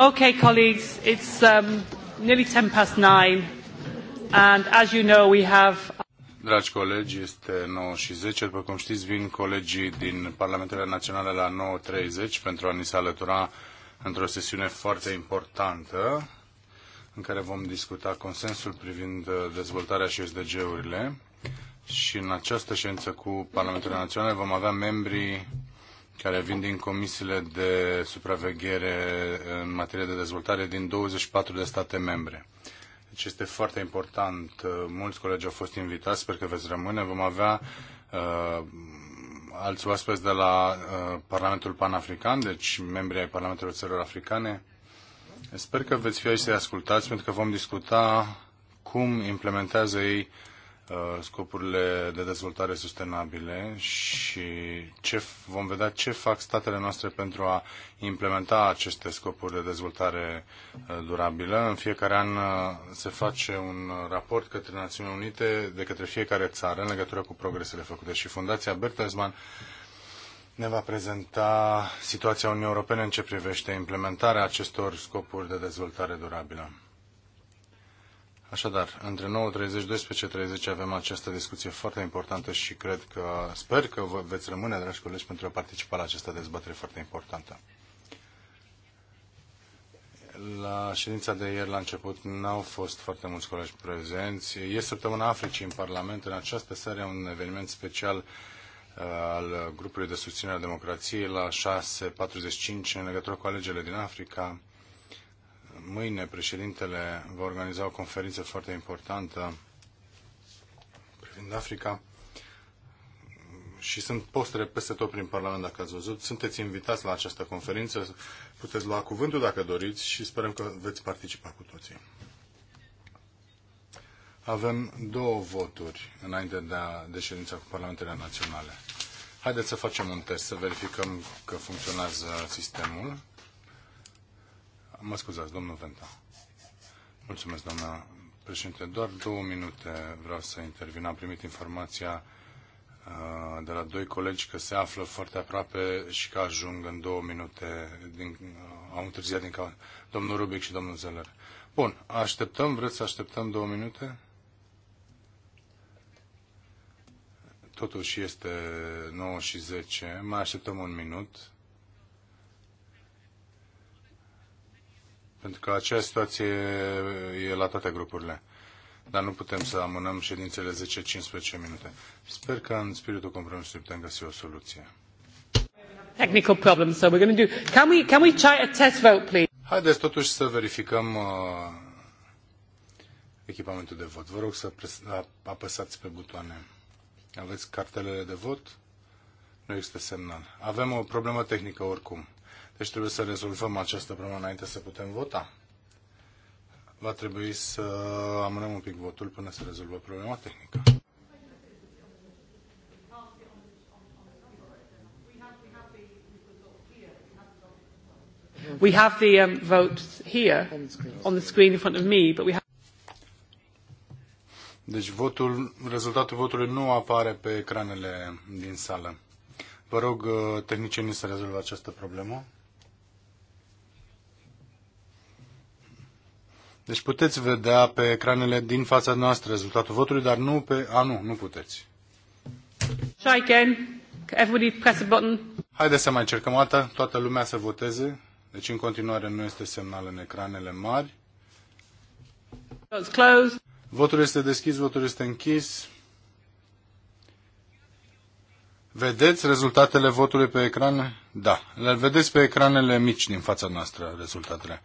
Okay, colleagues, it's um, nearly 10 past 9 and as you know we have Dragi colegi, este 9 și 10. După cum știți, vin colegii din Parlamentele Naționale la 9.30 pentru a ni se alătura într-o sesiune foarte importantă în care vom discuta consensul privind uh, dezvoltarea și SDG-urile. Și în această ședință cu Parlamentele Naționale vom avea membrii care vin din comisiile de supraveghere în materie de dezvoltare din 24 de state membre. Deci este foarte important. Uh, mulți colegi au fost invitați, sper că veți rămâne. Vom avea uh, alți oaspeți de la uh, Parlamentul Panafrican, deci membrii ai Parlamentului Țărilor Africane. Sper că veți fi aici să-i ascultați, pentru că vom discuta cum implementează ei uh, Uh, scopurile de dezvoltare sustenabile și ce, vom vedea ce fac statele noastre pentru a implementa aceste scopuri de dezvoltare uh, durabilă. În fiecare an uh, se face un raport către Națiunile Unite de către fiecare țară în legătură cu progresele făcute și Fundația Bertelsmann ne va prezenta situația Uniunii Europene în ce privește implementarea acestor scopuri de dezvoltare durabilă. Așadar, între 9.30-12.30 avem această discuție foarte importantă și cred că, sper că vă veți rămâne, dragi colegi, pentru a participa la această dezbatere foarte importantă. La ședința de ieri, la început, n-au fost foarte mulți colegi prezenți. E săptămâna Africii în Parlament. În această seară un eveniment special uh, al grupului de susținere a democrației la 6.45 în legătură cu alegerile din Africa. Mâine președintele va organiza o conferință foarte importantă privind Africa și sunt postere peste tot prin Parlament, dacă ați văzut. Sunteți invitați la această conferință, puteți lua cuvântul dacă doriți și sperăm că veți participa cu toții. Avem două voturi înainte de, a, de ședința cu Parlamentele Naționale. Haideți să facem un test, să verificăm că funcționează sistemul. Mă scuzați, domnul Venta. Mulțumesc, doamna președinte. Doar două minute vreau să intervin. Am primit informația uh, de la doi colegi că se află foarte aproape și că ajung în două minute. Din, uh, au întârziat din cauza. Domnul Rubic și domnul Zeller. Bun, așteptăm, vreți să așteptăm două minute? Totuși este 9 și 10, mai așteptăm un minut. pentru că această situație e la toate grupurile. Dar nu putem să amânăm ședințele 10-15 minute. Sper că în spiritul compromisului putem găsi o soluție. Technical problem, so we're going to do... Can we, can we try a test vote, please? Haideți totuși să verificăm uh, echipamentul de vot. Vă rog să apăsați pe butoane. Aveți cartelele de vot? Nu există semnal. Avem o problemă tehnică oricum. Deci trebuie să rezolvăm această problemă înainte să putem vota. Va trebui să amânăm un pic votul până se rezolvă problema tehnică. We have the um, vote here on the screen in front of me, but we have deci votul, rezultatul votului nu apare pe ecranele din sală. Vă rog uh, tehnicienii să rezolve această problemă. Deci puteți vedea pe ecranele din fața noastră rezultatul votului, dar nu pe... A, nu, nu puteți. Try again. Everybody press a button. Haideți să mai încercăm o dată, toată lumea să voteze. Deci în continuare nu este semnal în ecranele mari. Votul este deschis, votul este închis. Vedeți rezultatele votului pe ecran? Da. Le vedeți pe ecranele mici din fața noastră rezultatele.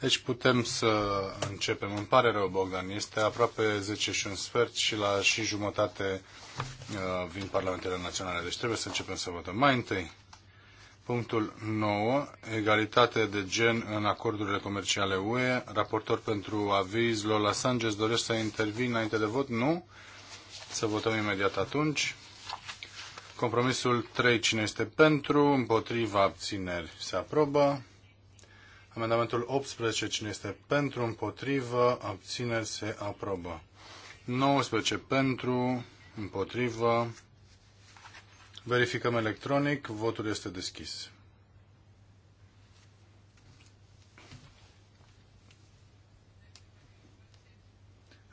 Deci putem să începem. Îmi pare rău, Bogdan, este aproape 10 și un sfert și la și jumătate uh, vin Parlamentele Naționale. Deci trebuie să începem să votăm. Mai întâi, punctul 9, egalitate de gen în acordurile comerciale UE. Raportor pentru aviz, Lola Sanchez, Doresc să intervin înainte de vot? Nu. Să votăm imediat atunci. Compromisul 3, cine este pentru, împotriva, abțineri, se aprobă. Amendamentul 18. Cine este pentru, împotrivă, abțineri, se aprobă. 19. Pentru, împotrivă. Verificăm electronic. Votul este deschis.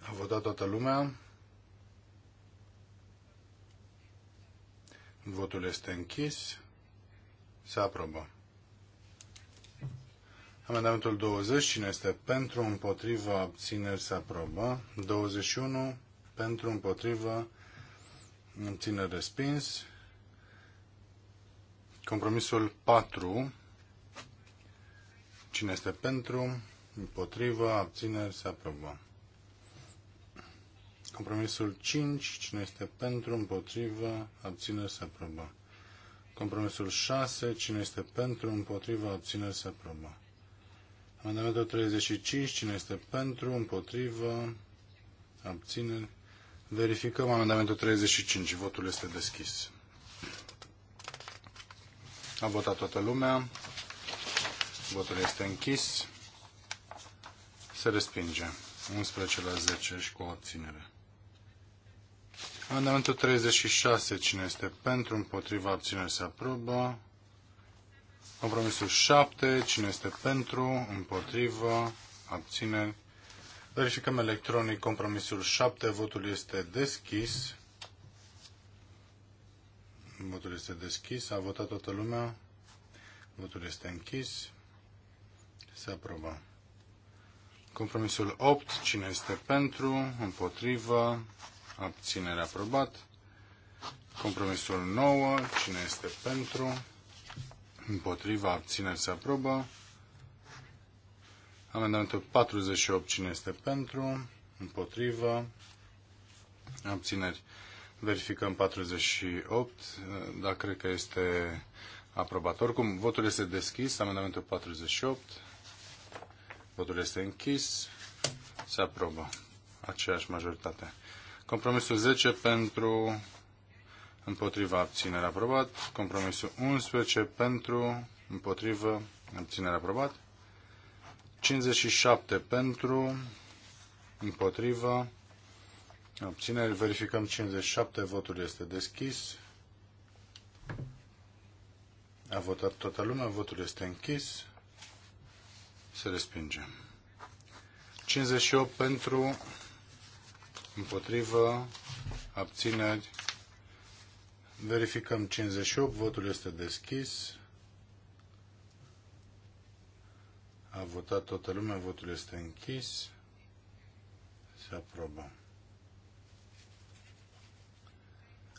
A votat toată lumea. Votul este închis. Se aprobă. Amendamentul 20, cine este pentru, împotriva, abțineri, se aprobă. 21, pentru, împotriva, abțineri, respins. Compromisul 4, cine este pentru, împotriva, abțineri, se aprobă. Compromisul 5, cine este pentru, împotriva, abțineri, se aprobă. Compromisul 6, cine este pentru, împotriva, abțineri, se aprobă. Amendamentul 35, cine este pentru, împotrivă, abțineri. Verificăm amendamentul 35, votul este deschis. A votat toată lumea, votul este închis, se respinge. 11 la 10 și cu o abținere. Amendamentul 36, cine este pentru, împotrivă, abțineri, se aprobă. Compromisul 7. Cine este pentru? Împotrivă? Abțineri? Verificăm electronic compromisul 7. Votul este deschis. Votul este deschis. A votat toată lumea. Votul este închis. Se aprobă. Compromisul 8. Cine este pentru? Împotrivă? Abținere aprobat. Compromisul 9. Cine este pentru? Împotriva abțineri se aprobă. Amendamentul 48. Cine este pentru? Împotrivă. Abțineri. Verificăm 48. Da, cred că este aprobat. Oricum, votul este deschis. Amendamentul 48. Votul este închis. Se aprobă. Aceeași majoritate. Compromisul 10 pentru împotriva abținere aprobat. Compromisul 11 pentru, împotrivă, abținere aprobat. 57 pentru, împotrivă, abțineri. Verificăm 57, votul este deschis. A votat toată lumea, votul este închis. Se respinge. 58 pentru, împotrivă, abțineri. Verificăm 58, votul este deschis. A votat toată lumea, votul este închis. Se aprobă.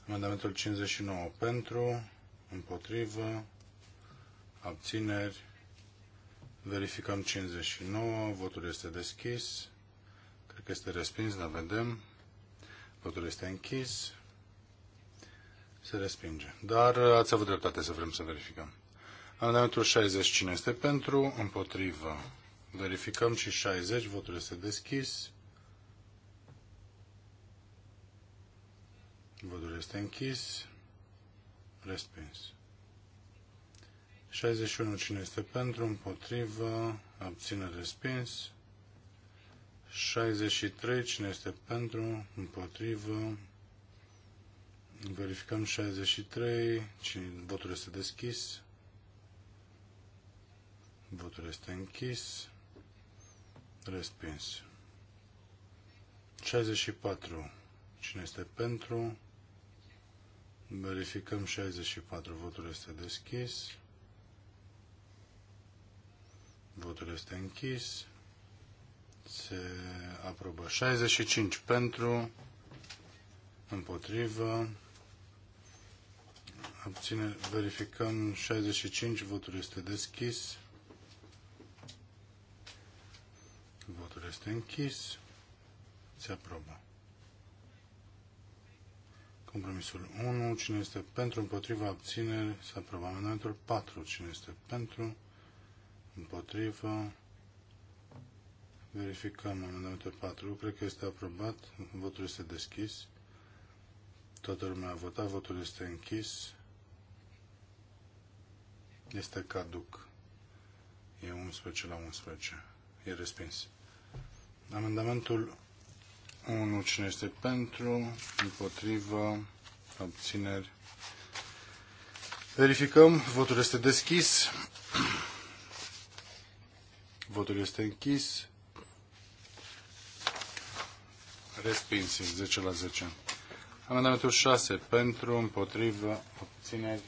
Amendamentul 59 pentru, împotrivă, abțineri. Verificăm 59, votul este deschis. Cred că este respins, dar vedem. Votul este închis. Se respinge. Dar uh, ați avut dreptate să vrem să verificăm. Amendamentul 60 cine este pentru? Împotrivă. Verificăm și 60. Votul este deschis. Votul este închis. Respins. 61 cine este pentru? Împotrivă. Abține respins. 63 cine este pentru? Împotrivă. Verificăm 63 ci votul este deschis. Votul este închis. Respins. 64. Cine este pentru? Verificăm 64. Votul este deschis. Votul este închis. Se aprobă 65 pentru, împotrivă, Abține, verificăm 65, votul este deschis. Votul este închis. Se aprobă. Compromisul 1. Cine este pentru, împotriva, abțineri, se aprobă. Amendamentul 4. Cine este pentru, împotriva, verificăm amendamentul 4. Cred că este aprobat. Votul este deschis. Toată lumea a votat. Votul este închis. Este caduc. E 11 la 11. E respins. Amendamentul 1. Cine este pentru? Împotrivă? Abțineri? Verificăm. Votul este deschis. Votul este închis. Respins. 10 la 10. Amendamentul 6. Pentru, împotrivă, Abțineri?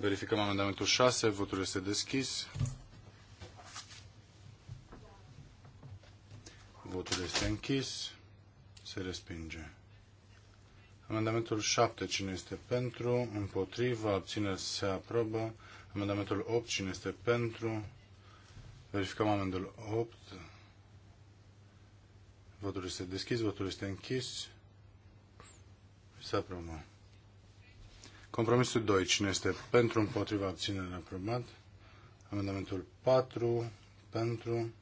Verificăm amendamentul 6. Votul este deschis. Votul este închis. Se respinge. Amendamentul 7. Cine este pentru? Împotrivă. Abțineri. Se aprobă. Amendamentul 8. Cine este pentru? Verificăm amendul 8. Votul este deschis. Votul este închis. Se aprobă. Compromisul 2. Cine este pentru, împotriva, abținere, aprobat. Amendamentul 4. Pentru.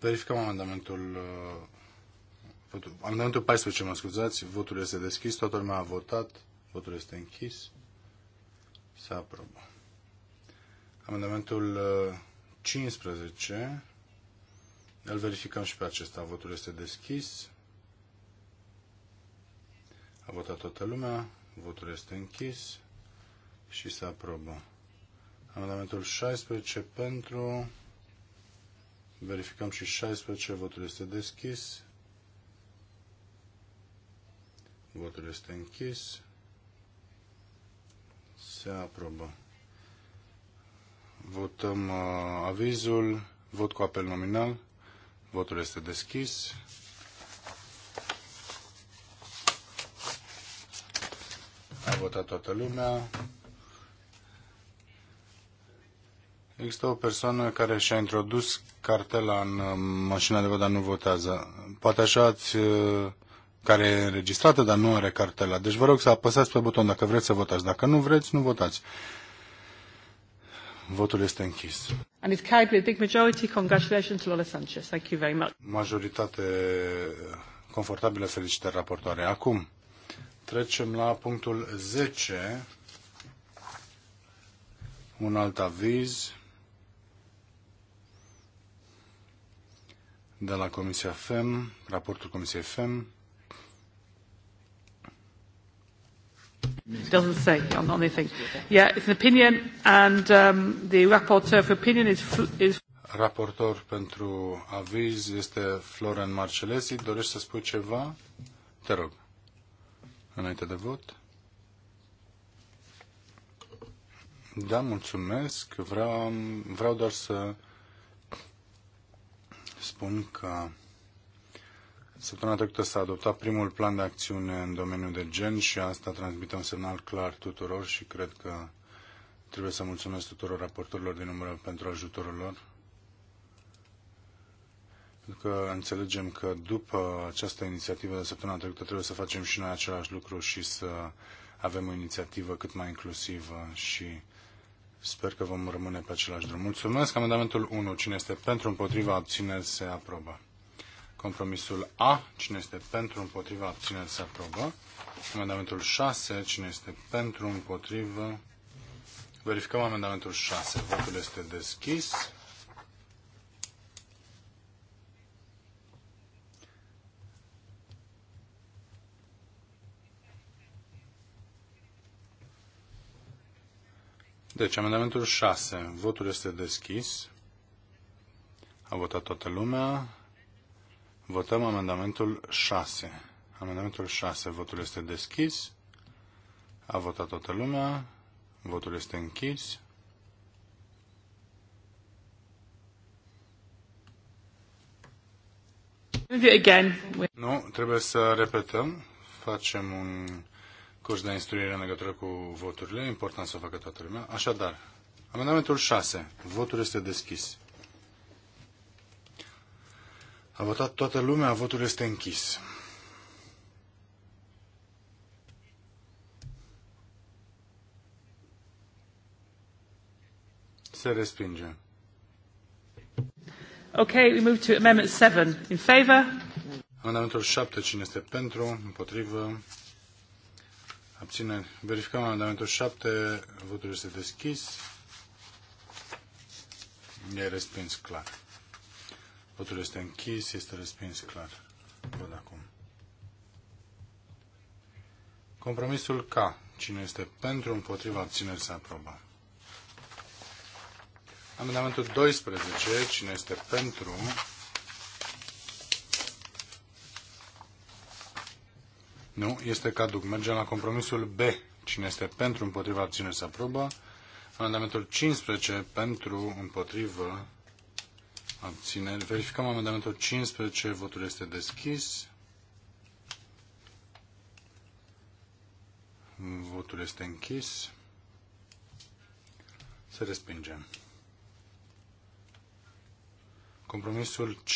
Verificăm amendamentul uh, votul, amendamentul 14, mă scuzați. Votul este deschis, toată lumea a votat. Votul este închis. Se aprobă. Amendamentul 15. Uh, Îl verificăm și pe acesta. Votul este deschis. A votat toată lumea. Votul este închis și se aprobă. Amendamentul 16 pentru. Verificăm și 16. Votul este deschis. Votul este închis. Se aprobă. Votăm uh, avizul. Vot cu apel nominal. Votul este deschis. A votat toată lumea. Există o persoană care și-a introdus cartela în uh, mașina de vot, dar nu votează. Poate așa ați, uh, care e înregistrată, dar nu are cartela. Deci vă rog să apăsați pe buton dacă vreți să votați. Dacă nu vreți, nu votați. Votul este închis. And it's carried with a big majority. Congratulations, Lola Sanchez. Thank you very much. Majoritate confortabilă, felicitări raportoare. Acum, Trecem la punctul 10, un alt aviz de la Comisia FEM, raportul Comisiei FEM. It doesn't say on, on anything. Yeah, it's an opinion and um, the rapporteur for opinion is, is... Raportor pentru aviz este Florian Marcelesi. Dorești să spui ceva? Te rog înainte de vot? Da, mulțumesc. Vreau, vreau doar să spun că săptămâna trecută s-a adoptat primul plan de acțiune în domeniul de gen și asta transmite un semnal clar tuturor și cred că trebuie să mulțumesc tuturor raportorilor din umbră pentru ajutorul lor pentru că înțelegem că după această inițiativă de săptămâna trecută trebuie să facem și noi același lucru și să avem o inițiativă cât mai inclusivă și sper că vom rămâne pe același drum. Mulțumesc. Amendamentul 1. Cine este pentru, împotriva, abțineri, se aprobă. Compromisul A. Cine este pentru, împotriva, abțineri, se aprobă. Amendamentul 6. Cine este pentru, împotriva, Verificăm amendamentul 6. Votul este deschis. Deci, amendamentul 6. Votul este deschis. A votat toată lumea. Votăm amendamentul 6. Amendamentul 6. Votul este deschis. A votat toată lumea. Votul este închis. Nu, trebuie să repetăm. Facem un curs de instruire în legătură cu voturile. E important să o facă toată lumea. Așadar, amendamentul 6. Votul este deschis. A votat toată lumea, votul este închis. Se respinge. Okay, we move to amendment 7. In favor? Amendamentul 7, cine este pentru, împotrivă, Abțineri. Verificăm amendamentul 7. Votul este deschis. E respins clar. Votul este închis. Este respins clar. Văd acum. Compromisul K. Cine este pentru, împotriva, abțineri, se aprobă. Amendamentul 12. Cine este pentru, Nu, este caduc. Mergem la compromisul B. Cine este pentru, împotriva, abține, se aprobă. Amendamentul 15 pentru, împotrivă, abține. Verificăm amendamentul 15. Votul este deschis. Votul este închis. Se respinge. Compromisul C.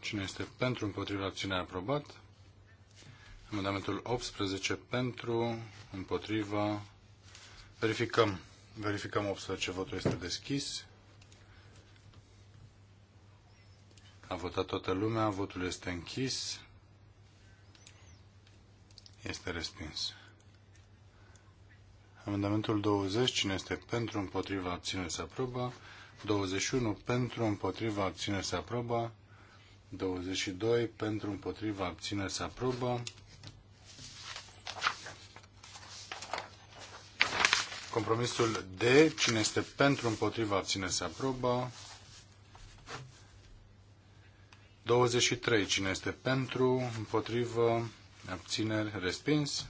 Cine este pentru, împotriva, abține, aprobat. Amendamentul 18 pentru, împotriva. Verificăm. Verificăm 18. Votul este deschis. A votat toată lumea. Votul este închis. Este respins. Amendamentul 20. Cine este pentru, împotriva, abține, se aprobă. 21. Pentru, împotriva, abține, se aprobă. 22. Pentru, împotriva, abține, se aprobă. Compromisul D, cine este pentru, împotriva, abține, se aprobă. 23, cine este pentru, împotrivă, abțineri, respins.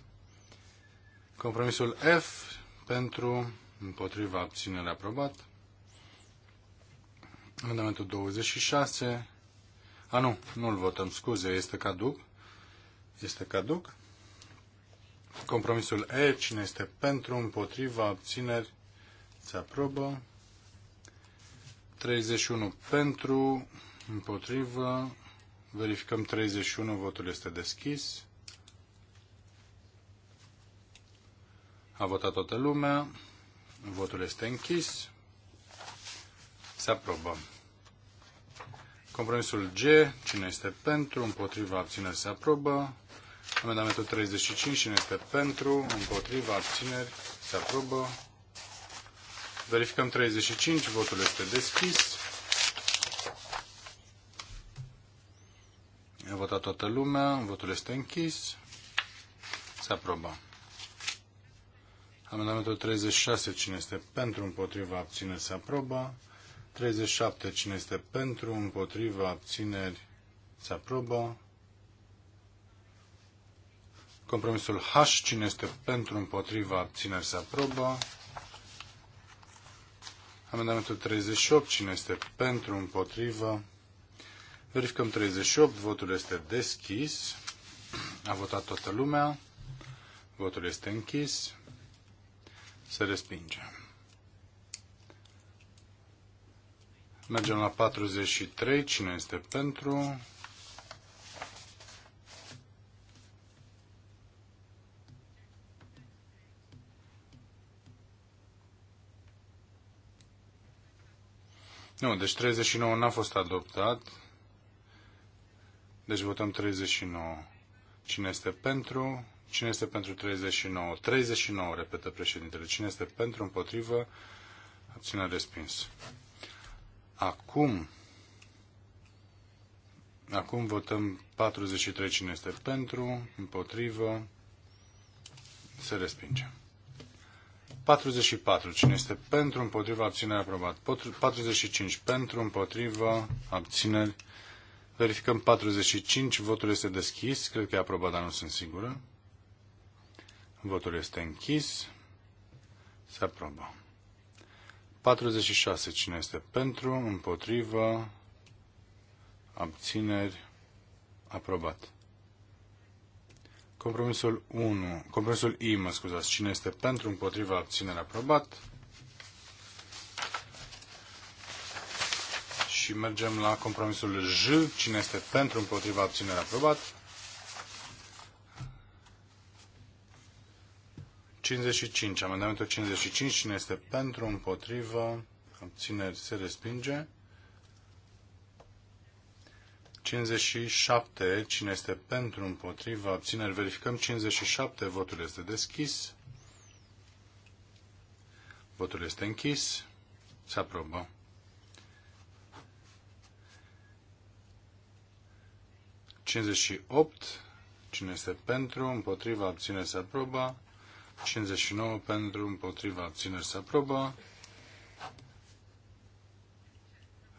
Compromisul F, pentru, împotriva, abținere, aprobat. Amendamentul 26. A, nu, nu-l votăm, scuze, este caduc. Este caduc. Compromisul E, cine este pentru, împotriva, abțineri, se aprobă. 31 pentru, împotrivă, verificăm 31, votul este deschis. A votat toată lumea, votul este închis, se aprobă. Compromisul G, cine este pentru, împotriva, abțineri, se aprobă. Amendamentul 35, cine este pentru, împotriva, abțineri, se aprobă. Verificăm 35, votul este deschis. A votat toată lumea, votul este închis. Se aprobă. Amendamentul 36, cine este pentru, împotriva, abțineri, se aprobă. 37, cine este pentru, împotriva, abțineri, se aprobă. Compromisul H, cine este pentru, împotriva, abțineri se aprobă. Amendamentul 38, cine este pentru, împotriva? Verificăm 38, votul este deschis. A votat toată lumea. Votul este închis. Se respinge. Mergem la 43, cine este pentru, Nu, deci 39 n-a fost adoptat. Deci votăm 39. Cine este pentru? Cine este pentru 39? 39, repetă președintele. Cine este pentru, împotrivă? Abține respins. Acum, acum votăm 43. Cine este pentru, împotrivă? Se respinge. 44. Cine este pentru, împotriva, abțineri, aprobat. 45. Pentru, împotriva, abțineri. Verificăm 45. Votul este deschis. Cred că e aprobat, dar nu sunt sigură. Votul este închis. Se aprobă. 46. Cine este pentru, împotriva, abțineri, aprobat. Compromisul 1, compromisul I, mă scuzați, cine este pentru, împotriva, abținere, aprobat. Și mergem la compromisul J, cine este pentru, împotriva, abținere, aprobat. 55, amendamentul 55, cine este pentru, împotriva, abțineri, se respinge. 57, cine este pentru, împotriva, abțineri, verificăm 57, votul este deschis. Votul este închis. Se aprobă. Cincizeci opt. Cine este pentru, împotriva, abține, se aprobă. 59 pentru, împotriva, abține, se aprobă.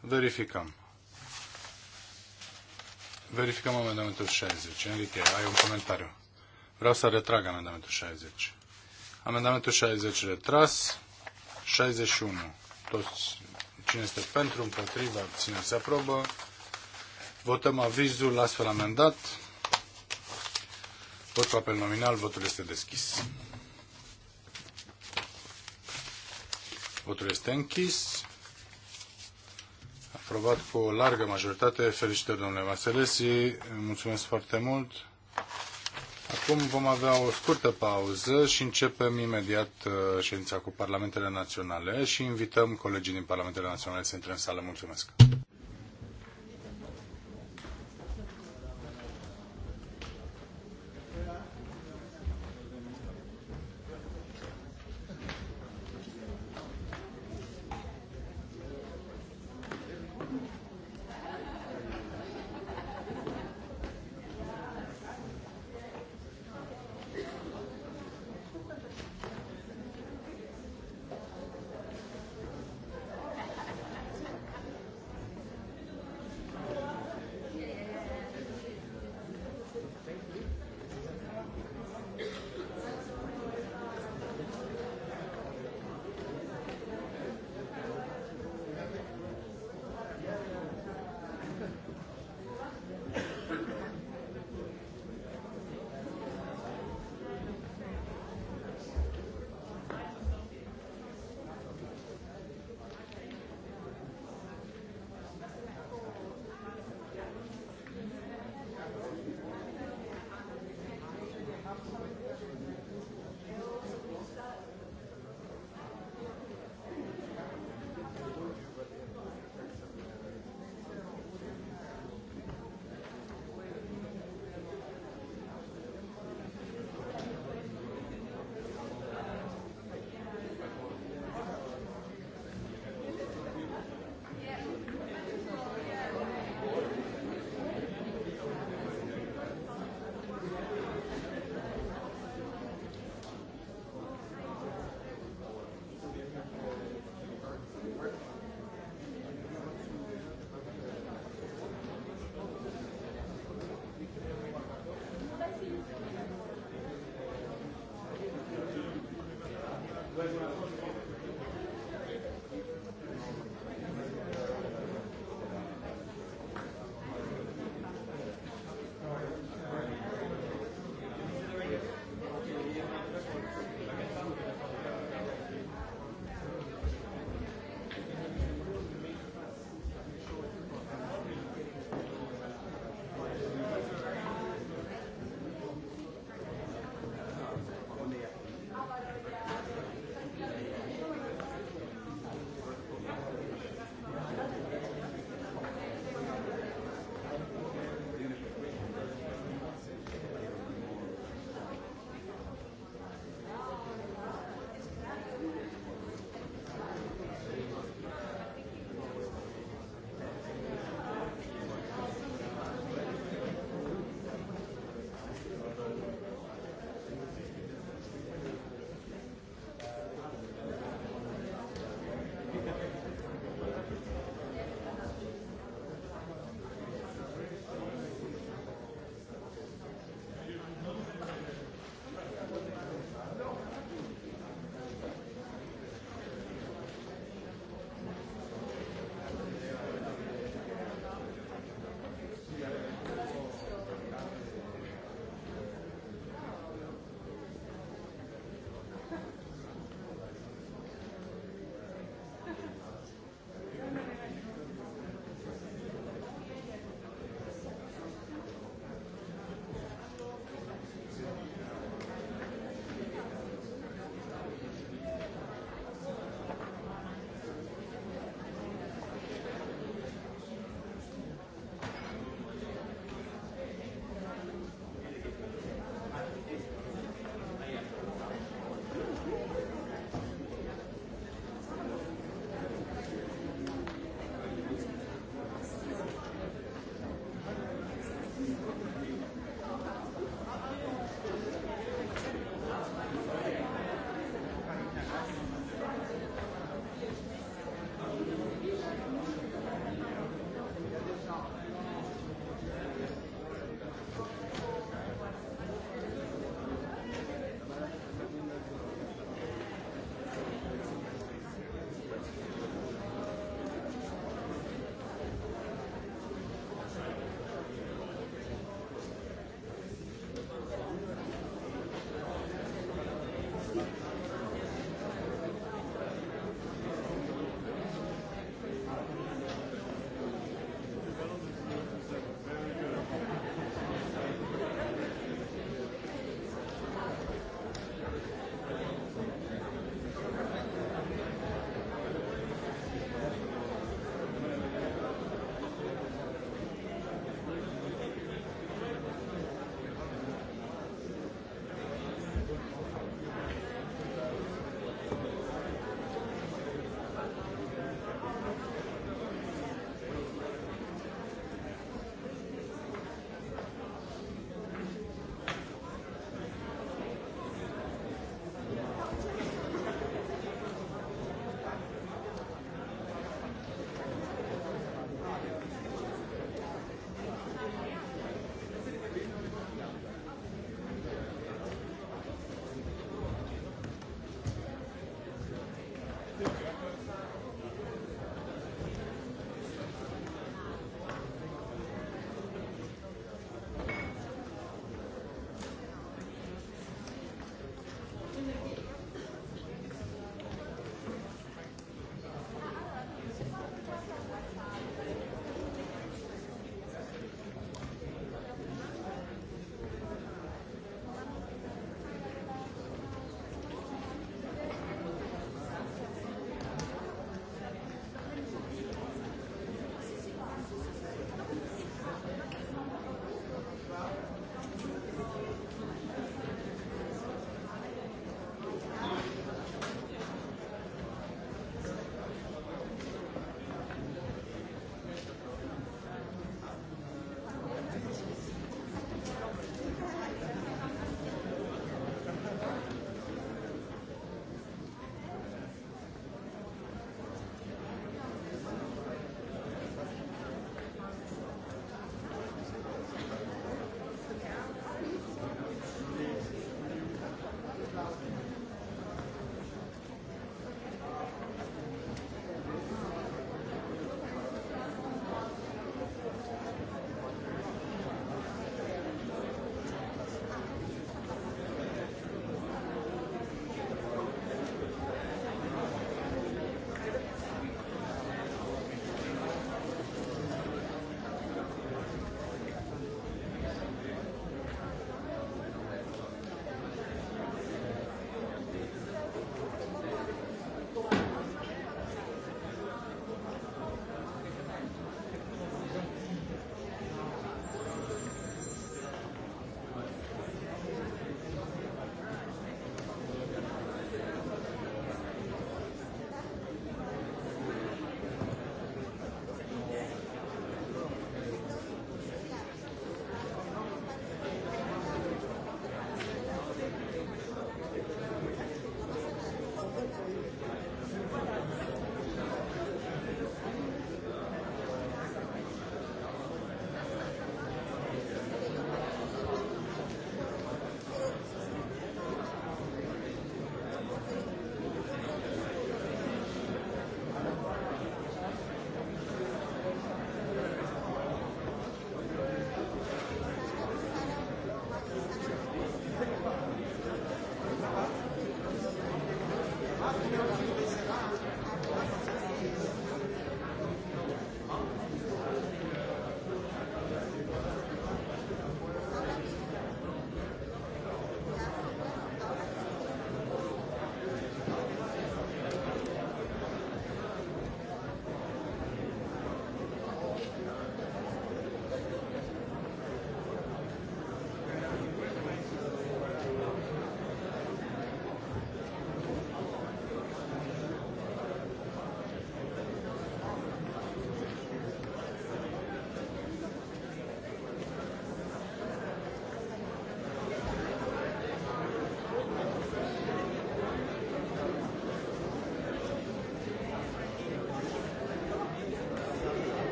Verificăm. Verificăm amendamentul 60. Enrique, ai un comentariu. Vreau să retrag amendamentul 60. Amendamentul 60 retras. 61. Toți cine este pentru, împotriva, ține se aprobă. Votăm avizul astfel amendat. Vot cu apel nominal, votul este deschis. Votul este închis aprobat cu o largă majoritate. Felicitări, domnule Vaselesi, mulțumesc foarte mult. Acum vom avea o scurtă pauză și începem imediat uh, ședința cu Parlamentele Naționale și invităm colegii din Parlamentele Naționale să intre în sală. Mulțumesc!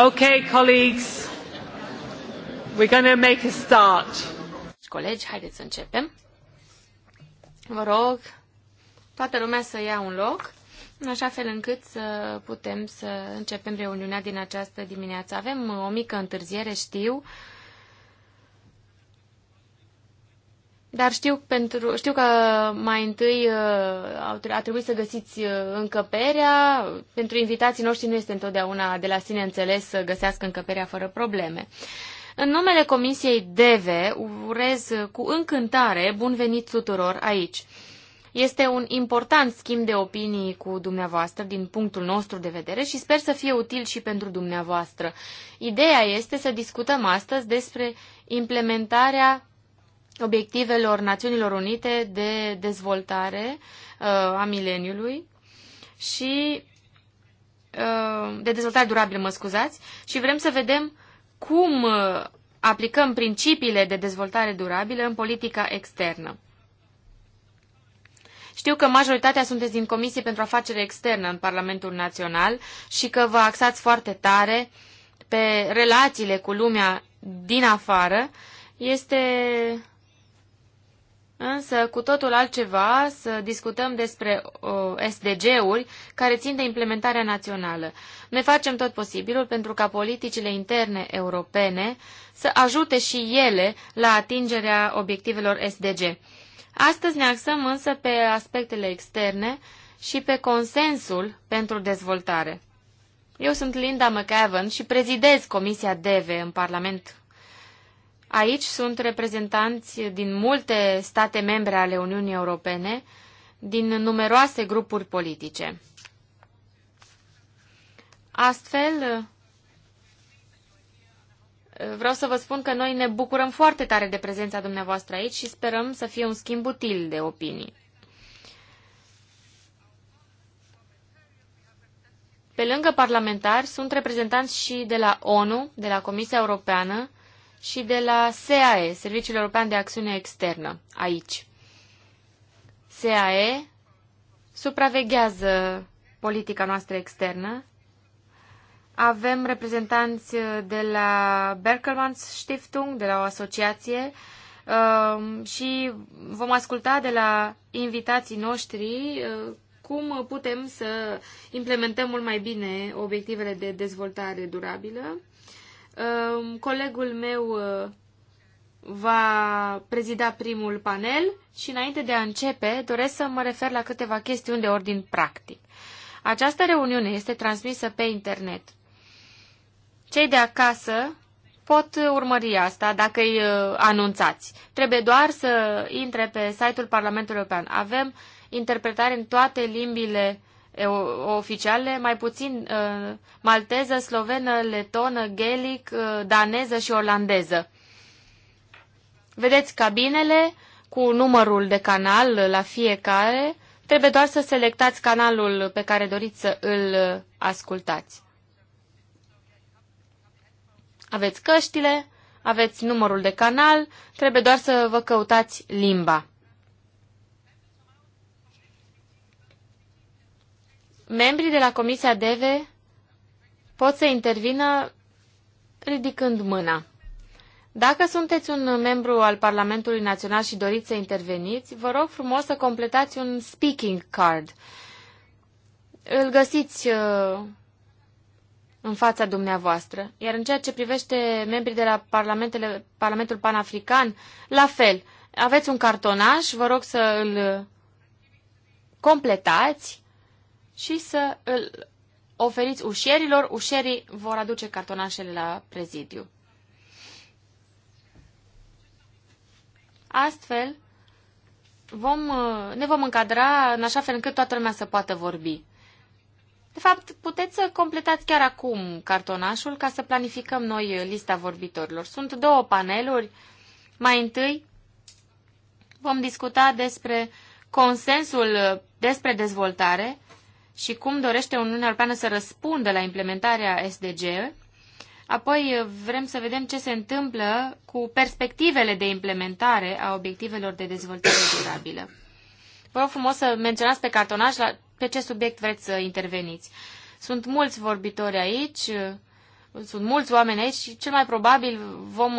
Okay, colleagues, we're going to make a start. Colegi, haideți să începem. Vă rog, toată lumea să ia un loc, în așa fel încât să putem să începem reuniunea din această dimineață. Avem o mică întârziere, știu, Dar știu, pentru, știu că mai întâi uh, a trebuit să găsiți uh, încăperea. Pentru invitații noștri nu este întotdeauna de la sine înțeles să găsească încăperea fără probleme. În numele Comisiei DV urez cu încântare bun venit tuturor aici. Este un important schimb de opinii cu dumneavoastră din punctul nostru de vedere și sper să fie util și pentru dumneavoastră. Ideea este să discutăm astăzi despre implementarea obiectivelor Națiunilor Unite de dezvoltare uh, a mileniului și uh, de dezvoltare durabilă, mă scuzați, și vrem să vedem cum uh, aplicăm principiile de dezvoltare durabilă în politica externă. Știu că majoritatea sunteți din Comisie pentru Afaceri Externă în Parlamentul Național și că vă axați foarte tare pe relațiile cu lumea din afară. Este însă cu totul altceva să discutăm despre uh, SDG-uri care țin de implementarea națională. Ne facem tot posibilul pentru ca politicile interne europene să ajute și ele la atingerea obiectivelor SDG. Astăzi ne axăm însă pe aspectele externe și pe consensul pentru dezvoltare. Eu sunt Linda McAvan și prezidez Comisia DEVE în Parlament Aici sunt reprezentanți din multe state membre ale Uniunii Europene, din numeroase grupuri politice. Astfel, vreau să vă spun că noi ne bucurăm foarte tare de prezența dumneavoastră aici și sperăm să fie un schimb util de opinii. Pe lângă parlamentari, sunt reprezentanți și de la ONU, de la Comisia Europeană, și de la SAE, Serviciul European de Acțiune Externă, aici. SAE supraveghează politica noastră externă. Avem reprezentanți de la Berkelmans Stiftung, de la o asociație, um, și vom asculta de la invitații noștri uh, cum putem să implementăm mult mai bine obiectivele de dezvoltare durabilă. Ehm, colegul meu eh, va prezida primul panel și înainte de a începe doresc să mă refer la câteva chestiuni de ordin practic. Această reuniune este transmisă pe internet. Cei de acasă pot urmări asta dacă îi eh, anunțați. Trebuie doar să intre pe site-ul Parlamentului European. Avem interpretare în toate limbile oficiale, mai puțin uh, malteză, slovenă, letonă, gelic, uh, daneză și olandeză. Vedeți cabinele cu numărul de canal la fiecare. Trebuie doar să selectați canalul pe care doriți să îl ascultați. Aveți căștile, aveți numărul de canal, trebuie doar să vă căutați limba. membrii de la Comisia DEVE pot să intervină ridicând mâna. Dacă sunteți un membru al Parlamentului Național și doriți să interveniți, vă rog frumos să completați un speaking card. Îl găsiți uh, în fața dumneavoastră. Iar în ceea ce privește membrii de la Parlamentele, Parlamentul Panafrican, la fel, aveți un cartonaș, vă rog să îl completați și să îl oferiți ușierilor. Ușierii vor aduce cartonașele la prezidiu. Astfel, vom, uh, ne vom încadra în așa fel încât toată lumea să poată vorbi. De fapt, puteți să completați chiar acum cartonașul ca să planificăm noi lista vorbitorilor. Sunt două paneluri. Mai întâi vom discuta despre consensul despre dezvoltare și cum dorește Uniunea Europeană să răspundă la implementarea SDG. Apoi vrem să vedem ce se întâmplă cu perspectivele de implementare a obiectivelor de dezvoltare durabilă. Vă rog frumos să menționați pe cartonaș la, pe ce subiect vreți să interveniți. Sunt mulți vorbitori aici, sunt mulți oameni aici și cel mai probabil vom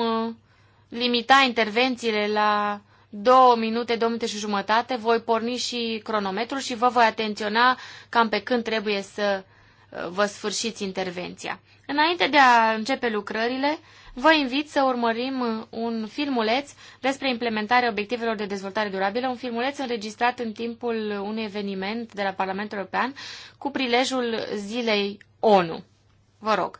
limita intervențiile la două minute, două minute și jumătate, voi porni și cronometrul și vă voi atenționa cam pe când trebuie să uh, vă sfârșiți intervenția. Înainte de a începe lucrările, vă invit să urmărim uh, un filmuleț despre implementarea obiectivelor de dezvoltare durabilă, un filmuleț înregistrat în timpul unui eveniment de la Parlamentul European cu prilejul Zilei ONU. Vă rog!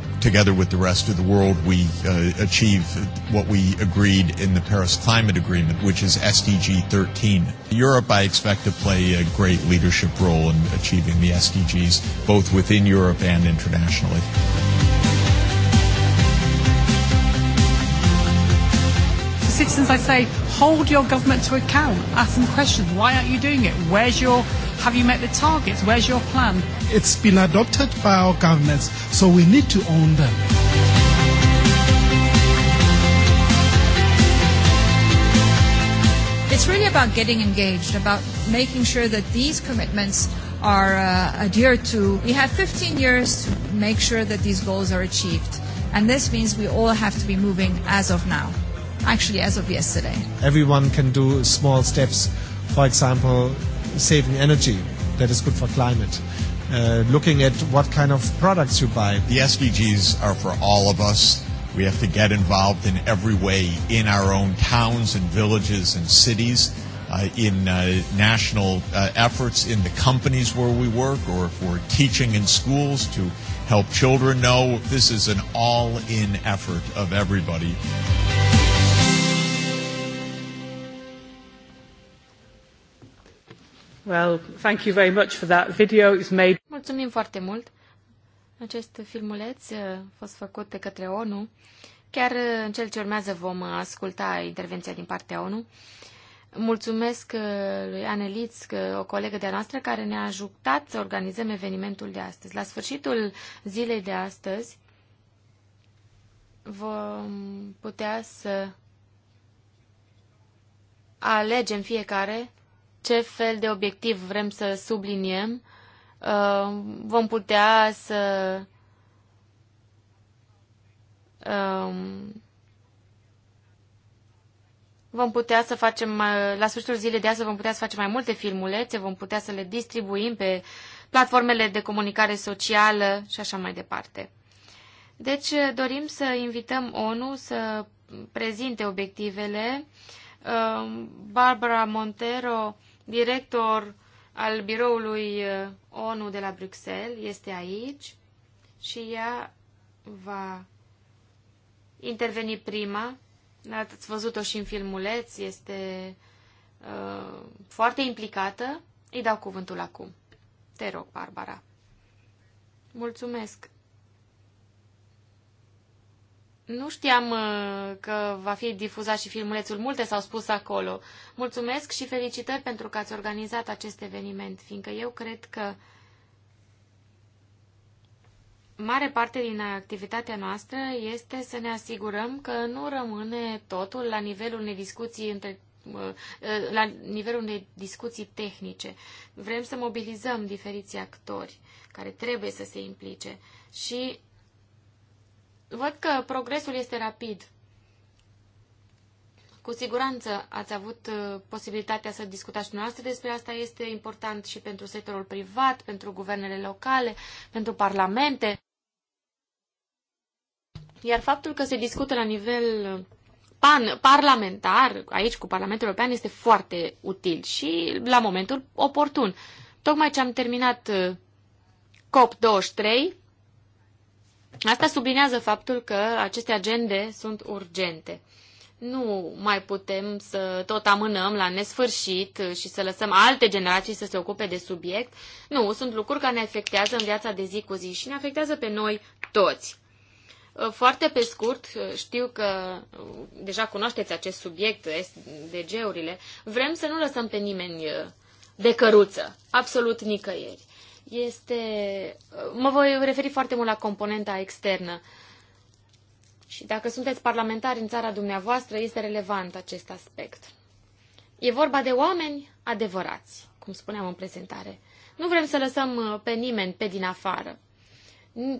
together with the rest of the world, we uh, achieve what we agreed in the Paris Climate Agreement, which is SDG 13. Europe, I expect to play a great leadership role in achieving the SDGs, both within Europe and internationally. citizens, I say, hold your government to account. Ask them questions. Why aren't you doing it? Where's your Have you met the targets? Where's your plan? It's been adopted by our governments, so we need to own them. It's really about getting engaged, about making sure that these commitments are uh, adhered to. We have 15 years to make sure that these goals are achieved. And this means we all have to be moving as of now, actually, as of yesterday. Everyone can do small steps. For example, saving energy that is good for climate. Uh, looking at what kind of products you buy. The SDGs are for all of us. We have to get involved in every way in our own towns and villages and cities, uh, in uh, national uh, efforts in the companies where we work, or if we're teaching in schools to help children know this is an all in effort of everybody. Well, thank you very much for that video. It's made... Mulțumim foarte mult. Acest filmuleț uh, a fost făcut de către ONU. Chiar uh, în cel ce urmează vom uh, asculta intervenția din partea ONU. Mulțumesc lui Aneliț, o colegă de-a noastră, care ne-a ajutat să organizăm evenimentul de astăzi. La sfârșitul zilei de astăzi vom putea să alegem fiecare ce fel de obiectiv vrem să subliniem, uh, vom putea să um, vom putea să facem, uh, la sfârșitul zilei de azi vom putea să facem mai multe filmulețe, vom putea să le distribuim pe platformele de comunicare socială și așa mai departe. Deci uh, dorim să invităm ONU să prezinte obiectivele. Barbara Montero director al biroului uh, ONU de la Bruxelles este aici și ea va interveni prima. Ați văzut-o și în filmuleț, este uh, foarte implicată. Îi dau cuvântul acum. Te rog, Barbara. Mulțumesc. Nu știam uh, că va fi difuzat și filmulețul. Multe s-au spus acolo. Mulțumesc și felicitări pentru că ați organizat acest eveniment, fiindcă eu cred că mare parte din activitatea noastră este să ne asigurăm că nu rămâne totul la nivelul unei discuții între uh, uh, la nivelul unei discuții tehnice. Vrem să mobilizăm diferiți actori care trebuie să se implice și Văd că progresul este rapid. Cu siguranță ați avut uh, posibilitatea să discutați dumneavoastră despre asta. Este important și pentru sectorul privat, pentru guvernele locale, pentru parlamente. Iar faptul că se discută la nivel uh, pan, parlamentar, aici cu Parlamentul European, este foarte util și la momentul oportun. Tocmai ce am terminat uh, COP23, Asta sublinează faptul că aceste agende sunt urgente. Nu mai putem să tot amânăm la nesfârșit și să lăsăm alte generații să se ocupe de subiect. Nu, sunt lucruri care ne afectează în viața de zi cu zi și ne afectează pe noi toți. Foarte pe scurt, știu că deja cunoașteți acest subiect, SDG-urile, vrem să nu lăsăm pe nimeni de căruță, absolut nicăieri este... Mă voi referi foarte mult la componenta externă. Și dacă sunteți parlamentari în țara dumneavoastră, este relevant acest aspect. E vorba de oameni adevărați, cum spuneam în prezentare. Nu vrem să lăsăm uh, pe nimeni pe din afară.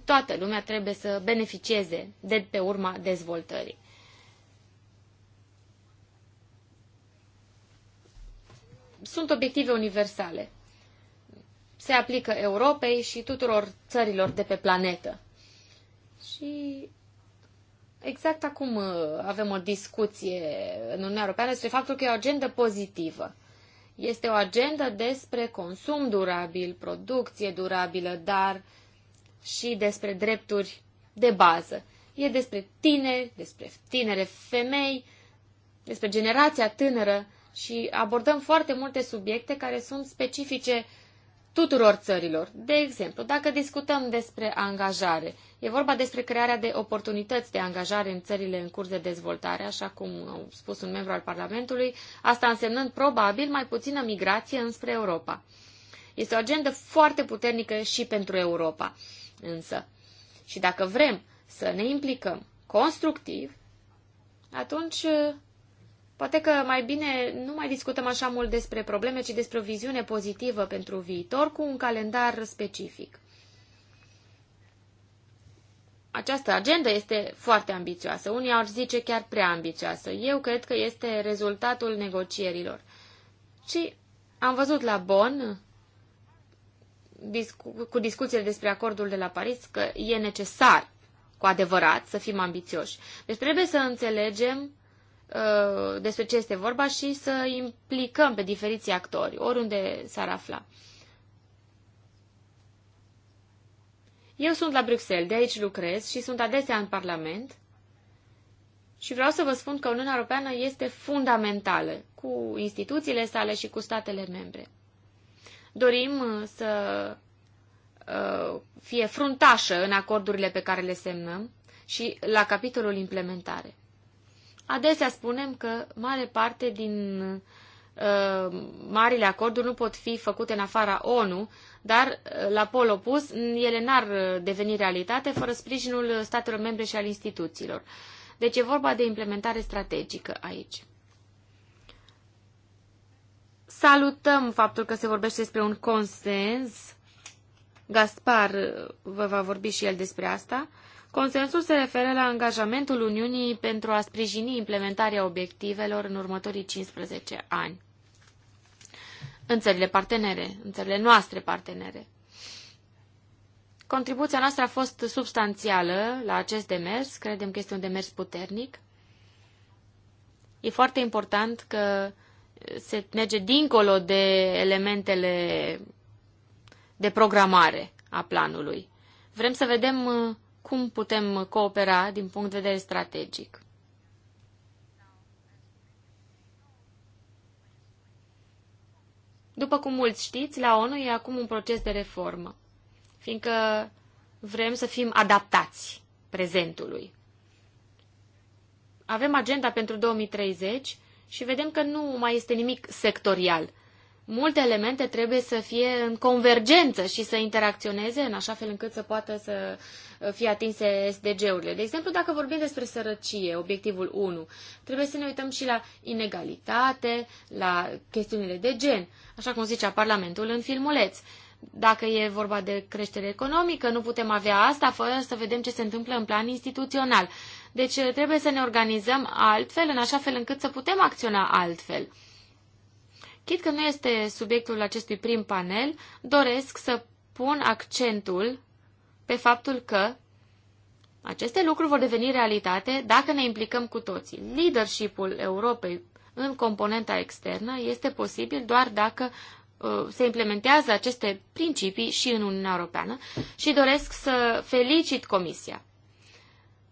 Toată lumea trebuie să beneficieze de pe urma dezvoltării. Sunt obiective universale se aplică Europei și tuturor țărilor de pe planetă. Și exact acum uh, avem o discuție în Uniunea Europeană despre faptul că e o agendă pozitivă. Este o agendă despre consum durabil, producție durabilă, dar și despre drepturi de bază. E despre tine, despre tinere femei, despre generația tânără și abordăm foarte multe subiecte care sunt specifice tuturor țărilor. De exemplu, dacă discutăm despre angajare, e vorba despre crearea de oportunități de angajare în țările în curs de dezvoltare, așa cum a spus un membru al Parlamentului, asta însemnând probabil mai puțină migrație înspre Europa. Este o agendă foarte puternică și pentru Europa, însă. Și dacă vrem să ne implicăm constructiv, atunci Poate că mai bine nu mai discutăm așa mult despre probleme, ci despre o viziune pozitivă pentru viitor cu un calendar specific. Această agendă este foarte ambițioasă, unii ar zice chiar prea ambițioasă. Eu cred că este rezultatul negocierilor. Și am văzut la Bonn, cu discuțiile despre acordul de la Paris, că e necesar, cu adevărat, să fim ambițioși. Deci trebuie să înțelegem Uh, despre ce este vorba și să implicăm pe diferiții actori, oriunde s-ar afla. Eu sunt la Bruxelles, de aici lucrez și sunt adesea în Parlament și vreau să vă spun că Uniunea Europeană este fundamentală cu instituțiile sale și cu statele membre. Dorim uh, să uh, fie fruntașă în acordurile pe care le semnăm și la capitolul implementare. Adesea spunem că mare parte din uh, marile acorduri nu pot fi făcute în afara ONU, dar, uh, la pol opus, ele n-ar uh, deveni realitate fără sprijinul statelor membre și al instituțiilor. Deci e vorba de implementare strategică aici. Salutăm faptul că se vorbește despre un consens. Gaspar uh, vă va vorbi și el despre asta. Consensul se referă la angajamentul Uniunii pentru a sprijini implementarea obiectivelor în următorii 15 ani. În țările partenere, în țările noastre partenere. Contribuția noastră a fost substanțială la acest demers, credem că este un demers puternic. E foarte important că se merge dincolo de elementele de programare a planului. Vrem să vedem uh, cum putem coopera din punct de vedere strategic. După cum mulți știți, la ONU e acum un proces de reformă, fiindcă vrem să fim adaptați prezentului. Avem agenda pentru 2030 și vedem că nu mai este nimic sectorial multe elemente trebuie să fie în convergență și să interacționeze în așa fel încât să poată să uh, fie atinse SDG-urile. De exemplu, dacă vorbim despre sărăcie, obiectivul 1, trebuie să ne uităm și la inegalitate, la chestiunile de gen, așa cum zicea Parlamentul în filmuleț. Dacă e vorba de creștere economică, nu putem avea asta fără să vedem ce se întâmplă în plan instituțional. Deci uh, trebuie să ne organizăm altfel, în așa fel încât să putem acționa altfel. Chit că nu este subiectul acestui prim panel, doresc să pun accentul pe faptul că aceste lucruri vor deveni realitate dacă ne implicăm cu toții. Leadership-ul Europei în componenta externă este posibil doar dacă uh, se implementează aceste principii și în Uniunea Europeană și doresc să felicit Comisia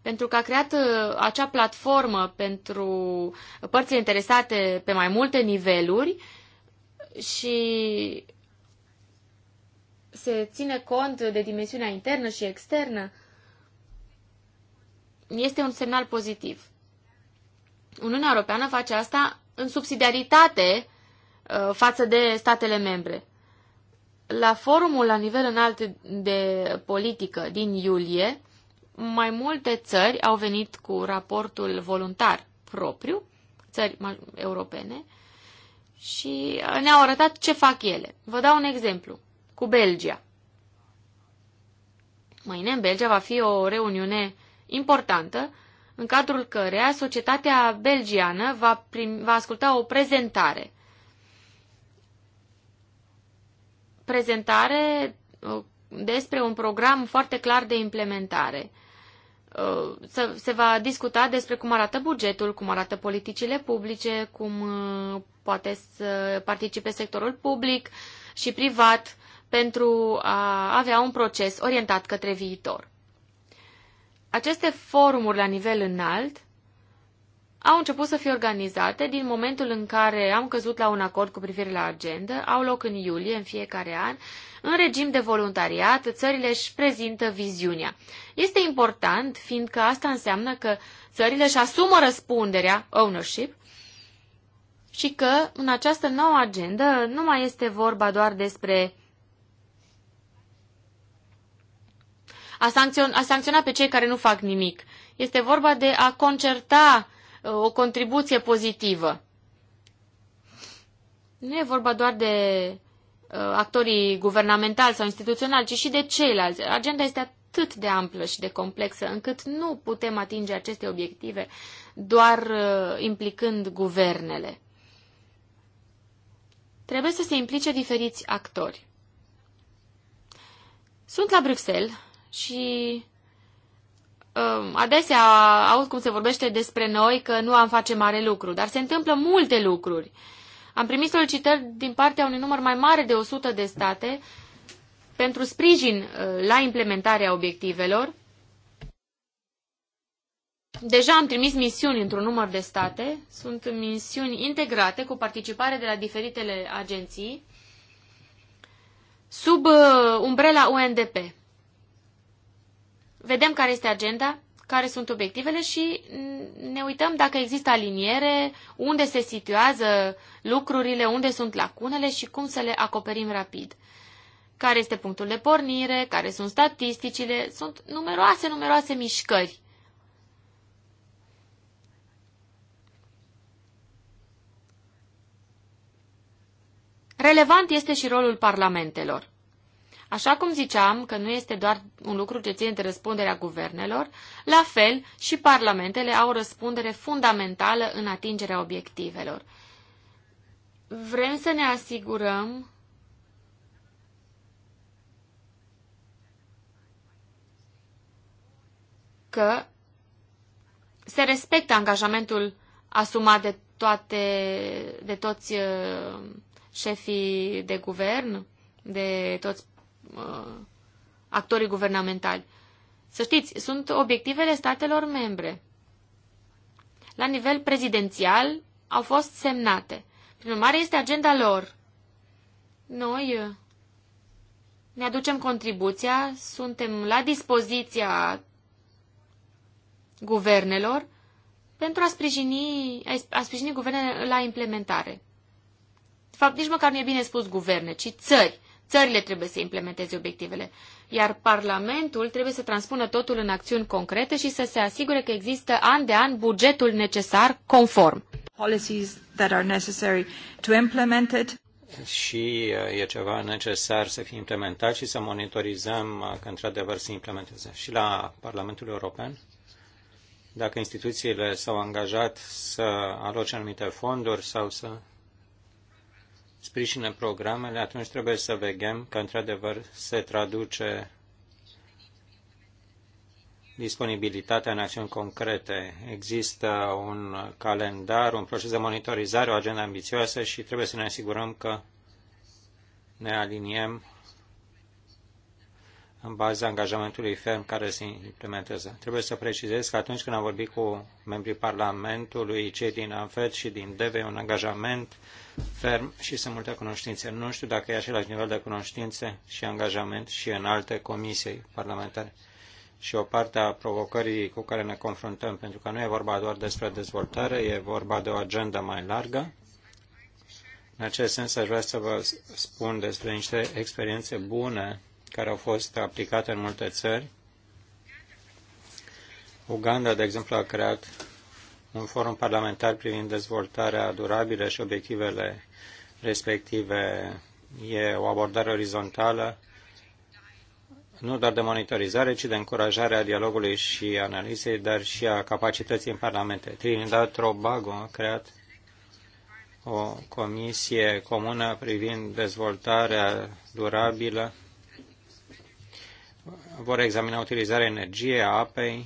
pentru că a creat uh, acea platformă pentru părțile interesate pe mai multe niveluri și se ține cont de dimensiunea internă și externă, este un semnal pozitiv. Uniunea Europeană face asta în subsidiaritate uh, față de statele membre. La forumul la nivel înalt de politică din iulie, mai multe țări au venit cu raportul voluntar propriu, țări europene, și uh, ne-au arătat ce fac ele. Vă dau un exemplu cu Belgia. Mâine în Belgia va fi o reuniune importantă în cadrul căreia societatea belgiană va, prim, va asculta o prezentare. Prezentare uh, despre un program foarte clar de implementare. Uh, se va discuta despre cum arată bugetul, cum arată politicile publice, cum uh, poate să participe sectorul public și privat pentru a avea un proces orientat către viitor. Aceste forumuri la nivel înalt au început să fie organizate din momentul în care am căzut la un acord cu privire la agenda, au loc în iulie în fiecare an, în regim de voluntariat, țările își prezintă viziunea. Este important, fiindcă asta înseamnă că țările își asumă răspunderea, ownership, și că în această nouă agendă nu mai este vorba doar despre a sancționa pe cei care nu fac nimic. Este vorba de a concerta o contribuție pozitivă. Nu e vorba doar de uh, actorii guvernamentali sau instituționali, ci și de ceilalți. Agenda este atât de amplă și de complexă încât nu putem atinge aceste obiective doar uh, implicând guvernele. Trebuie să se implice diferiți actori. Sunt la Bruxelles și Um, adesea aud cum se vorbește despre noi că nu am face mare lucru, dar se întâmplă multe lucruri. Am primit solicitări din partea unui număr mai mare de 100 de state pentru sprijin uh, la implementarea obiectivelor. Deja am trimis misiuni într-un număr de state, sunt misiuni integrate cu participare de la diferitele agenții sub uh, umbrela UNDP vedem care este agenda, care sunt obiectivele și ne uităm dacă există aliniere, unde se situează lucrurile, unde sunt lacunele și cum să le acoperim rapid. Care este punctul de pornire, care sunt statisticile, sunt numeroase, numeroase mișcări. Relevant este și rolul parlamentelor. Așa cum ziceam că nu este doar un lucru ce ține de răspunderea guvernelor, la fel și parlamentele au o răspundere fundamentală în atingerea obiectivelor. Vrem să ne asigurăm că se respectă angajamentul asumat de, toate, de toți uh, șefii de guvern, de toți uh, actorii guvernamentali. Să știți, sunt obiectivele statelor membre. La nivel prezidențial au fost semnate. Prin urmare, este agenda lor. Noi uh, ne aducem contribuția, suntem la dispoziția guvernelor pentru a sprijini, a sprijini guvernele la implementare. De fapt, nici măcar nu e bine spus guverne, ci țări. Țările trebuie să implementeze obiectivele, iar Parlamentul trebuie să transpună totul în acțiuni concrete și să se asigure că există an de an bugetul necesar conform. Policies that are necessary to implement it. Și uh, e ceva necesar să fie implementat și să monitorizăm uh, că într-adevăr se implementeze. Și la Parlamentul European, dacă instituțiile s-au angajat să aloce anumite fonduri sau să sprijină programele, atunci trebuie să vegem că într-adevăr se traduce disponibilitatea în acțiuni concrete. Există un calendar, un proces de monitorizare, o agenda ambițioasă și trebuie să ne asigurăm că ne aliniem în baza angajamentului ferm care se implementează. Trebuie să precizez că atunci când am vorbit cu membrii Parlamentului, cei din ANFED și din DV, un angajament ferm și sunt multe cunoștințe. Nu știu dacă e același nivel de cunoștințe și angajament și în alte comisii parlamentare. Și o parte a provocării cu care ne confruntăm, pentru că nu e vorba doar despre dezvoltare, e vorba de o agendă mai largă. În acest sens, aș vrea să vă spun despre niște experiențe bune care au fost aplicate în multe țări. Uganda, de exemplu, a creat un forum parlamentar privind dezvoltarea durabilă și obiectivele respective. E o abordare orizontală, nu doar de monitorizare, ci de încurajare a dialogului și analizei, dar și a capacității în parlamente. Trinidad Tobago a creat o comisie comună privind dezvoltarea durabilă vor examina utilizarea energiei, a apei,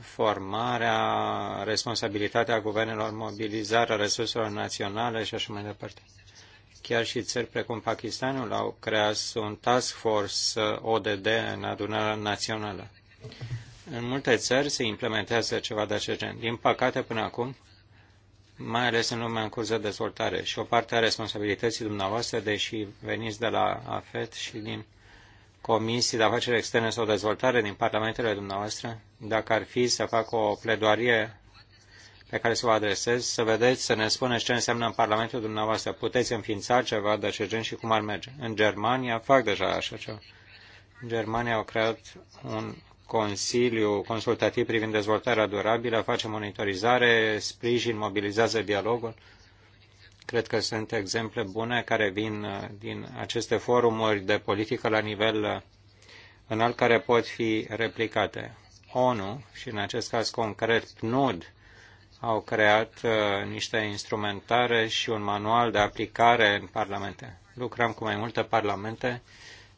formarea, responsabilitatea guvernelor, mobilizarea resurselor naționale și așa mai departe. Chiar și țări precum Pakistanul au creat un task force uh, ODD în adunarea națională. În multe țări se implementează ceva de acest gen. Din păcate, până acum, mai ales în lumea în curs de dezvoltare. Și o parte a responsabilității dumneavoastră, deși veniți de la AFET și din comisii de afaceri externe sau dezvoltare din parlamentele dumneavoastră, dacă ar fi să fac o pledoarie pe care să o adresez, să vedeți, să ne spuneți ce înseamnă în Parlamentul dumneavoastră. Puteți înființa ceva de acest gen și cum ar merge. În Germania fac deja așa ceva. În Germania au creat un Consiliu consultativ privind dezvoltarea durabilă, face monitorizare, sprijin, mobilizează dialogul. Cred că sunt exemple bune care vin uh, din aceste forumuri de politică la nivel uh, înalt care pot fi replicate. ONU și în acest caz concret PNUD au creat uh, niște instrumentare și un manual de aplicare în parlamente. Lucrăm cu mai multe parlamente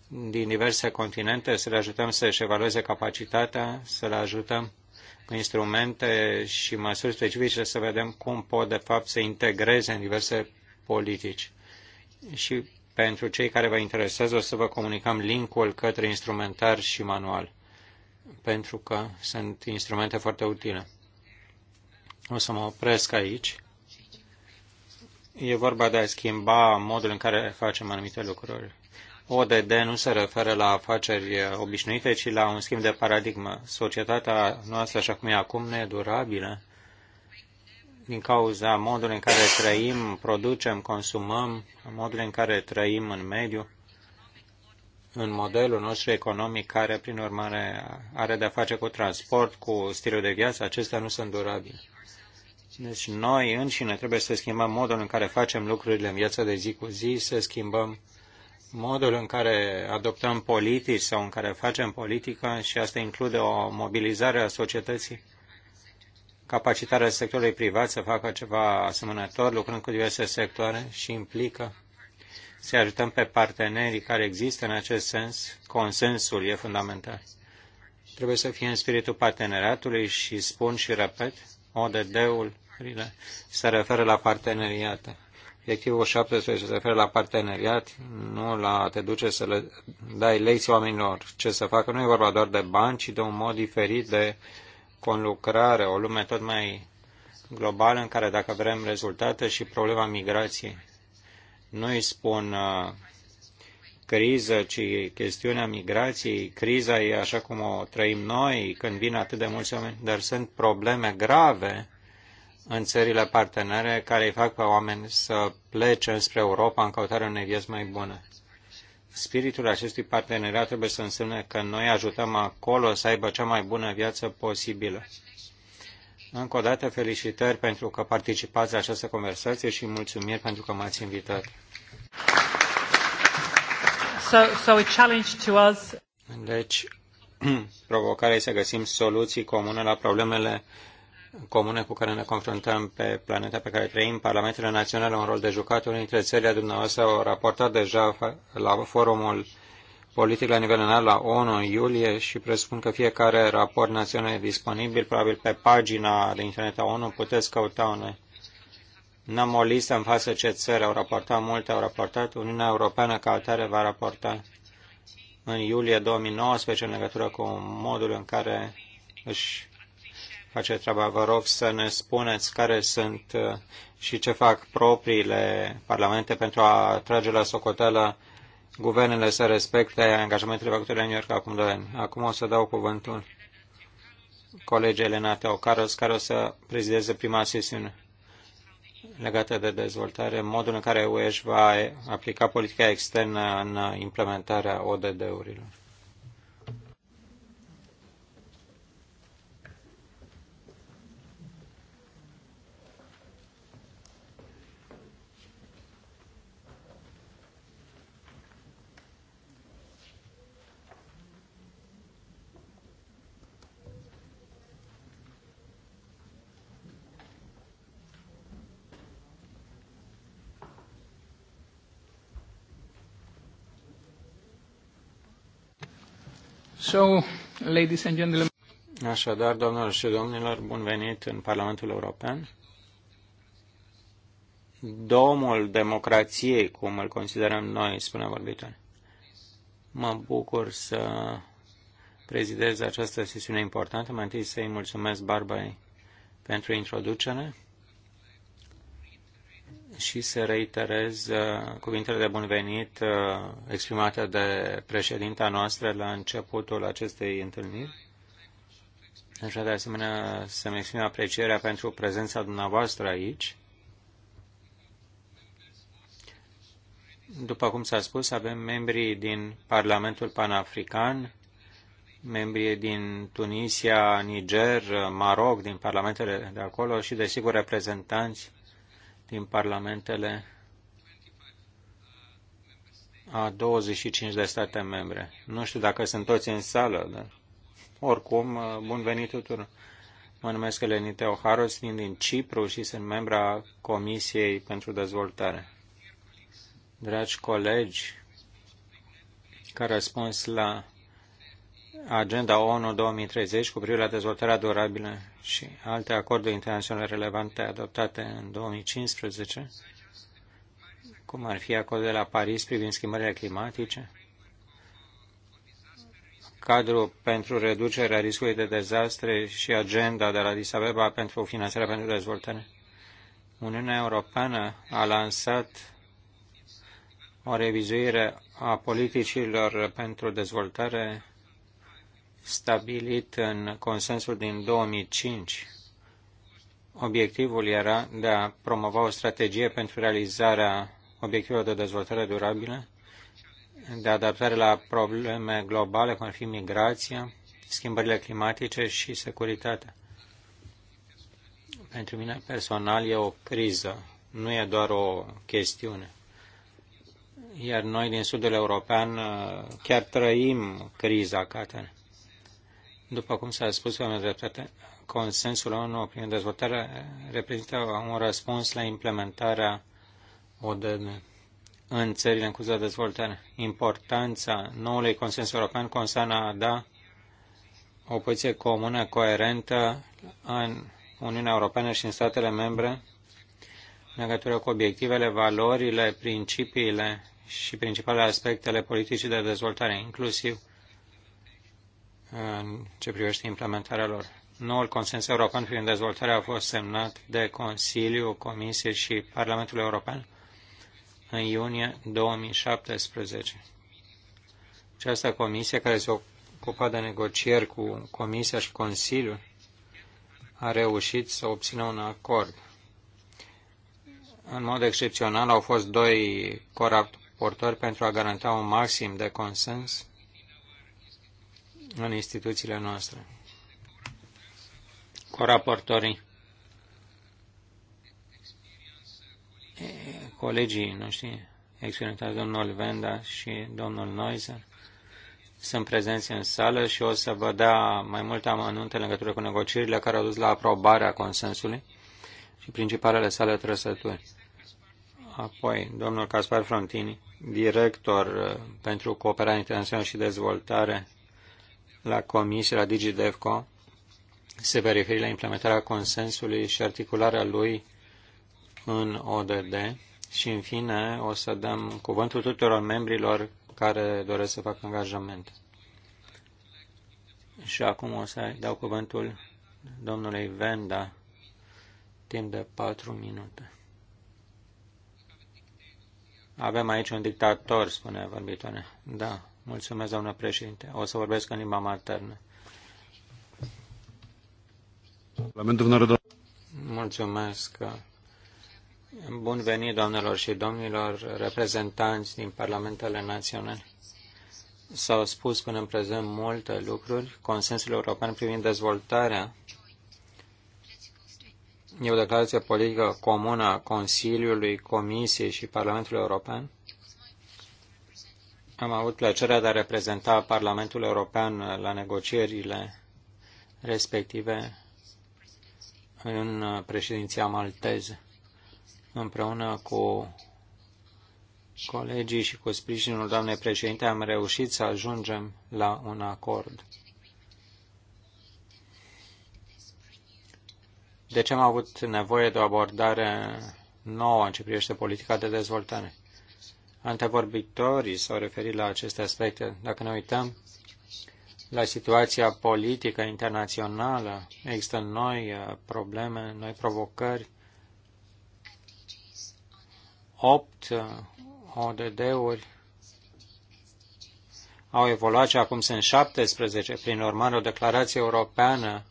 din diverse continente să le ajutăm să-și evalueze capacitatea, să le ajutăm instrumente și măsuri specifice să vedem cum pot, de fapt, să integreze în diverse politici. Și pentru cei care vă interesează, o să vă comunicăm linkul către instrumentar și manual, pentru că sunt instrumente foarte utile. O să mă opresc aici. E vorba de a schimba modul în care facem anumite lucruri. ODD nu se referă la afaceri obișnuite, ci la un schimb de paradigmă. Societatea noastră, așa cum e acum, nu e durabilă din cauza modului în care trăim, producem, consumăm, modul în care trăim în mediu, în modelul nostru economic, care, prin urmare, are de-a face cu transport, cu stilul de viață, acestea nu sunt durabile. Deci noi înșine trebuie să schimbăm modul în care facem lucrurile în viața de zi cu zi, să schimbăm modul în care adoptăm politici sau în care facem politică și asta include o mobilizare a societății, capacitarea sectorului privat să facă ceva asemănător, lucrând cu diverse sectoare și implică să ajutăm pe partenerii care există în acest sens. Consensul e fundamental. Trebuie să fie în spiritul parteneriatului și spun și repet, ODD-ul se referă la parteneriată. Obiectivul 17 se referă la parteneriat, nu la a te duce să le dai lecții oamenilor ce să facă. Nu e vorba doar de bani, ci de un mod diferit de conlucrare, o lume tot mai globală în care dacă vrem rezultate și problema migrației. Nu îi spun uh, criză, ci chestiunea migrației. Criza e așa cum o trăim noi, când vin atât de mulți oameni, dar sunt probleme grave în țările partenere care îi fac pe oameni să plece spre Europa în căutarea unei vieți mai bune. Spiritul acestui parteneriat trebuie să însemne că noi ajutăm acolo să aibă cea mai bună viață posibilă. Încă o dată felicitări pentru că participați la această conversație și mulțumiri pentru că m-ați invitat. So, so a challenge to us. Deci, provocarea este să găsim soluții comune la problemele comune cu care ne confruntăm pe planeta pe care trăim. Parlamentele naționale au un rol de jucat. Unii dintre țările dumneavoastră au raportat deja la forumul politic la nivel înalt la ONU în iulie și presupun că fiecare raport național e disponibil, probabil pe pagina de internet a ONU puteți căuta un N-am o listă în față ce țări au raportat, multe au raportat. Uniunea Europeană ca atare va raporta în iulie 2019 în legătură cu modul în care își face treaba. Vă rog să ne spuneți care sunt uh, și ce fac propriile parlamente pentru a trage la socoteală guvernele să respecte angajamentele făcute la New York acum doi ani. Acum o să dau cuvântul colegii Elena Teocaros, care o să prezideze prima sesiune legată de dezvoltare, modul în care UE va aplica politica externă în implementarea ODD-urilor. So, ladies and gentlemen. Așadar, doamnelor și domnilor, bun venit în Parlamentul European. Domnul democrației, cum îl considerăm noi, spune vorbitor. Mă bucur să prezidez această sesiune importantă. Mai întâi să-i mulțumesc Barbarei pentru introducere și să reiterez uh, cuvintele de bun venit uh, exprimate de președinta noastră la începutul acestei întâlniri. Așa de asemenea să-mi exprim aprecierea pentru prezența dumneavoastră aici. După cum s-a spus, avem membrii din Parlamentul Panafrican, membrii din Tunisia, Niger, Maroc, din parlamentele de acolo și, desigur, reprezentanți din parlamentele a 25 de state membre. Nu știu dacă sunt toți în sală, dar oricum, uh, bun venit tuturor. Mă numesc Elenite Oharos, vin din Cipru și sunt membra Comisiei pentru Dezvoltare. Dragi colegi, ca răspuns la Agenda ONU 2030 cu privire la dezvoltarea durabilă și alte acorduri internaționale relevante adoptate în 2015, cum ar fi acordul de la Paris privind schimbările climatice, cadrul pentru reducerea riscului de dezastre și agenda de la Disabeba pentru finanțarea pentru dezvoltare. Uniunea Europeană a lansat o revizuire a politicilor pentru dezvoltare stabilit în consensul din 2005. Obiectivul era de a promova o strategie pentru realizarea obiectivelor de dezvoltare durabilă, de adaptare la probleme globale, cum ar fi migrația, schimbările climatice și securitatea. Pentru mine personal e o criză, nu e doar o chestiune iar noi din sudul european uh, chiar trăim criza, Catene. După cum s-a spus pe dreptate, consensul ONU prin dezvoltare reprezintă un răspuns la implementarea ODN în țările în curs de dezvoltare. Importanța noului consens european constă a da o poziție comună, coerentă în Uniunea Europeană și în statele membre în legătură cu obiectivele, valorile, principiile și principalele aspectele politicii de dezvoltare, inclusiv în ce privește implementarea lor. Noul consens european privind dezvoltarea a fost semnat de Consiliu, Comisie și Parlamentul European în iunie 2017. Această comisie care se ocupa de negocieri cu Comisia și Consiliul a reușit să obțină un acord. În mod excepțional au fost doi coraportori pentru a garanta un maxim de consens în instituțiile noastre. Cu raportorii, colegii noștri, experimentați domnul Venda și domnul Noiser, sunt prezenți în sală și o să vă dea mai multe amănunte în legătură cu negocierile care au dus la aprobarea consensului și principalele sale trăsături. Apoi, domnul Caspar Frontini, director uh, pentru cooperare internațională și dezvoltare la comisie, la DigiDevco, se va referi la implementarea consensului și articularea lui în ODD și, în fine, o să dăm cuvântul tuturor membrilor care doresc să facă angajamente. Și acum o să dau cuvântul domnului Venda timp de patru minute. Avem aici un dictator, spune vorbitoare. Da, Mulțumesc, doamnă președinte. O să vorbesc în limba maternă. Parlamentul Mulțumesc. Bun venit, doamnelor și domnilor, reprezentanți din Parlamentele Naționale. S-au spus până în prezent multe lucruri. Consensul european privind dezvoltarea e o declarație politică comună a Consiliului, Comisiei și Parlamentului European am avut plăcerea de a reprezenta Parlamentul European la negocierile respective în președinția malteză, împreună cu colegii și cu sprijinul doamnei președinte am reușit să ajungem la un acord. De ce am avut nevoie de o abordare nouă în ce privește politica de dezvoltare? Antevorbitorii s-au referit la aceste aspecte. Dacă ne uităm la situația politică internațională, există noi uh, probleme, noi provocări. Opt uh, ODD-uri au evoluat și acum sunt 17. Prin urmare, o declarație europeană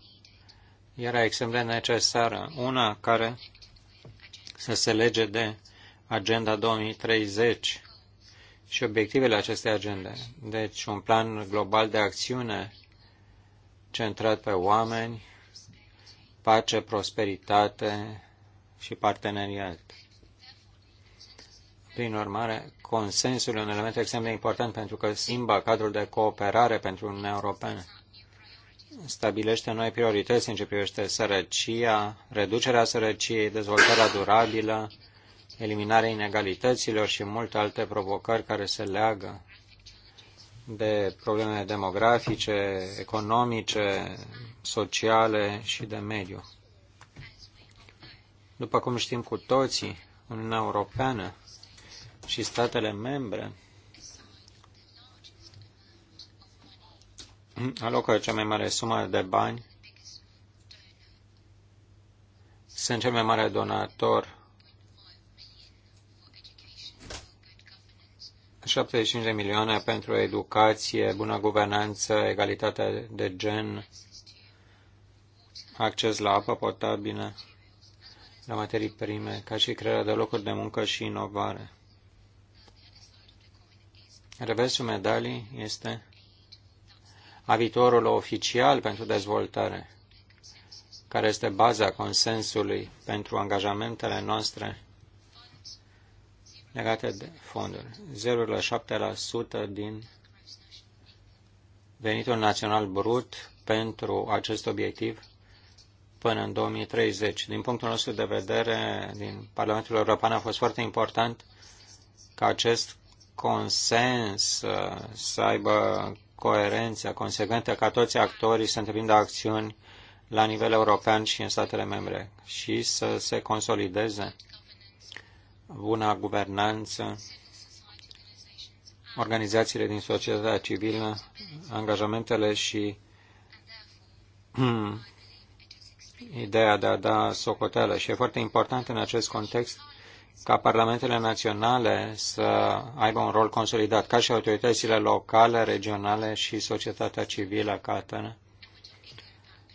era extrem de necesară. Una care să se lege de Agenda 2030 și obiectivele acestei agende. Deci un plan global de acțiune centrat pe oameni, pace, prosperitate și parteneriat. Prin urmare, consensul e un element extrem de important pentru că simba cadrul de cooperare pentru Uniunea Europeană. Stabilește noi priorități în ce privește sărăcia, reducerea sărăciei, dezvoltarea durabilă, eliminarea inegalităților și multe alte provocări care se leagă de probleme demografice, economice, sociale și de mediu. După cum știm cu toții, Uniunea Europeană și statele membre alocă cea mai mare sumă de bani, sunt cel mai mare donator 75 de milioane pentru educație, bună guvernanță, egalitate de gen, acces la apă potabilă, la materii prime, ca și crearea de locuri de muncă și inovare. Reversul medalii este avitorul oficial pentru dezvoltare, care este baza consensului pentru angajamentele noastre legate de fonduri. 0,7% din venitul național brut pentru acest obiectiv până în 2030. Din punctul nostru de vedere, din Parlamentul European a fost foarte important ca acest consens uh, să aibă coerență consecventă ca toți actorii să întreprindă acțiuni la nivel european și în statele membre și să se consolideze buna guvernanță, organizațiile din societatea civilă, angajamentele și hmm, ideea de a da socoteală. Și e foarte important în acest context ca parlamentele naționale să aibă un rol consolidat, ca și autoritățile locale, regionale și societatea civilă ca atână.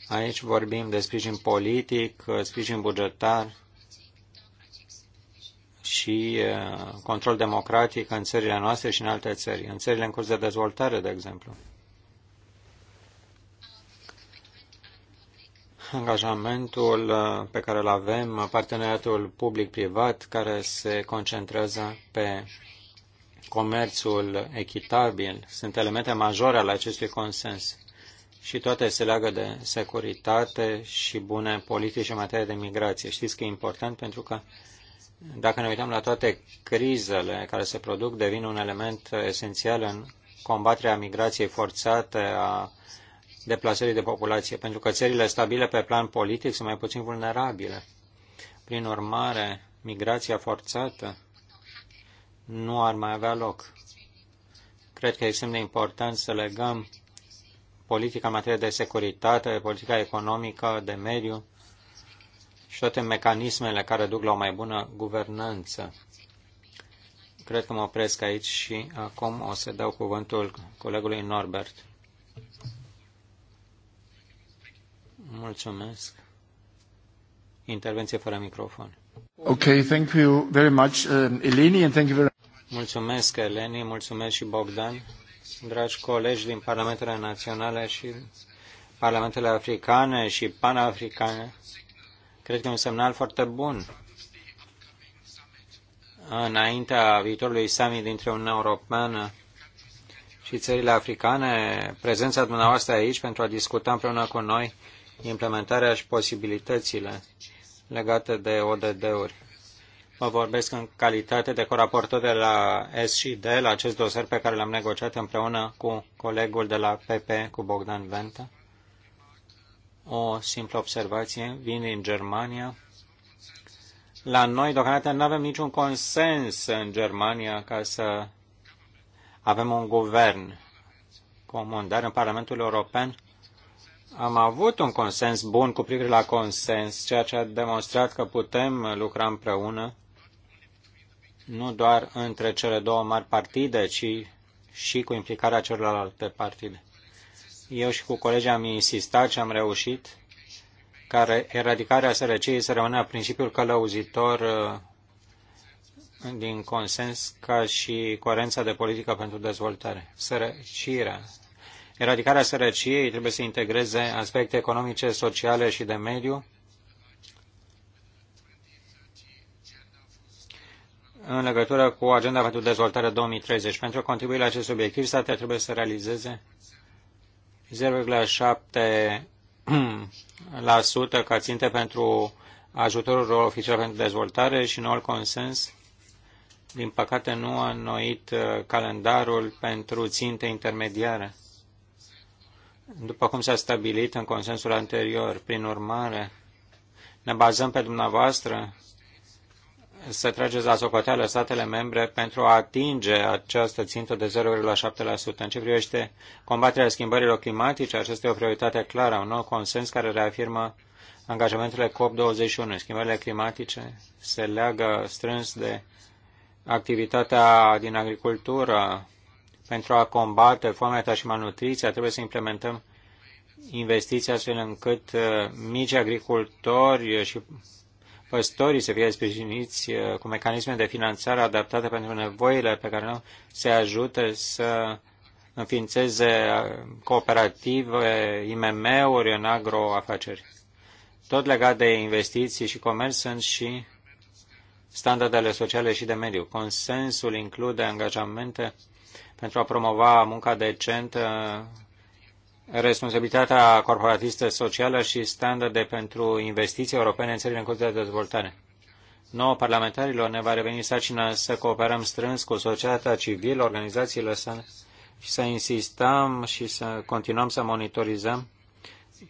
Aici vorbim de sprijin politic, sprijin bugetar, și control democratic în țările noastre și în alte țări, în țările în curs de dezvoltare, de exemplu. Angajamentul pe care îl avem, parteneriatul public-privat, care se concentrează pe comerțul echitabil, sunt elemente majore ale acestui consens și toate se leagă de securitate și bune politici în materie de migrație. Știți că e important pentru că dacă ne uităm la toate crizele care se produc, devin un element esențial în combaterea migrației forțate a deplasării de populație, pentru că țările stabile pe plan politic sunt mai puțin vulnerabile. Prin urmare, migrația forțată nu ar mai avea loc. Cred că e extrem de important să legăm politica în materie de securitate, politica economică, de mediu, și toate mecanismele care duc la o mai bună guvernanță. Cred că mă opresc aici și acum o să dau cuvântul colegului Norbert. Mulțumesc. Intervenție fără microfon. Okay, thank you very much, uh, Eleni, and thank you very Mulțumesc, Eleni, mulțumesc și Bogdan, dragi colegi din Parlamentele Naționale și Parlamentele Africane și Panafricane. Cred că e un semnal foarte bun înaintea viitorului summit dintre Uniunea Europeană și țările africane, prezența dumneavoastră aici pentru a discuta împreună cu noi implementarea și posibilitățile legate de ODD-uri. Vă vorbesc în calitate de coraportor de la S și D, la acest dosar pe care l-am negociat împreună cu colegul de la PP, cu Bogdan Venta o simplă observație, vin din Germania. La noi, deocamdată, nu avem niciun consens în Germania ca să avem un guvern comun, dar în Parlamentul European am avut un consens bun cu privire la consens, ceea ce a demonstrat că putem lucra împreună, nu doar între cele două mari partide, ci și cu implicarea celorlalte partide. Eu și cu colegii am insistat și am reușit ca eradicarea sărăciei să rămână principiul călăuzitor uh, din consens ca și coerența de politică pentru dezvoltare. Sărăcirea. Eradicarea sărăciei trebuie să integreze aspecte economice, sociale și de mediu în legătură cu Agenda pentru Dezvoltare 2030. Pentru a contribui la acest obiectiv, statele trebuie să realizeze 0,7% ca ținte pentru ajutorul oficial pentru dezvoltare și noul consens, din păcate, nu a înnoit uh, calendarul pentru ținte intermediare, după cum s-a stabilit în consensul anterior. Prin urmare, ne bazăm pe dumneavoastră să trageți la socoteală statele membre pentru a atinge această țintă de 0,7%. În ce privește combaterea schimbărilor climatice, aceasta este o prioritate clară, un nou consens care reafirmă angajamentele COP21. Schimbările climatice se leagă strâns de activitatea din agricultură pentru a combate foamea și malnutriția. Trebuie să implementăm investiții astfel încât uh, mici agricultori și păstorii să fie sprijiniți uh, cu mecanisme de finanțare adaptate pentru nevoile pe care nu se ajută să înființeze uh, cooperative, IMM-uri în agroafaceri. Tot legat de investiții și comerț sunt și standardele sociale și de mediu. Consensul include angajamente pentru a promova munca decentă responsabilitatea corporatistă socială și standarde pentru investiții europene în țările în curs de dezvoltare. Nouă parlamentarilor ne va reveni sarcina să cooperăm strâns cu societatea civilă, organizațiile să și să insistăm și să continuăm să monitorizăm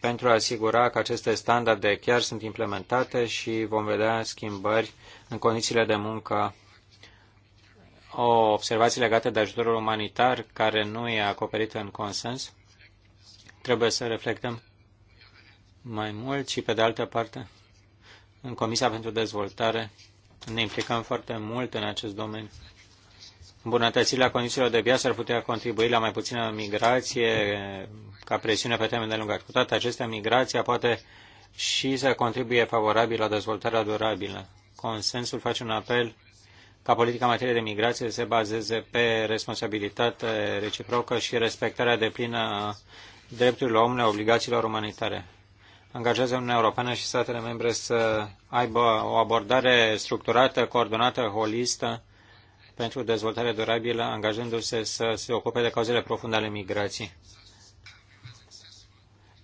pentru a asigura că aceste standarde chiar sunt implementate și vom vedea schimbări în condițiile de muncă. O observație legată de ajutorul umanitar care nu e acoperită în consens trebuie să reflectăm mai mult și, pe de altă parte, în Comisia pentru Dezvoltare ne implicăm foarte mult în acest domeniu. Îmbunătățirea condițiilor de viață ar putea contribui la mai puțină migrație ca presiune pe termen de lungat. Cu toate acestea, migrația poate și să contribuie favorabil la dezvoltarea durabilă. Consensul face un apel ca politica în materie de migrație să se bazeze pe responsabilitate reciprocă și respectarea de a drepturile omului, obligațiilor umanitare. Angajează Uniunea Europeană și statele membre să aibă o abordare structurată, coordonată, holistă pentru dezvoltare durabilă, angajându-se să se ocupe de cauzele profunde ale migrației.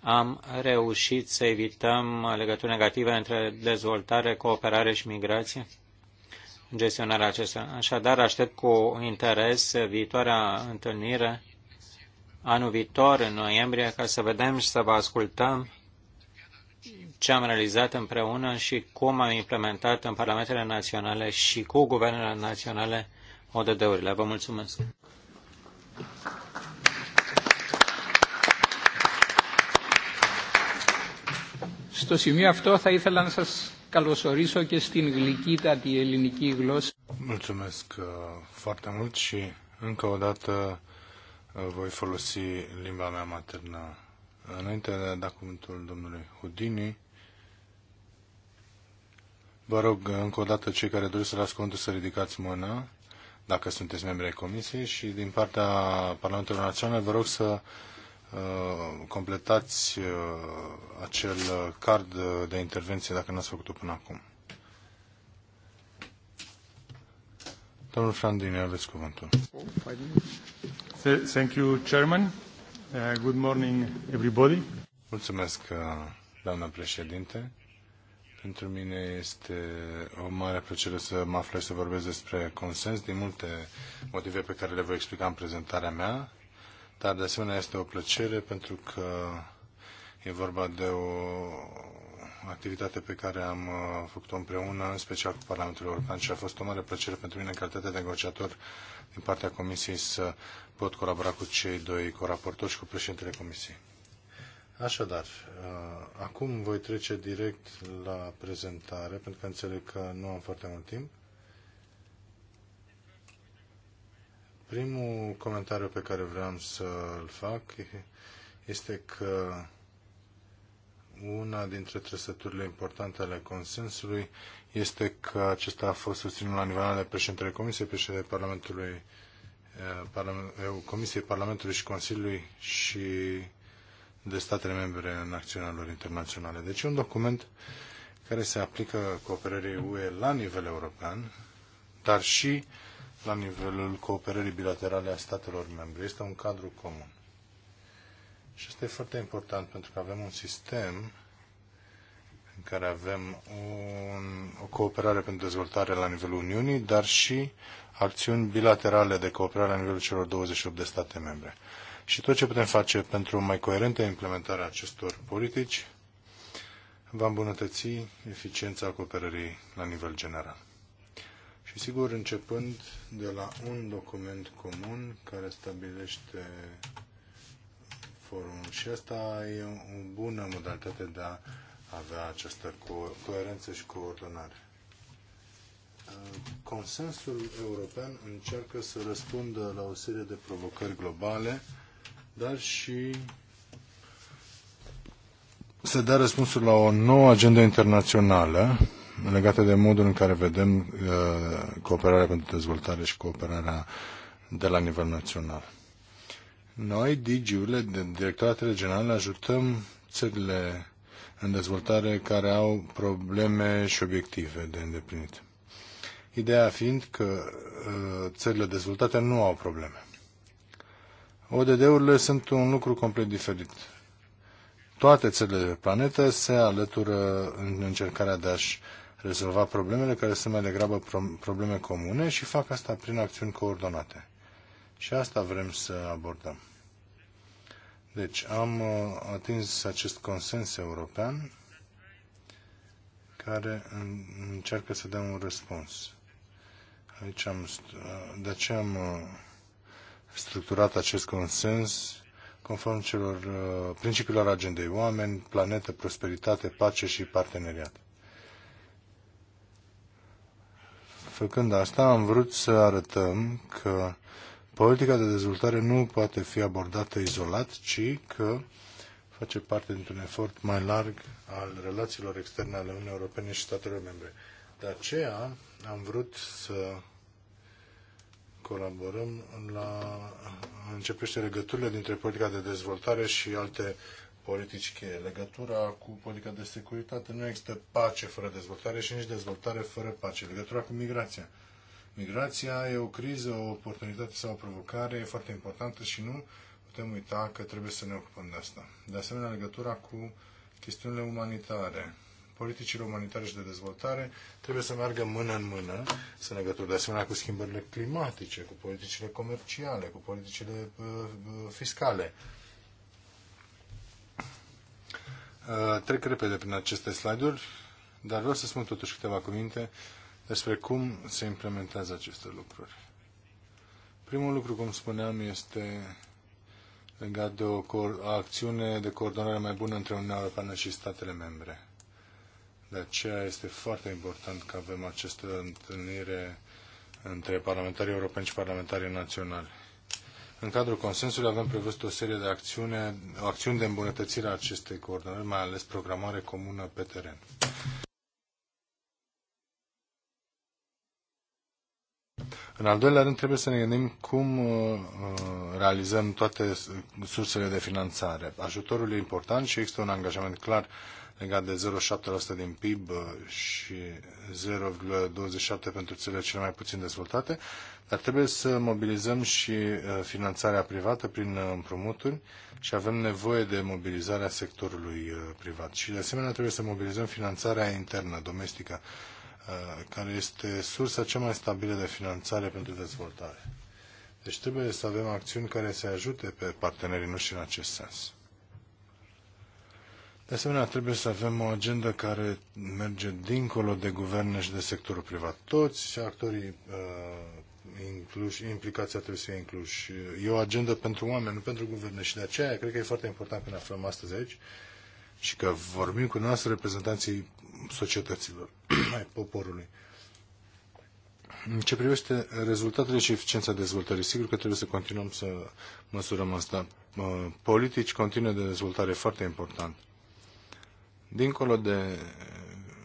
Am reușit să evităm legături negative între dezvoltare, cooperare și migrație în gestionarea acestea. Așadar, aștept cu interes viitoarea întâlnire anul viitor, în noiembrie, ca să vedem și să vă ascultăm ce am realizat împreună și cum am implementat în parlamentele naționale și cu guvernele naționale ODD-urile. Vă mulțumesc! Στο σημείο αυτό θα ήθελα να σας καλωσορίσω και στην γλυκύτατη ελληνική γλώσσα. Mulțumesc uh, foarte mult și încă o dată voi folosi limba mea maternă. Înainte de a da cuvântul domnului Houdini, vă rog încă o dată cei care doresc să las contul să ridicați mâna, dacă sunteți membri ai comisiei, și din partea Parlamentului Național vă rog să uh, completați uh, acel card de intervenție dacă n-ați făcut-o până acum. Domnul Frandini, aveți cuvântul. Thank you, Chairman. Uh, good morning, everybody. Mulțumesc, uh, doamna președinte. Pentru mine este o mare plăcere să mă aflu să vorbesc despre consens din multe motive pe care le voi explica în prezentarea mea, dar de asemenea este o plăcere pentru că e vorba de o activitate pe care am uh, făcut-o împreună, în special cu Parlamentul European și a fost o mare plăcere pentru mine în calitate de negociator din partea Comisiei să pot colabora cu cei doi coraportori și cu președintele Comisiei. Așadar, uh, acum voi trece direct la prezentare, pentru că înțeleg că nu am foarte mult timp. Primul comentariu pe care vreau să-l fac este că una dintre trăsăturile importante ale consensului este că acesta a fost susținut la nivel de președintele Comisiei, președintele Parlamentului, eh, eh, Comisiei Parlamentului și Consiliului și de statele membre în acțiunea lor internaționale. Deci un document care se aplică cooperării UE la nivel european, dar și la nivelul cooperării bilaterale a statelor membre. Este un cadru comun. Și asta e foarte important pentru că avem un sistem în care avem un, o cooperare pentru dezvoltare la nivelul Uniunii, dar și acțiuni bilaterale de cooperare la nivelul celor 28 de state membre. Și tot ce putem face pentru o mai coerentă implementare a acestor politici va îmbunătăți eficiența cooperării la nivel general. Și sigur, începând de la un document comun care stabilește forumul și asta e o bună modalitate de a avea această co- coerență și coordonare. Consensul european încearcă să răspundă la o serie de provocări globale, dar și să dea răspunsul la o nouă agendă internațională legată de modul în care vedem uh, cooperarea pentru dezvoltare și cooperarea de la nivel național. Noi, DG-urile, directoratele generale, ajutăm țările în dezvoltare care au probleme și obiective de îndeplinit. Ideea fiind că uh, țările dezvoltate nu au probleme. ODD-urile sunt un lucru complet diferit. Toate țările de planetă se alătură în încercarea de a-și rezolva problemele care sunt mai degrabă probleme comune și fac asta prin acțiuni coordonate. Și asta vrem să abordăm. Deci am uh, atins acest consens european care încearcă să dea un răspuns. Aici am, uh, de aceea am uh, structurat acest consens conform celor principiilor agendei oameni, planetă, prosperitate, pace și parteneriat. Făcând asta, am vrut să arătăm că politica de dezvoltare nu poate fi abordată izolat, ci că face parte dintr-un efort mai larg al relațiilor externe ale Uniunii Europene și statelor membre. De aceea am vrut să colaborăm la începește legăturile dintre politica de dezvoltare și alte politici cheie. Legătura cu politica de securitate nu există pace fără dezvoltare și nici dezvoltare fără pace. Legătura cu migrația. Migrația e o criză, o oportunitate sau o provocare, e foarte importantă și nu putem uita că trebuie să ne ocupăm de asta. De asemenea, legătura cu chestiunile umanitare. Politicile umanitare și de dezvoltare trebuie să meargă mână în mână, ne legături de asemenea cu schimbările climatice, cu politicile comerciale, cu politicile uh, uh, fiscale. Uh, trec repede prin aceste slide-uri, dar vreau să spun totuși câteva cuvinte despre cum se implementează aceste lucruri. Primul lucru, cum spuneam, este legat de o acțiune de coordonare mai bună între Uniunea Europeană și statele membre. De aceea este foarte important că avem această întâlnire între parlamentarii europeni și parlamentarii naționali. În cadrul consensului avem prevăzut o serie de acțiune, acțiuni de îmbunătățire a acestei coordonări, mai ales programare comună pe teren. În al doilea rând, trebuie să ne gândim cum uh, uh, realizăm toate sursele de finanțare. Ajutorul e important și există un angajament clar legat de 0,7% din PIB uh, și 0,27% pentru țările cele mai puțin dezvoltate, dar trebuie să mobilizăm și finanțarea privată prin împrumuturi și avem nevoie de mobilizarea sectorului privat. Și de asemenea trebuie să mobilizăm finanțarea internă, domestică. Uh, care este sursa cea mai stabilă de finanțare pentru dezvoltare. Deci trebuie să avem acțiuni care să ajute pe partenerii noștri în acest sens. De asemenea, trebuie să avem o agendă care merge dincolo de guverne și de sectorul privat. Toți actorii uh, incluși, implicația trebuie să fie incluși. E o agendă pentru oameni, nu pentru guverne și de aceea cred că e foarte important că ne aflăm astăzi aici și că vorbim cu noastre reprezentanții societăților, ai poporului. În ce privește rezultatele și eficiența dezvoltării, sigur că trebuie să continuăm să măsurăm asta. Uh, politici continuă de dezvoltare foarte important. Dincolo de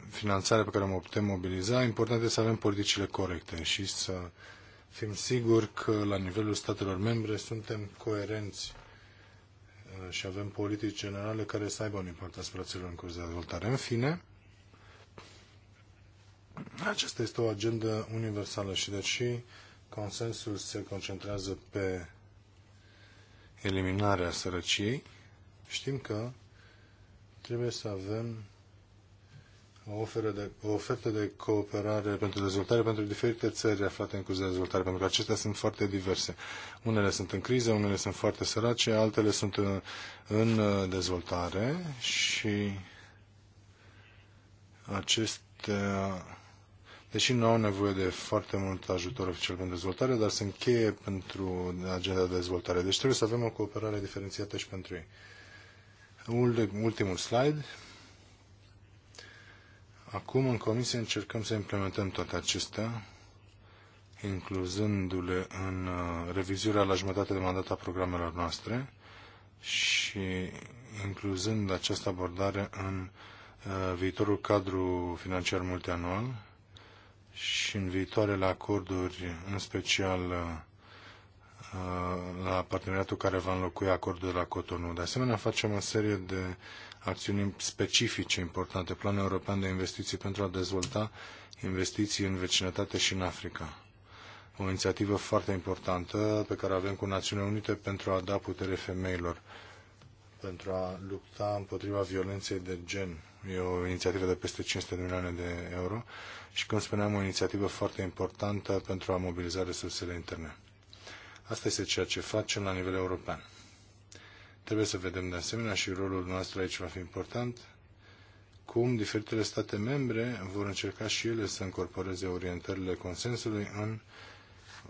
finanțarea pe care o putem mobiliza, important este să avem politicile corecte și să fim siguri că la nivelul statelor membre suntem coerenți uh, și avem politici generale care să aibă un impact asupra țărilor în curs de dezvoltare. În fine, aceasta este o agendă universală și deși consensul se concentrează pe eliminarea sărăciei, știm că trebuie să avem o, oferă de, o ofertă de cooperare pentru dezvoltare pentru diferite țări aflate în curs de dezvoltare, pentru că acestea sunt foarte diverse. Unele sunt în criză, unele sunt foarte sărace, altele sunt uh, în, în uh, dezvoltare și acestea deși nu au nevoie de foarte mult ajutor oficial pentru dezvoltare, dar se încheie pentru agenda de dezvoltare. Deci trebuie să avem o cooperare diferențiată și pentru ei. Ultimul slide. Acum, în comisie, încercăm să implementăm toate acestea, incluzându-le în uh, revizuirea la jumătate de mandat a programelor noastre și incluzând această abordare în uh, viitorul cadru financiar multianual și în viitoarele acorduri, în special uh, la parteneriatul care va înlocui acordul de la Cotonou. De asemenea, facem o serie de acțiuni specifice importante, planul european de investiții pentru a dezvolta investiții în vecinătate și în Africa. O inițiativă foarte importantă pe care o avem cu Națiunile Unite pentru a da putere femeilor, pentru a lupta împotriva violenței de gen E o inițiativă de peste 500 de milioane de euro și, cum spuneam, o inițiativă foarte importantă pentru a mobiliza resursele interne. Asta este ceea ce facem la nivel european. Trebuie să vedem de asemenea și rolul nostru aici va fi important, cum diferitele state membre vor încerca și ele să încorporeze orientările consensului în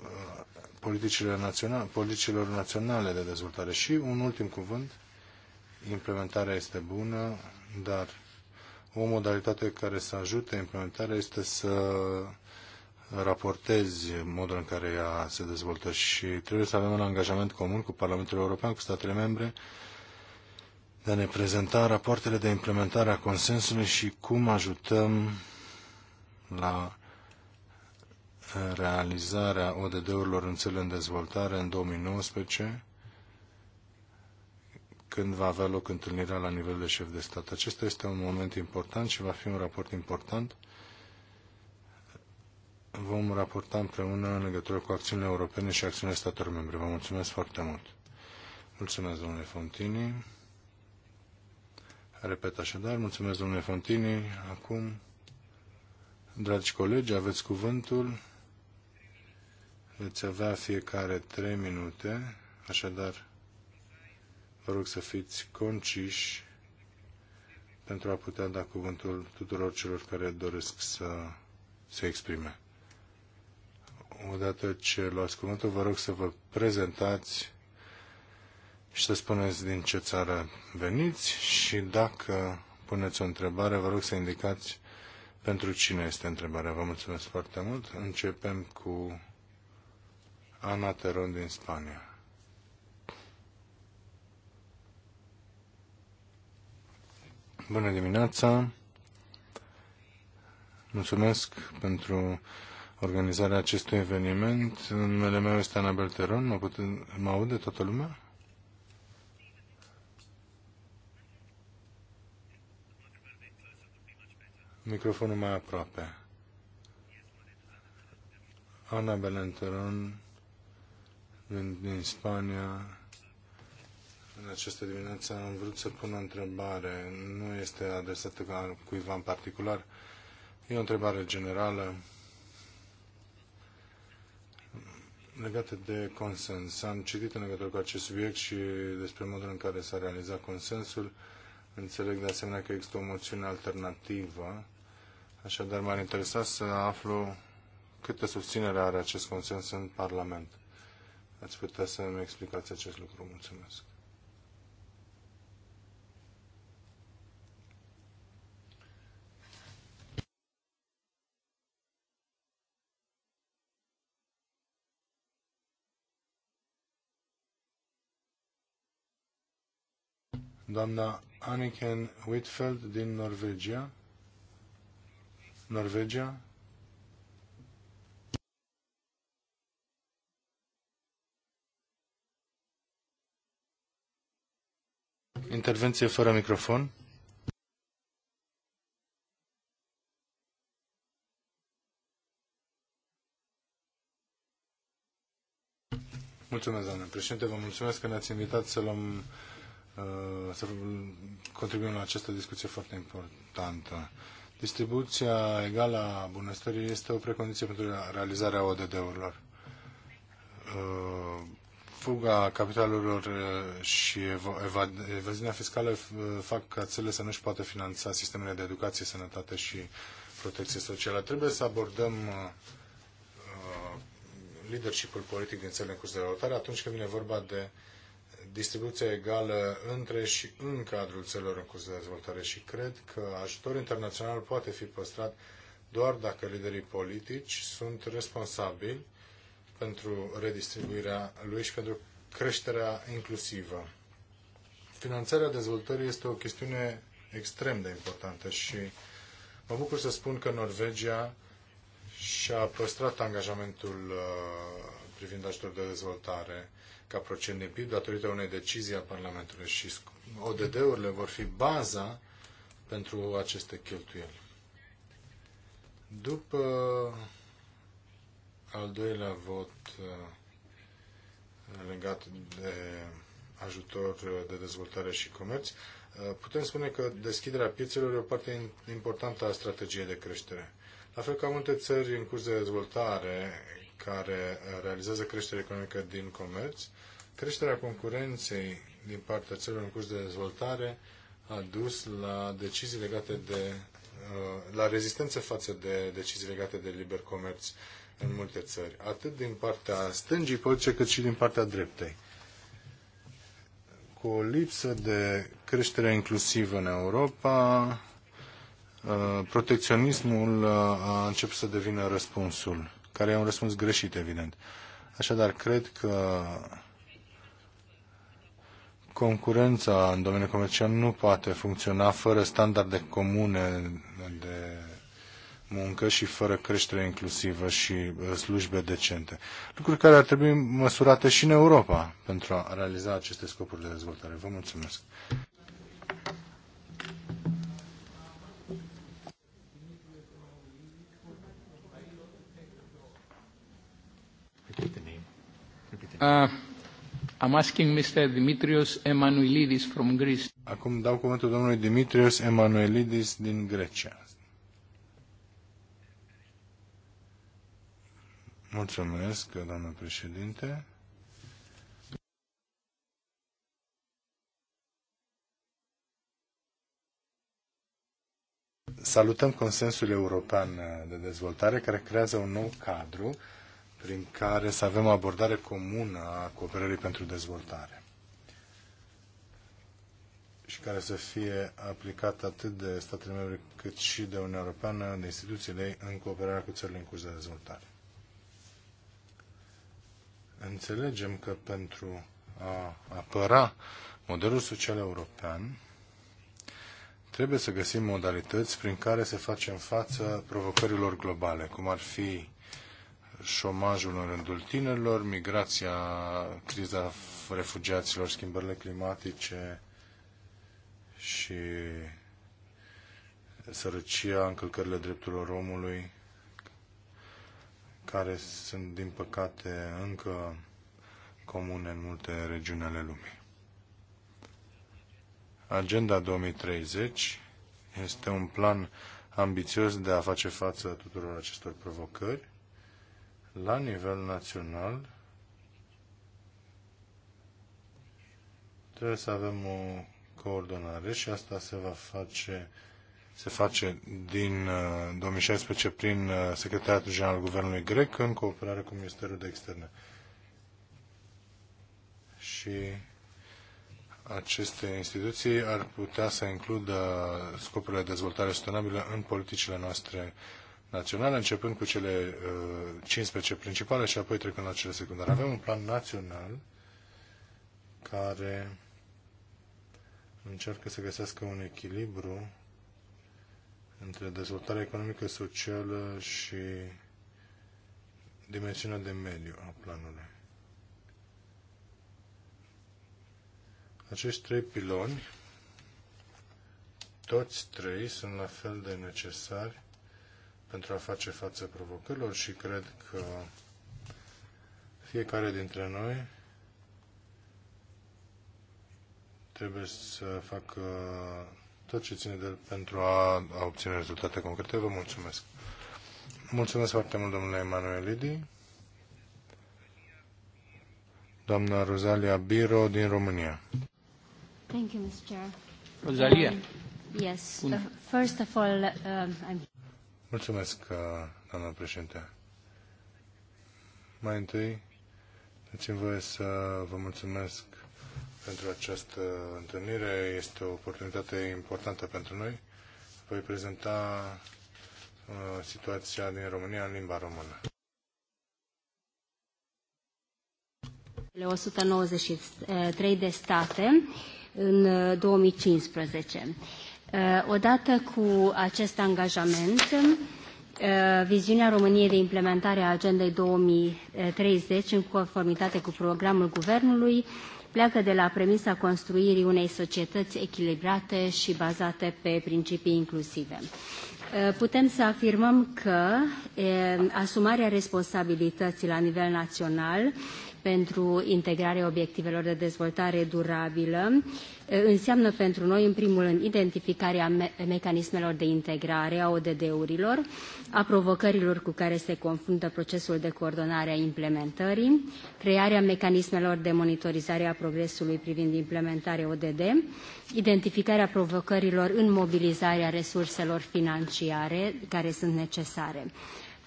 uh, politicile naționale, politicilor naționale de dezvoltare. Și un ultim cuvânt, implementarea este bună, dar o modalitate care să ajute implementarea este să raportezi modul în care ea se dezvoltă și trebuie să avem un angajament comun cu Parlamentul European, cu statele membre, de a ne prezenta rapoartele de implementare a consensului și cum ajutăm la realizarea ODD-urilor în țările în dezvoltare în 2019 când va avea loc întâlnirea la nivel de șef de stat. Acesta este un moment important și va fi un raport important. Vom raporta împreună în legătură cu acțiunile europene și acțiunile statelor membre. Vă mulțumesc foarte mult. Mulțumesc, domnule Fontini. Repet așadar, mulțumesc, domnule Fontini. Acum, dragi colegi, aveți cuvântul. Veți avea fiecare trei minute, așadar Vă rog să fiți conciși pentru a putea da cuvântul tuturor celor care doresc să se exprime. Odată ce luați cuvântul, vă rog să vă prezentați și să spuneți din ce țară veniți și dacă puneți o întrebare, vă rog să indicați pentru cine este întrebarea. Vă mulțumesc foarte mult. Începem cu Ana Teron din Spania. Bună dimineața! Mulțumesc pentru organizarea acestui eveniment. Numele meu este Anabel Teron. Mă, pute... mă aude toată lumea? Microfonul mai aproape. Ana Belteron din Spania, în această dimineață am vrut să pun o întrebare. Nu este adresată cuiva în particular. E o întrebare generală legată de consens. Am citit în legătură cu acest subiect și despre modul în care s-a realizat consensul. Înțeleg de asemenea că există o moțiune alternativă. Așadar, m-ar interesa să aflu câtă susținere are acest consens în Parlament. Ați putea să-mi explicați acest lucru. Mulțumesc. doamna Anniken Whitfeld din Norvegia. Norvegia. Intervenție fără microfon. Mulțumesc, doamne președinte. Vă mulțumesc că ne-ați invitat să luăm Uh, să contribuim la această discuție foarte importantă. Distribuția egală a bunăstării este o precondiție pentru realizarea ODD-urilor. Uh, fuga capitalurilor uh, și evaziunea fiscală fac ca țările să nu-și poată finanța sistemele de educație, sănătate și protecție socială. Trebuie să abordăm leadership-ul politic din țările în curs de dezvoltare atunci când vine vorba de uh, distribuția egală între și în cadrul țărilor în curs de dezvoltare și cred că ajutorul internațional poate fi păstrat doar dacă liderii politici sunt responsabili pentru redistribuirea lui și pentru creșterea inclusivă. Finanțarea dezvoltării este o chestiune extrem de importantă și mă bucur să spun că Norvegia și-a păstrat angajamentul uh, privind ajutorul de dezvoltare ca procent din PIB datorită unei decizii a Parlamentului și ODD-urile vor fi baza pentru aceste cheltuieli. După al doilea vot uh, legat de ajutor de dezvoltare și comerț, uh, putem spune că deschiderea piețelor e o parte importantă a strategiei de creștere. La fel ca multe țări în curs de dezvoltare care uh, realizează creștere economică din comerț, creșterea concurenței din partea țărilor în curs de dezvoltare a dus la decizii legate de uh, la rezistență față de decizii legate de liber comerț în multe țări, atât din partea stângii politice cât și din partea dreptei. Cu o lipsă de creștere inclusivă în Europa, uh, protecționismul a început să devină răspunsul care e un răspuns greșit, evident. Așadar, cred că concurența în domeniul comercial nu poate funcționa fără standarde comune de muncă și fără creștere inclusivă și uh, slujbe decente. Lucruri care ar trebui măsurate și în Europa pentru a realiza aceste scopuri de dezvoltare. Vă mulțumesc! Uh, I'm asking Mr. Dimitrios Emanuelidis from Greece. Acum dau cuvântul domnului Dimitrios Emanuelidis din Grecia. Mulțumesc, doamnă președinte. Salutăm consensul european de dezvoltare care creează un nou cadru prin care să avem o abordare comună a cooperării pentru dezvoltare și care să fie aplicată atât de statele membre cât și de Uniunea Europeană, de instituțiile ei, în cooperarea cu țările în curs de dezvoltare. Înțelegem că pentru a apăra modelul social european, trebuie să găsim modalități prin care să facem față provocărilor globale, cum ar fi șomajul în rândul tinerilor, migrația, criza refugiaților, schimbările climatice și sărăcia, încălcările drepturilor omului, care sunt, din păcate, încă comune în multe regiuni ale lumii. Agenda 2030 este un plan ambițios de a face față tuturor acestor provocări la nivel național trebuie să avem o coordonare și asta se va face se face din 2016 uh, prin uh, Secretariatul General al Guvernului Grec în cooperare cu Ministerul de Externe. Și aceste instituții ar putea să includă scopurile de dezvoltare sustenabilă în politicile noastre naționale, începând cu cele 15 uh, principale și apoi trecând la cele secundare. Avem un plan național care încearcă să găsească un echilibru între dezvoltarea economică, socială și dimensiunea de mediu a planului. Acești trei piloni, toți trei sunt la fel de necesari pentru a face față provocărilor și cred că fiecare dintre noi trebuie să facă tot ce ține de, pentru a, a obține rezultate concrete. Vă mulțumesc. Mulțumesc foarte mult, domnule Lidi. Doamna Rosalia Biro din România. Thank you, Mr. Chair. Rosalia. Um, yes. Uh, first of all, uh, I'm... Mulțumesc, uh, doamna președinte. Mai întâi, dați-mi voie să vă mulțumesc pentru această întâlnire. Este o oportunitate importantă pentru noi. Voi prezenta uh, situația din România în limba română. 193 de state în 2015. Uh, Eh, odată cu acest angajament, eh, viziunea României de implementare a Agendei 2030 în conformitate cu programul Guvernului pleacă de la premisa construirii unei societăți echilibrate și bazate pe principii inclusive. Eh, putem să afirmăm că asumarea responsabilității la nivel național pentru integrarea obiectivelor de dezvoltare durabilă înseamnă pentru noi, în primul rând, identificarea me mecanismelor de integrare a ODD-urilor, a provocărilor cu care se confruntă procesul de coordonare a implementării, crearea mecanismelor de monitorizare a progresului privind implementarea ODD, identificarea provocărilor în mobilizarea resurselor financiare care sunt necesare.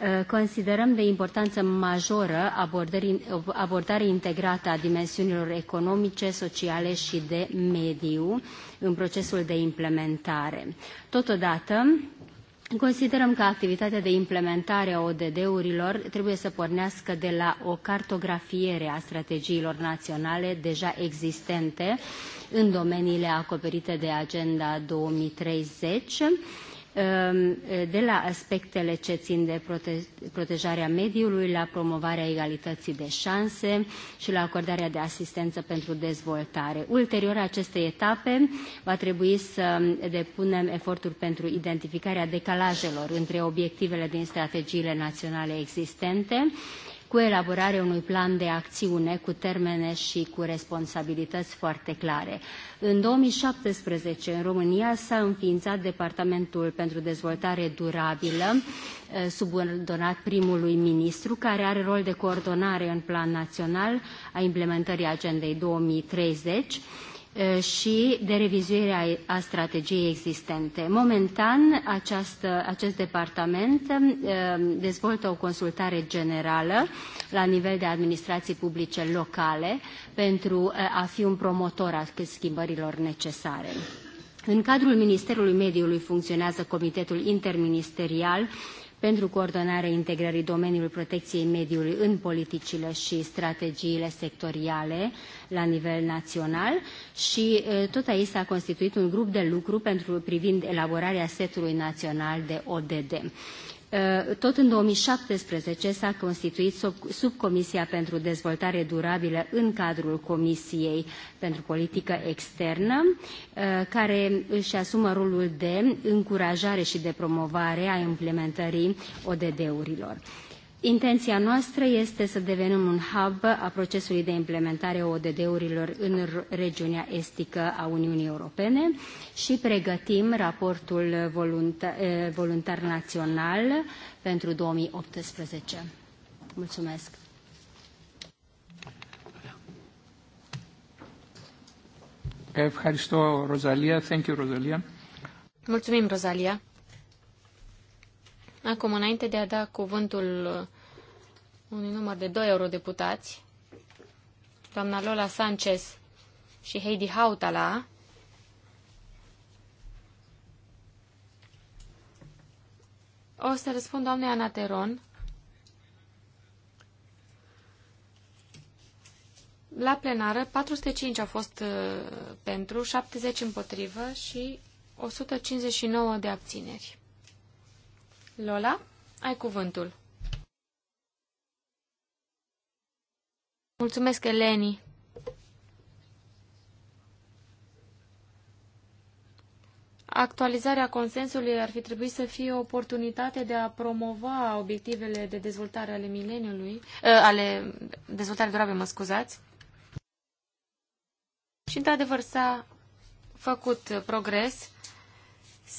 Uh, considerăm de importanță majoră abordarea integrată a dimensiunilor economice, sociale și de mediu în procesul de implementare. Totodată, Considerăm că activitatea de implementare a ODD-urilor trebuie să pornească de la o cartografiere a strategiilor naționale deja existente în domeniile acoperite de Agenda 2030, Um, de la aspectele ce țin de protejarea mediului, la promovarea egalității de șanse și la acordarea de asistență pentru dezvoltare. Ulterior acestei etape va trebui să depunem eforturi pentru identificarea decalajelor între obiectivele din strategiile naționale existente, cu elaborarea unui plan de acțiune cu termene și cu responsabilități foarte clare. În 2017, în România, s-a înființat Departamentul pentru Dezvoltare Durabilă, eh, subordonat primului ministru, care are rol de coordonare în plan național a implementării Agendei 2030 și de revizuirea a strategiei existente. Momentan, această, acest departament dezvoltă o consultare generală la nivel de administrații publice locale pentru a fi un promotor al schimbărilor necesare. În cadrul Ministerului Mediului funcționează Comitetul Interministerial uh, pentru coordonarea integrării domeniului protecției mediului în politicile și strategiile sectoriale la nivel național și tot aici s-a constituit un grup de lucru pentru privind elaborarea setului național de ODD. Uh, tot în 2017 s-a constituit subcomisia pentru dezvoltare durabilă în cadrul Comisiei pentru Politică Externă, uh, care își asumă rolul de încurajare și de promovare a implementării ODD-urilor. Intenția noastră este să devenim un hub a procesului de implementare a ODD-urilor în regiunea estică a Uniunii Europene și pregătim raportul voluntar, voluntar național pentru 2018. Mulțumesc! Ευχαριστώ, Thank you, Rosalia. Mulțumim, Rosalia. Acum, înainte de a da cuvântul unui număr de doi eurodeputați, doamna Lola Sanchez și Heidi Hautala, o să răspund doamnei Anateron La plenară, 405 au fost uh, pentru, 70 împotrivă și 159 de abțineri. Lola, ai cuvântul. Mulțumesc, Eleni. Actualizarea consensului ar fi trebuit să fie o oportunitate de a promova obiectivele de dezvoltare ale mileniului, eh, ale dezvoltare durabile, mă scuzați. Și într-adevăr s-a făcut progres.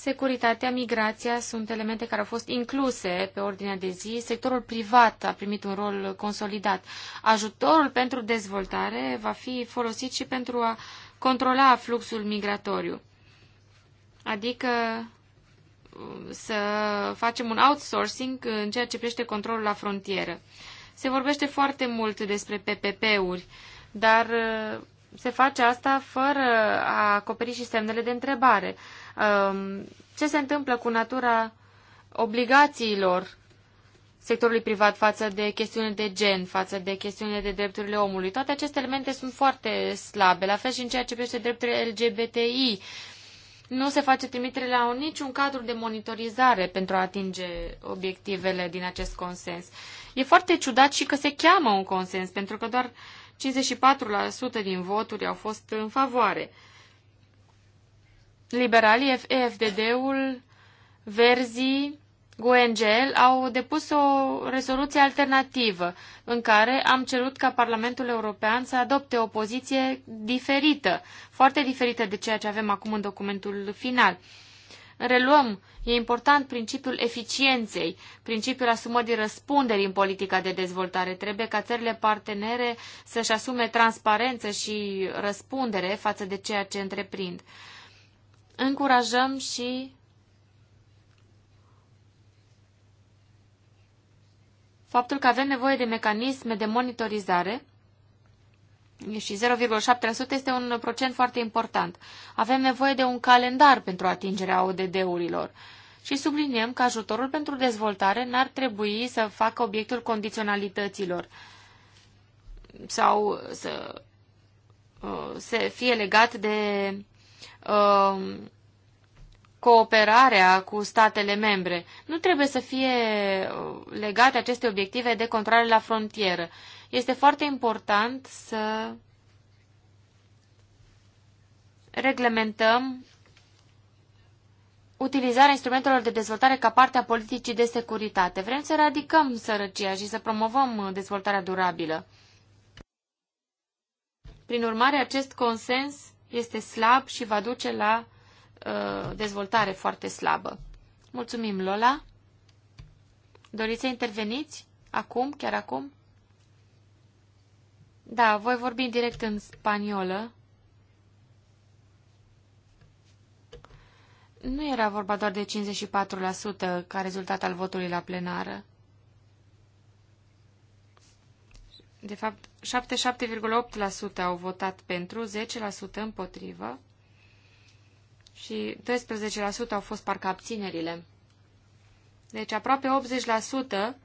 Securitatea, migrația sunt elemente care au fost incluse pe ordinea de zi. Sectorul privat a primit un rol consolidat. Ajutorul pentru dezvoltare va fi folosit și pentru a controla fluxul migratoriu. Adică uh, să facem un outsourcing în ceea ce privește controlul la frontieră. Se vorbește foarte mult despre PPP-uri, dar uh, se face asta fără a acoperi și semnele de întrebare. Um, ce se întâmplă cu natura obligațiilor sectorului privat față de chestiuni de gen, față de chestiunile de drepturile omului. Toate aceste elemente sunt foarte slabe, la fel și în ceea ce privește drepturile LGBTI. Nu se face trimitere la niciun cadru de monitorizare pentru a atinge obiectivele din acest consens. E foarte ciudat și că se cheamă un consens, pentru că doar 54% din voturi au fost în favoare liberalii, EFDD-ul, Verzii, Guengel au depus o rezoluție alternativă în care am cerut ca Parlamentul European să adopte o poziție diferită, foarte diferită de ceea ce avem acum în documentul final. Reluăm, e important principiul eficienței, principiul asumării răspunderii în politica de dezvoltare. Trebuie ca țările partenere să-și asume transparență și răspundere față de ceea ce întreprind încurajăm și faptul că avem nevoie de mecanisme de monitorizare și 0,7% este un procent foarte important. Avem nevoie de un calendar pentru atingerea ODD-urilor și subliniem că ajutorul pentru dezvoltare n-ar trebui să facă obiectul condiționalităților sau să uh, se fie legat de Um, cooperarea cu statele membre. Nu trebuie să fie uh, legate aceste obiective de controle la frontieră. Este foarte important să reglementăm utilizarea instrumentelor de dezvoltare ca parte a politicii de securitate. Vrem să eradicăm sărăcia și să promovăm uh, dezvoltarea durabilă. Prin urmare, acest consens este slab și va duce la uh, dezvoltare foarte slabă. Mulțumim, Lola. Doriți să interveniți? Acum? Chiar acum? Da, voi vorbi direct în spaniolă. Nu era vorba doar de 54% ca rezultat al votului la plenară. De fapt, 77,8% au votat pentru, 10% împotrivă și 12% au fost parcă abținerile. Deci aproape 80%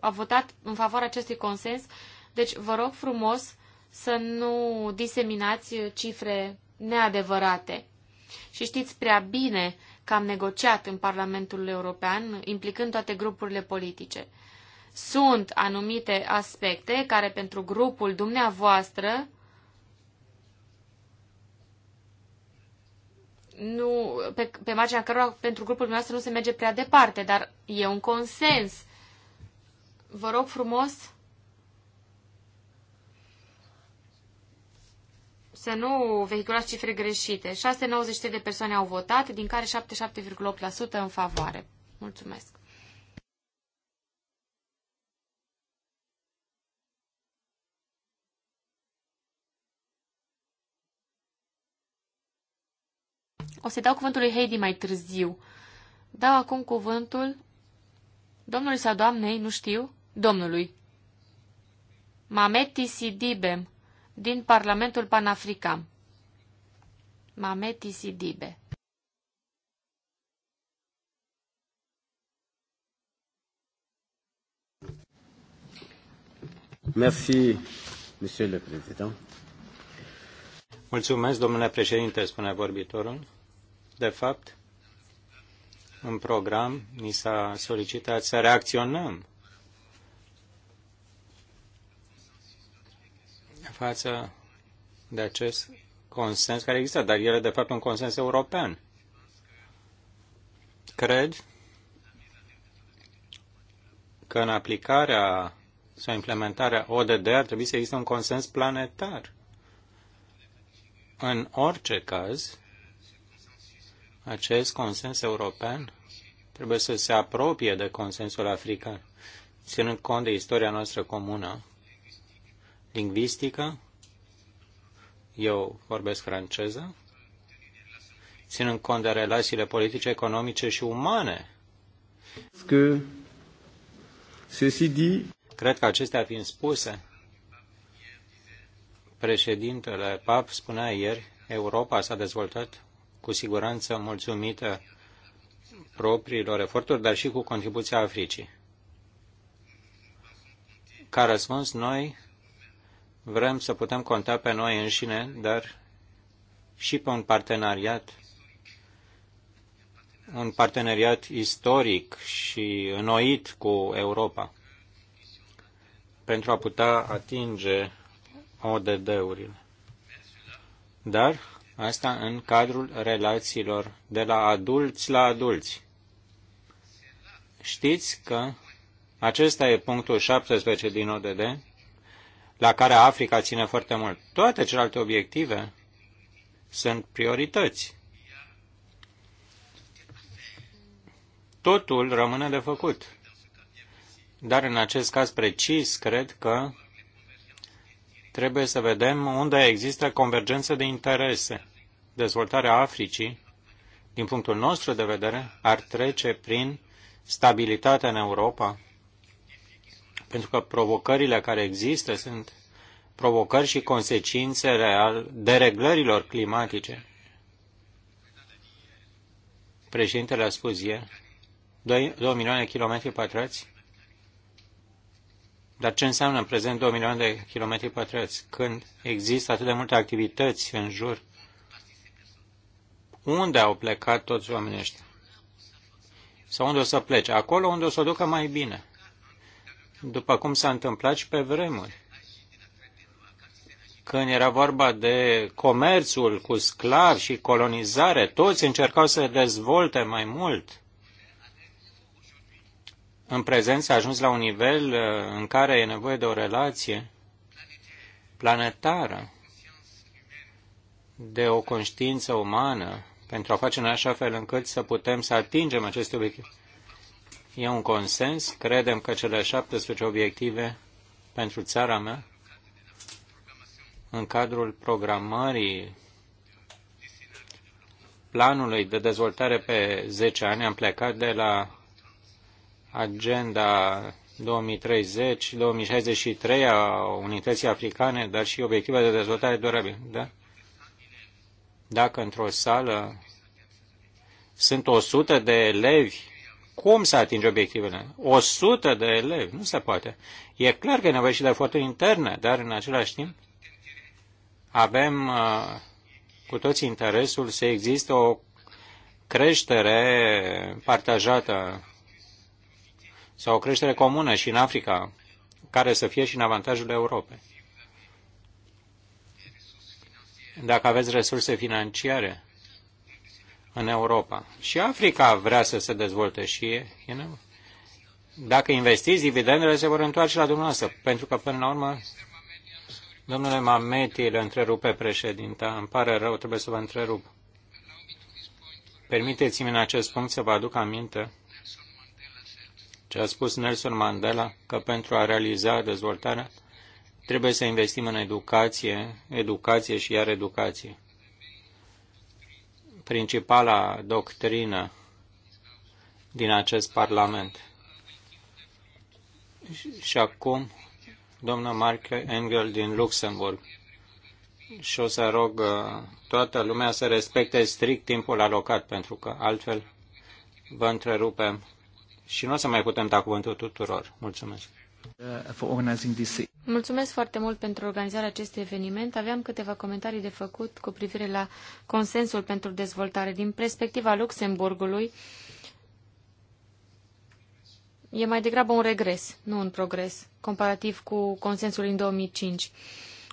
au votat în favoarea acestui consens. Deci vă rog frumos să nu diseminați cifre neadevărate. Și știți prea bine că am negociat în Parlamentul European, implicând toate grupurile politice sunt anumite aspecte care pentru grupul dumneavoastră nu, pe, pe marginea cărora pentru grupul dumneavoastră nu se merge prea departe, dar e un consens. Vă rog frumos să nu vehiculați cifre greșite. 693 de persoane au votat, din care 77,8% în favoare. Mulțumesc. O să-i dau cuvântul lui Heidi mai târziu. Dau acum cuvântul domnului sau doamnei, nu știu, domnului. Mameti Sidibem, din Parlamentul Panafrican. Mameti Sidibe. Merci, Monsieur le Président. Mulțumesc, domnule președinte, spune vorbitorul. De fapt, în program ni s-a solicitat să reacționăm față de acest consens care există, dar el e de fapt un consens european. Cred că în aplicarea sau implementarea ODD ar trebui să existe un consens planetar. În orice caz, acest consens european trebuie să se apropie de consensul african, ținând cont de istoria noastră comună, lingvistică, eu vorbesc franceză, ținând cont de relațiile politice, economice și umane. Cred că acestea fiind spuse, președintele PAP spunea ieri, Europa s-a dezvoltat cu siguranță mulțumită propriilor eforturi, dar și cu contribuția Africii. Ca răspuns, noi vrem să putem conta pe noi înșine, dar și pe un parteneriat, un parteneriat istoric și înnoit cu Europa pentru a putea atinge ODD-urile. Dar Asta în cadrul relațiilor de la adulți la adulți. Știți că acesta e punctul 17 din ODD, la care Africa ține foarte mult. Toate celelalte obiective sunt priorități. Totul rămâne de făcut. Dar în acest caz precis, cred că Trebuie să vedem unde există convergență de interese. Dezvoltarea Africii, din punctul nostru de vedere, ar trece prin stabilitatea în Europa, pentru că provocările care există sunt provocări și consecințe al dereglărilor climatice. Președintele a spus ieri, 2, 2 milioane de kilometri pătrați dar ce înseamnă în prezent 2 milioane de kilometri pătrați? Când există atât de multe activități în jur, unde au plecat toți oamenii ăștia? Sau unde o să plece? Acolo unde o să o ducă mai bine. După cum s-a întâmplat și pe vremuri. Când era vorba de comerțul cu sclavi și colonizare, toți încercau să dezvolte mai mult în prezent s-a ajuns la un nivel uh, în care e nevoie de o relație planetară, de o conștiință umană, pentru a face în așa fel încât să putem să atingem aceste obiective. E un consens, credem că cele 17 obiective pentru țara mea, în cadrul programării planului de dezvoltare pe 10 ani, am plecat de la agenda 2030-2063 a unității africane, dar și obiective de dezvoltare durabilă. Da? Dacă într-o sală sunt 100 de elevi, cum să atinge obiectivele? 100 de elevi, nu se poate. E clar că e nevoie și de eforturi interne, dar în același timp avem uh, cu toți interesul să existe o creștere partajată sau o creștere comună și în Africa, care să fie și în avantajul Europei. Dacă aveți resurse financiare în Europa. Și Africa vrea să se dezvolte și e, e Dacă investiți, dividendele se vor întoarce la dumneavoastră, pentru că până la urmă Domnule Mameti, le întrerupe președinta. Îmi pare rău, trebuie să vă întrerup. Permiteți-mi în acest punct să vă aduc aminte ce a spus Nelson Mandela, că pentru a realiza dezvoltarea trebuie să investim în educație, educație și iar educație. Principala doctrină din acest Parlament. Și acum, doamna Mark Engel din Luxemburg. Și o să rog uh, toată lumea să respecte strict timpul alocat, pentru că altfel vă întrerupem și nu o să mai putem da cuvântul tuturor. Mulțumesc! Uh, Mulțumesc foarte mult pentru organizarea acestui eveniment. Aveam câteva comentarii de făcut cu privire la consensul pentru dezvoltare. Din perspectiva Luxemburgului, e mai degrabă un regres, nu un progres, comparativ cu consensul din 2005.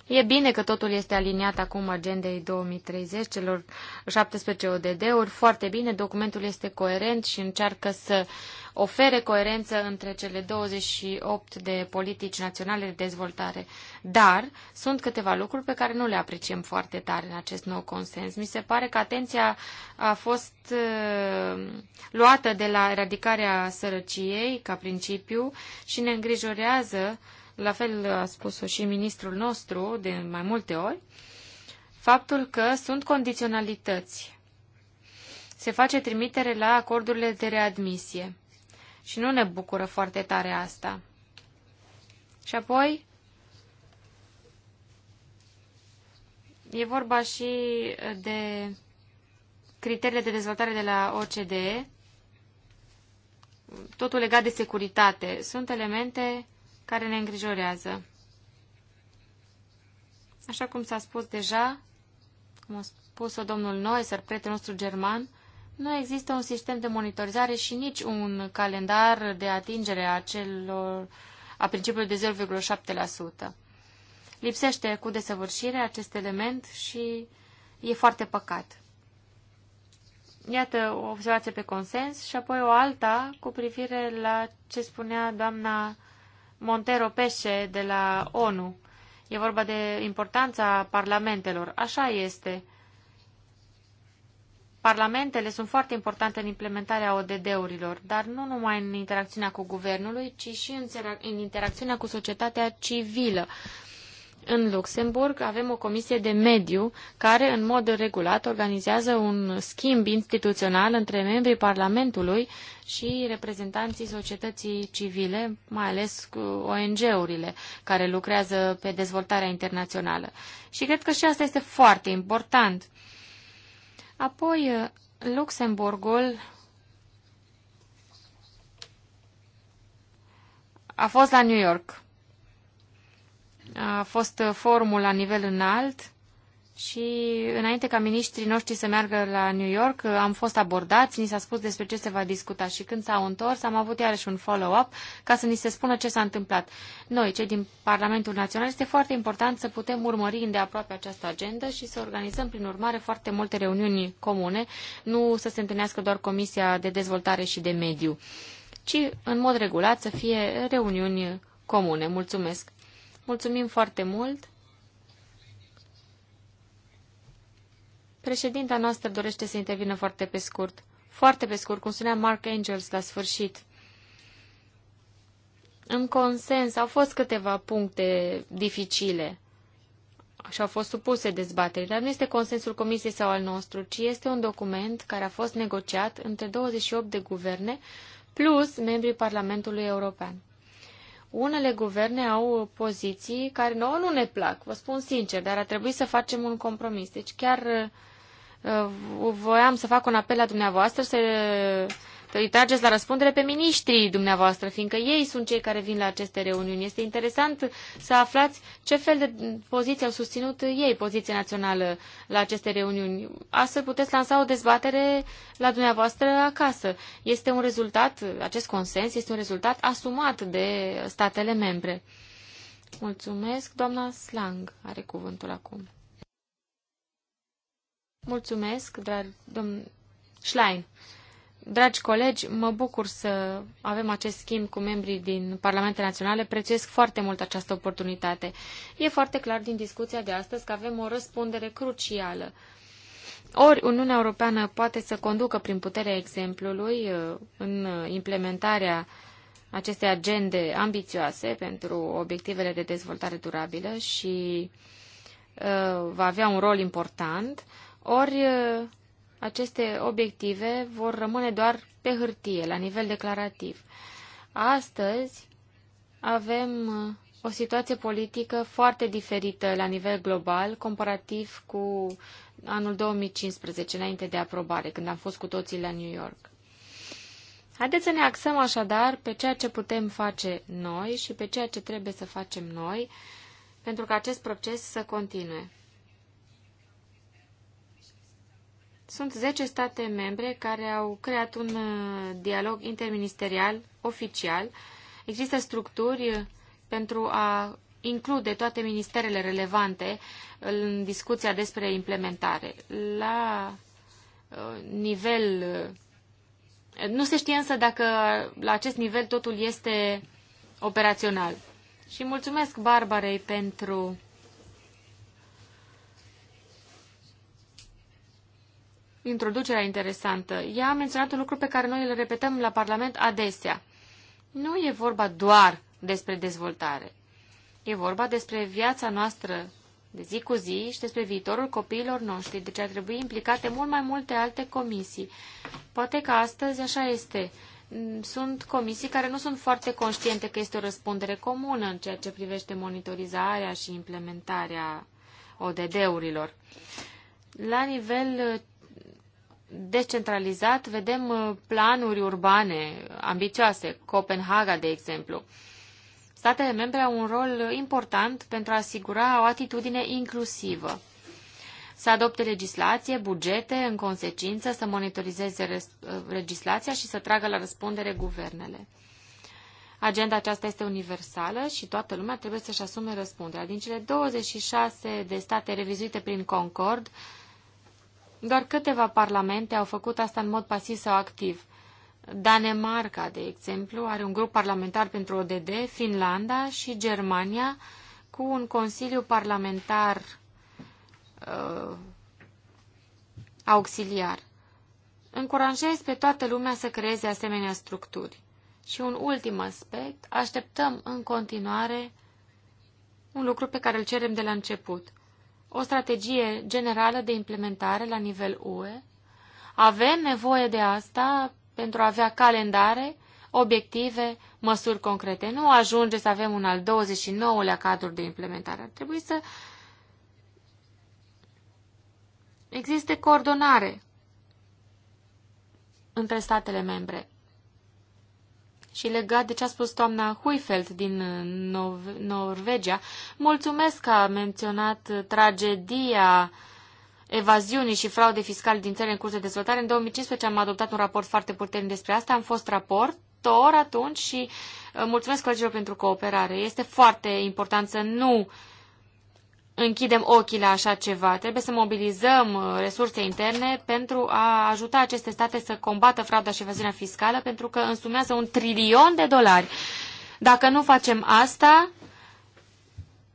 E bine că totul este aliniat acum agendei 2030, celor 17 ODD-uri. Foarte bine, documentul este coerent și încearcă să ofere coerență între cele 28 de politici naționale de dezvoltare. Dar sunt câteva lucruri pe care nu le apreciem foarte tare în acest nou consens. Mi se pare că atenția a fost uh, luată de la eradicarea sărăciei ca principiu și ne îngrijorează uh, la fel a spus-o și ministrul nostru de mai multe ori, faptul că sunt condiționalități. Se face trimitere la acordurile de readmisie și nu ne bucură foarte tare asta. Și apoi e vorba și de criteriile de dezvoltare de la OCDE, totul legat de securitate. Sunt elemente care ne îngrijorează. Așa cum s-a spus deja, cum a spus-o domnul Neusser, prietenul nostru german, nu există un sistem de monitorizare și nici un calendar de atingere a, celor, a principiului de 0,7%. Lipsește cu desăvârșire acest element și e foarte păcat. Iată o observație pe consens și apoi o alta cu privire la ce spunea doamna Montero Pesce de la ONU. E vorba de importanța parlamentelor. Așa este. Parlamentele sunt foarte importante în implementarea ODD-urilor, dar nu numai în interacțiunea cu guvernului, ci și în, în interacțiunea cu societatea civilă. În Luxemburg avem o comisie de mediu care, în mod regulat, organizează un schimb instituțional între membrii Parlamentului și reprezentanții societății civile, mai ales cu ONG-urile care lucrează pe dezvoltarea internațională. Și cred că și asta este foarte important. Apoi, Luxemburgul a fost la New York a fost forumul la nivel înalt și înainte ca miniștrii noștri să meargă la New York, am fost abordați, ni s-a spus despre ce se va discuta și când s-au întors, am avut iarăși un follow-up ca să ni se spună ce s-a întâmplat. Noi, cei din Parlamentul Național, este foarte important să putem urmări îndeaproape această agendă și să organizăm, prin urmare, foarte multe reuniuni comune, nu să se întâlnească doar Comisia de Dezvoltare și de Mediu, ci, în mod regulat, să fie reuniuni comune. Mulțumesc! Mulțumim foarte mult! Președinta noastră dorește să intervină foarte pe scurt. Foarte pe scurt, cum spunea Mark Angels la sfârșit. În consens au fost câteva puncte dificile și au fost supuse dezbaterii, dar nu este consensul Comisiei sau al nostru, ci este un document care a fost negociat între 28 de guverne plus membrii Parlamentului European unele guverne au poziții care nouă nu ne plac, vă spun sincer, dar a trebuit să facem un compromis. Deci chiar uh, voiam să fac un apel la dumneavoastră să te trageți la răspundere pe miniștrii dumneavoastră, fiindcă ei sunt cei care vin la aceste reuniuni. Este interesant să aflați ce fel de poziție au susținut ei, poziție națională, la aceste reuniuni. Astfel puteți lansa o dezbatere la dumneavoastră acasă. Este un rezultat, acest consens este un rezultat asumat de statele membre. Mulțumesc. Doamna Slang are cuvântul acum. Mulțumesc, drag domn Schlein. Dragi colegi, mă bucur să avem acest schimb cu membrii din Parlamentele Naționale. Prețuiesc foarte mult această oportunitate. E foarte clar din discuția de astăzi că avem o răspundere crucială. Ori Uniunea Europeană poate să conducă prin puterea exemplului uh, în implementarea acestei agende ambițioase pentru obiectivele de dezvoltare durabilă și uh, va avea un rol important, ori uh, aceste obiective vor rămâne doar pe hârtie, la nivel declarativ. Astăzi avem uh, o situație politică foarte diferită la nivel global, comparativ cu anul 2015, înainte de aprobare, când am fost cu toții la New York. Haideți să ne axăm așadar pe ceea ce putem face noi și pe ceea ce trebuie să facem noi pentru ca acest proces să continue. Sunt 10 state membre care au creat un uh, dialog interministerial oficial. Există structuri uh, pentru a include toate ministerele relevante în discuția despre implementare. La uh, nivel. Nu se știe însă dacă la acest nivel totul este operațional. Și mulțumesc Barbarei pentru introducerea interesantă. Ea a menționat un lucru pe care noi îl repetăm la Parlament adesea. Nu e vorba doar despre dezvoltare. E vorba despre viața noastră de zi cu zi și despre viitorul copiilor noștri, deci ar trebui implicate mult mai multe alte comisii. Poate că astăzi așa este. Mm, sunt comisii care nu sunt foarte conștiente că este o răspundere comună în ceea ce privește monitorizarea și implementarea ODD-urilor. La nivel decentralizat, vedem uh, planuri urbane ambițioase, Copenhaga, de exemplu. Statele membre au un rol important pentru a asigura o atitudine inclusivă. Să adopte legislație, bugete, în consecință, să monitorizeze uh, legislația și să tragă la răspundere guvernele. Agenda aceasta este universală și toată lumea trebuie să-și asume răspunderea. Din cele 26 de state revizuite prin Concord, doar câteva parlamente au făcut asta în mod pasiv sau activ. Danemarca, de exemplu, are un grup parlamentar pentru ODD, Finlanda și Germania, cu un consiliu parlamentar uh, auxiliar. Încurajez pe toată lumea să creeze asemenea structuri. Și un ultim aspect, așteptăm în continuare un lucru pe care îl cerem de la început – o strategie generală de implementare la nivel UE. Avem nevoie de asta pentru a avea calendare, obiective, măsuri concrete. Nu ajunge să avem un al 29-lea cadru de implementare. Ar trebui să existe coordonare între statele membre și legat de ce a spus doamna Huifeld din uh, Norvegia, mulțumesc că a menționat uh, tragedia evaziunii și fraude fiscale din țări în curs de dezvoltare. În 2015 am adoptat un raport foarte puternic despre asta, am fost raportor atunci și uh, mulțumesc colegilor pentru cooperare. Este foarte important să nu închidem ochii la așa ceva. Trebuie să mobilizăm uh, resurse interne pentru a ajuta aceste state să combată frauda și evaziunea fiscală, pentru că însumează un trilion de dolari. Dacă nu facem asta,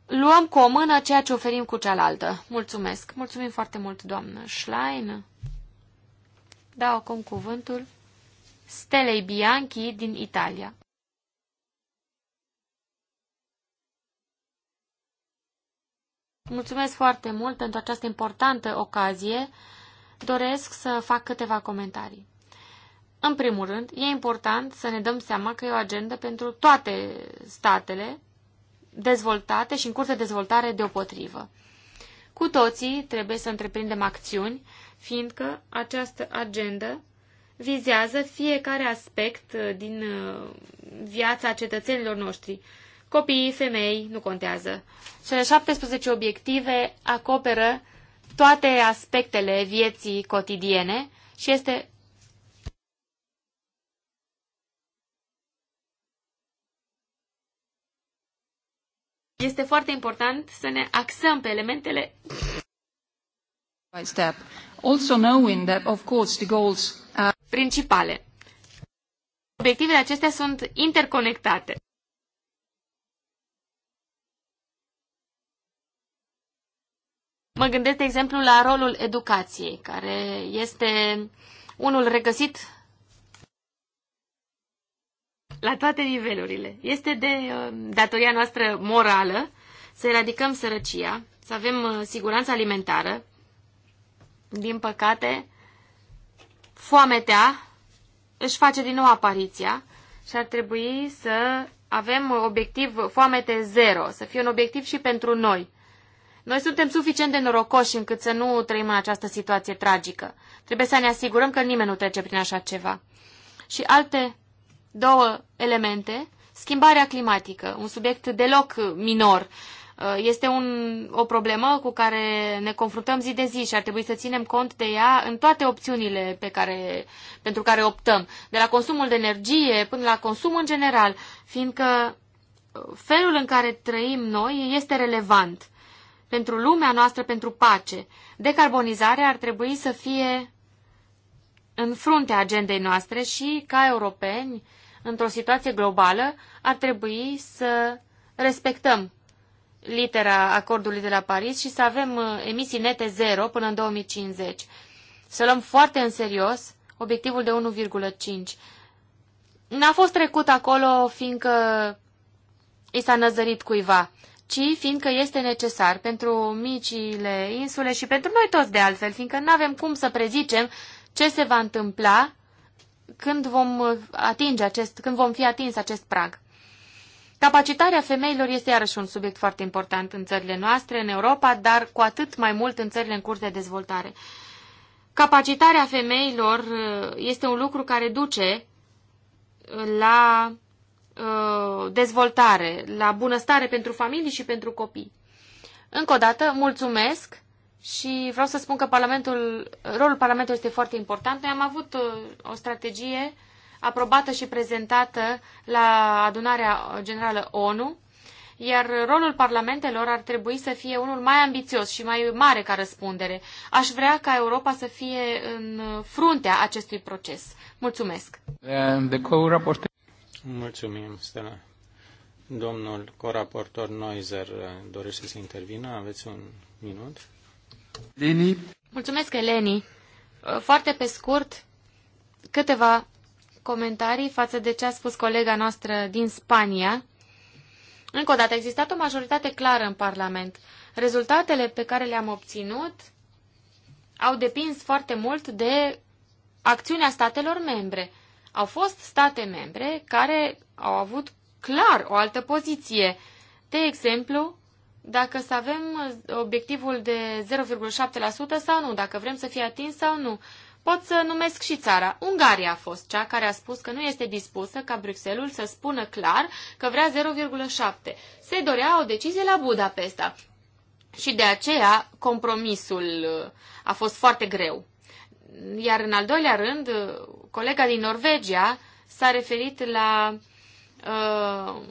luăm cu o mână ceea ce oferim cu cealaltă. Mulțumesc. Mulțumim foarte mult, doamnă Schlein. Dau acum cuvântul Stelei Bianchi din Italia. Mulțumesc foarte mult pentru această importantă ocazie. Doresc să fac câteva comentarii. În primul rând, e important să ne dăm seama că e o agendă pentru toate statele dezvoltate și în curs de dezvoltare deopotrivă. Cu toții trebuie să întreprindem acțiuni, fiindcă această agendă vizează fiecare aspect din uh, viața cetățenilor noștri, Copiii, femei, nu contează. Cele 17 obiective acoperă toate aspectele vieții cotidiene și este este foarte important să ne axăm pe elementele step, also knowing that of course the goals are principale. Obiectivele acestea sunt interconectate. Mă gândesc, de exemplu, la rolul educației, care este unul regăsit la toate nivelurile. Este de uh, datoria noastră morală să eradicăm sărăcia, să avem uh, siguranță alimentară. Din păcate, foametea își face din nou apariția și ar trebui să avem obiectiv foamete zero, să fie un obiectiv și pentru noi. Noi suntem suficient de norocoși încât să nu trăim în această situație tragică. Trebuie să ne asigurăm că nimeni nu trece prin așa ceva. Și alte două elemente. Schimbarea climatică, un subiect deloc minor. Uh, este un, o problemă cu care ne confruntăm zi de zi și ar trebui să ținem cont de ea în toate opțiunile pe care, pentru care optăm, de la consumul de energie până la consum în general, fiindcă uh, felul în care trăim noi este relevant pentru lumea noastră, pentru pace. Decarbonizarea ar trebui să fie în fruntea agendei noastre și, ca europeni, într-o situație globală, ar trebui să respectăm litera acordului de la Paris și să avem uh, emisii nete zero până în 2050. Să luăm foarte în serios obiectivul de 1,5. N-a fost trecut acolo fiindcă i s-a năzărit cuiva ci fiindcă este necesar pentru micile insule și pentru noi toți de altfel, fiindcă nu avem cum să prezicem ce se va întâmpla când vom, atinge acest, când vom fi atins acest prag. Capacitarea femeilor este iarăși un subiect foarte important în țările noastre, în Europa, dar cu atât mai mult în țările în curs de dezvoltare. Capacitarea femeilor este un lucru care duce la Uh, dezvoltare, la bunăstare pentru familii și pentru copii. Încă o dată, mulțumesc și vreau să spun că Parlamentul, rolul Parlamentului este foarte important. Noi am avut uh, o strategie aprobată și prezentată la adunarea generală ONU, iar rolul parlamentelor ar trebui să fie unul mai ambițios și mai mare ca răspundere. Aș vrea ca Europa să fie în fruntea acestui proces. Mulțumesc! Eh, Mulțumim, Stella. Domnul coraportor Noizer dorește să intervină. Aveți un minut. Leni. Mulțumesc, Eleni. Foarte pe scurt, câteva comentarii față de ce a spus colega noastră din Spania. Încă o dată, a existat o majoritate clară în Parlament. Rezultatele pe care le-am obținut au depins foarte mult de acțiunea statelor membre. Au fost state membre care au avut clar o altă poziție. De exemplu, dacă să avem uh, obiectivul de 0,7% sau nu, dacă vrem să fie atins sau nu. Pot să numesc și țara. Ungaria a fost cea care a spus că nu este dispusă ca Bruxelles să spună clar că vrea 0,7. Se dorea o decizie la Budapesta. Și de aceea compromisul uh, a fost foarte greu. Iar în al doilea rând, colega din Norvegia s-a referit la uh,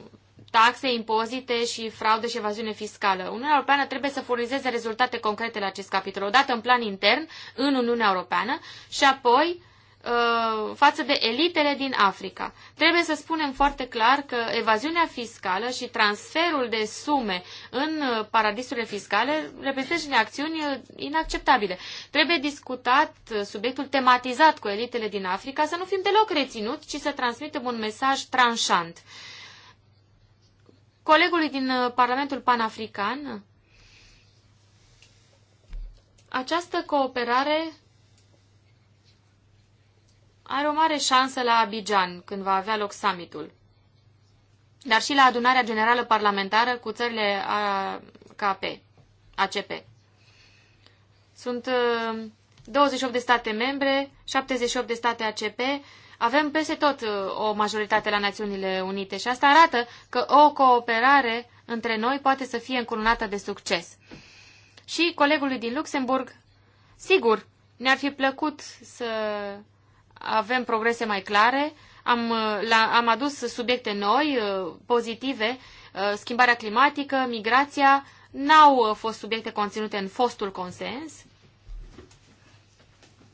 taxe, impozite și fraude și evaziune fiscală. Uniunea Europeană trebuie să furnizeze rezultate concrete la acest capitol, odată în plan intern, în Uniunea Europeană, și apoi Uh, față de elitele din Africa. Trebuie să spunem foarte clar că evaziunea fiscală și transferul de sume în uh, paradisurile fiscale reprezintă niște acțiuni uh, inacceptabile. Trebuie discutat subiectul tematizat cu elitele din Africa, să nu fim deloc reținuți, ci să transmitem un mesaj tranșant. Colegului din Parlamentul Panafrican, această cooperare are o mare șansă la Abidjan, când va avea loc summitul, dar și la adunarea generală parlamentară cu țările AKP, ACP. Sunt 28 uh, de state membre, 78 de state ACP, avem peste tot uh, o majoritate la Națiunile Unite și asta arată că o cooperare între noi poate să fie încurunată de succes. Și colegului din Luxemburg, sigur, ne-ar fi plăcut să avem progrese mai clare, am, uh, la, am adus subiecte noi, uh, pozitive, uh, schimbarea climatică, migrația, n-au fost subiecte conținute în fostul consens.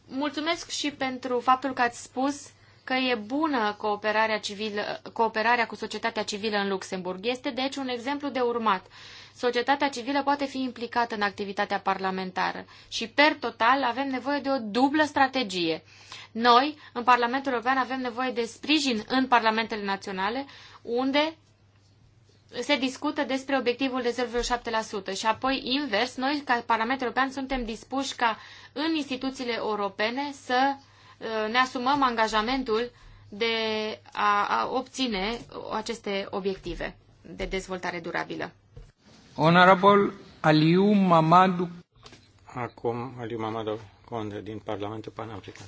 Mulțumesc și pentru faptul că ați spus că e bună cooperarea, civilă, cooperarea cu societatea civilă în Luxemburg. Este deci un exemplu de urmat. Societatea civilă poate fi implicată în activitatea parlamentară și, per total, avem nevoie de o dublă strategie. Noi, în Parlamentul European, avem nevoie de sprijin în parlamentele naționale, unde se discută despre obiectivul de 0,7% și apoi invers, noi ca Parlamentul European suntem dispuși ca în instituțiile europene să uh, Uh, ne asumăm angajamentul de a obține aceste obiective de dezvoltare durabilă. Honorable Aliu Mamadu. Acum Aliu Mamadu, Conde din Parlamentul Panafrican.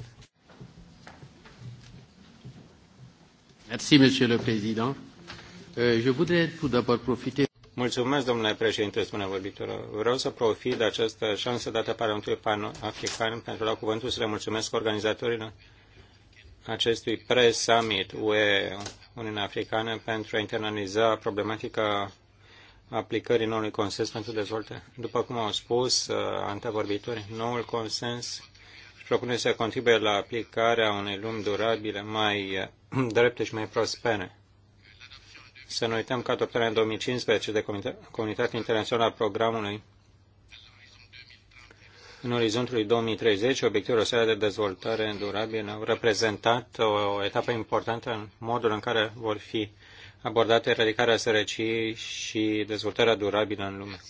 Merci, Monsieur le Président. Euh, je voudrais tout d'abord profiter Mulțumesc, domnule președinte, spune vorbitor. Vreau să profit de această șansă dată Parlamentului Pan-African pentru a lua cuvântul să le mulțumesc organizatorilor acestui pre-summit UE Uniunea Africană pentru a internaliza problematica aplicării noului consens pentru dezvoltare. După cum au spus uh, antevorbitorii, noul consens își propune să contribuie la aplicarea unei lumi durabile mai uh, drepte și mai prospere. Să nu uităm că adoptarea în 2015 de Comunitatea Internațională a Programului în orizontului 2030, obiectivul sale de dezvoltare durabilă au reprezentat o etapă importantă în modul în care vor fi abordate eradicarea sărăciei și dezvoltarea durabilă în lume.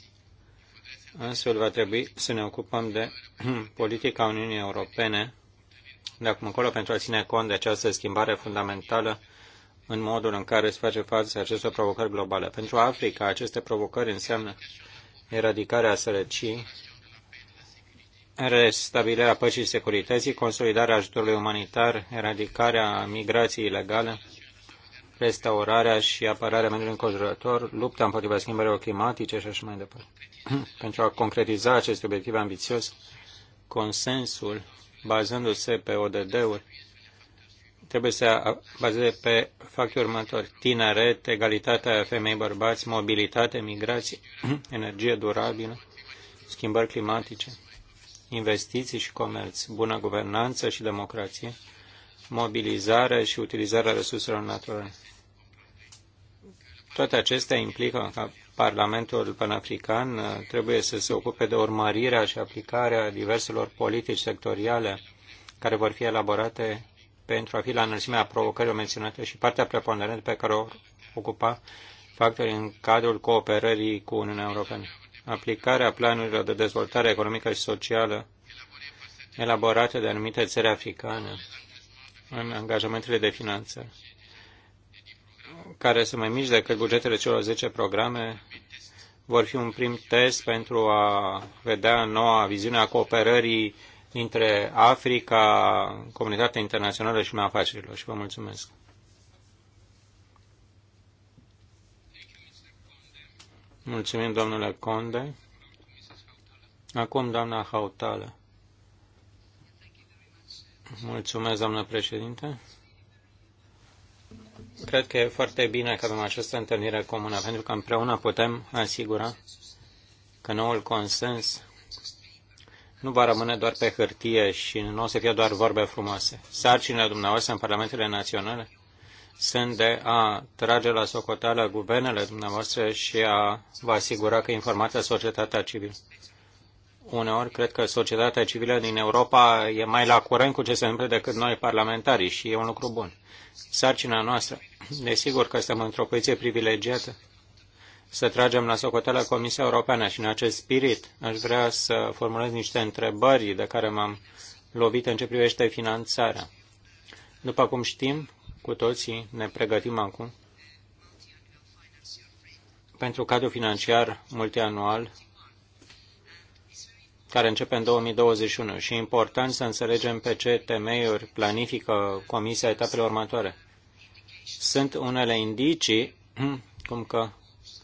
Astfel va trebui să ne ocupăm de politica Uniunii Europene de acum încolo pentru a ține cont de această schimbare fundamentală în modul în care se face față acestor provocări globale. Pentru Africa, aceste provocări înseamnă eradicarea sărăciei, restabilirea păcii și securității, consolidarea ajutorului umanitar, eradicarea migrației ilegale, restaurarea și apărarea mediului înconjurător, lupta împotriva schimbărilor climatice și așa mai departe. Pentru a concretiza acest obiectiv ambițios, consensul, bazându-se pe ODD-uri, trebuie să bazeze pe factori următori. Tineret, egalitatea femei-bărbați, mobilitate, migrație, energie durabilă, schimbări climatice, investiții și comerț, bună guvernanță și democrație, mobilizare și utilizarea resurselor naturale. Toate acestea implică că Parlamentul Panafrican uh, trebuie să se ocupe de urmărirea și aplicarea diverselor politici sectoriale care vor fi elaborate pentru a fi la înălțimea provocărilor menționate și partea preponderentă pe care o ocupa factorii în cadrul cooperării cu Uniunea Europeană. Aplicarea planurilor de dezvoltare economică și socială elaborate de anumite țări africane în angajamentele de finanță, care sunt mai mici decât bugetele celor 10 programe, vor fi un prim test pentru a vedea noua viziune a cooperării dintre Africa, comunitatea internațională și lumea afacerilor. Și vă mulțumesc. Mulțumim, domnule Conde. Acum, doamna Hautală. Mulțumesc, doamnă președinte. Cred că e foarte bine că avem această întâlnire comună, pentru că împreună putem asigura că noul consens nu va rămâne doar pe hârtie și nu o să fie doar vorbe frumoase. Sarcinile dumneavoastră în parlamentele naționale sunt de a trage la socoteală guvernele dumneavoastră și a vă asigura că informația societatea civilă. Uneori cred că societatea civilă din Europa e mai la curent cu ce se întâmplă decât noi parlamentarii și e un lucru bun. Sarcina noastră, desigur că suntem într-o poziție privilegiată, să tragem la socoteală Comisia Europeană și în acest spirit aș vrea să formulez niște întrebări de care m-am lovit în ce privește finanțarea. După cum știm, cu toții ne pregătim acum pentru cadrul financiar multianual care începe în 2021 și e important să înțelegem pe ce temeiuri planifică Comisia etapele următoare. Sunt unele indicii cum că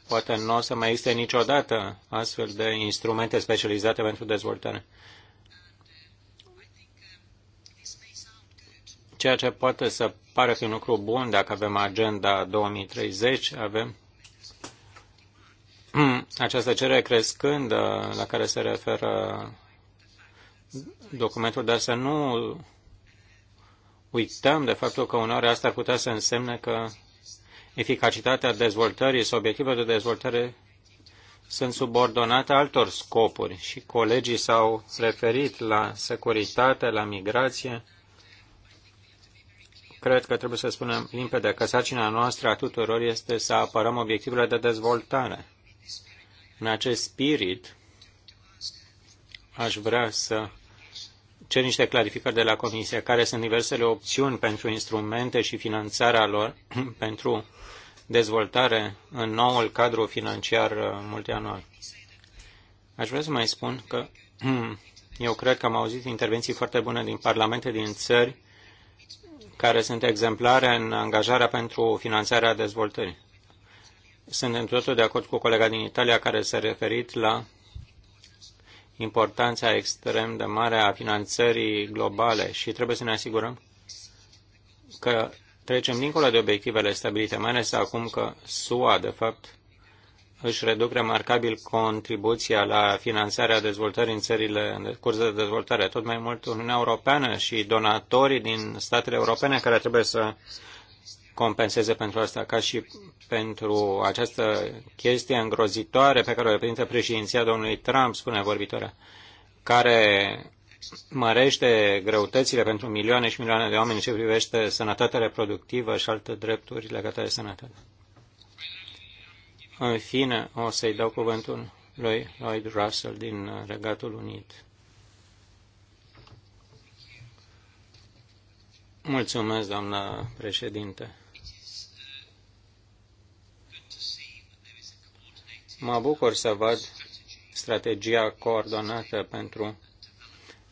Poate nu o să mai existe niciodată astfel de instrumente specializate pentru dezvoltare. Ceea ce poate să pare fi un lucru bun dacă avem agenda 2030, avem această cerere crescând la care se referă documentul, dar să nu uităm de faptul că uneori asta ar putea să însemne că eficacitatea dezvoltării sau obiectivele de dezvoltare sunt subordonate altor scopuri și colegii s-au referit la securitate, la migrație. Cred că trebuie să spunem limpede că sarcina noastră a tuturor este să apărăm obiectivele de dezvoltare. În acest spirit, aș vrea să cer niște clarificări de la Comisie, care sunt diversele opțiuni pentru instrumente și finanțarea lor pentru dezvoltare în noul cadru financiar uh, multianual. Aș vrea să mai spun că eu cred că am auzit intervenții foarte bune din parlamente din țări care sunt exemplare în angajarea pentru finanțarea dezvoltării. Sunt întotdeauna de acord cu colega din Italia care s-a referit la importanța extrem de mare a finanțării globale și trebuie să ne asigurăm că trecem dincolo de obiectivele stabilite, mai ales acum că SUA, de fapt, își reduc remarcabil contribuția la finanțarea dezvoltării în țările în curs de dezvoltare. Tot mai mult Uniunea Europeană și donatorii din statele europene care trebuie să compenseze pentru asta, ca și pentru această chestie îngrozitoare pe care o reprezintă președinția domnului Trump, spune vorbitoarea, care mărește greutățile pentru milioane și milioane de oameni ce privește sănătatea reproductivă și alte drepturi legate de sănătate. În fine, o să-i dau cuvântul lui Lloyd Russell din Regatul Unit. Mulțumesc, doamnă președinte. Mă bucur să văd strategia coordonată pentru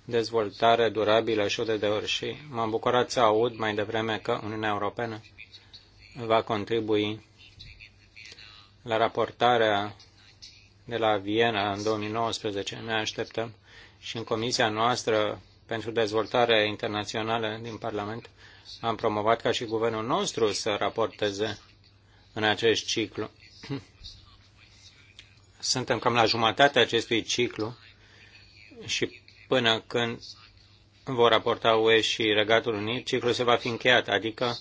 dezvoltare durabilă și de ori și m-am bucurat să aud mai devreme că Uniunea Europeană va contribui la raportarea de la Viena în 2019. Ne așteptăm și în Comisia noastră pentru dezvoltare internațională din Parlament am promovat ca și guvernul nostru să raporteze în acest ciclu. Suntem cam la jumătatea acestui ciclu și până când vor raporta UE și Regatul Unit, ciclul se va fi încheiat, adică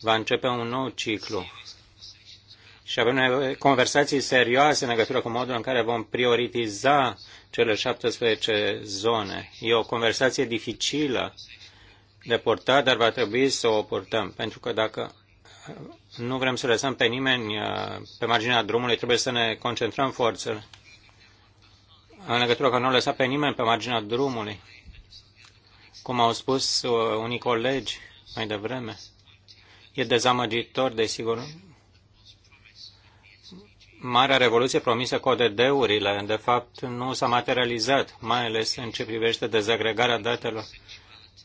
va începe un nou ciclu. Și avem conversații serioase în legătură cu modul în care vom prioritiza cele 17 zone. E o conversație dificilă de portat, dar va trebui să o portăm, pentru că dacă nu vrem să lăsăm pe nimeni uh, pe marginea drumului, trebuie să ne concentrăm forțele în legătură că nu lăsa pe nimeni pe marginea drumului. Cum au spus uh, unii colegi mai devreme, e dezamăgitor, desigur. Marea revoluție promisă cu ODD-urile, de fapt, nu s-a materializat, mai ales în ce privește dezagregarea datelor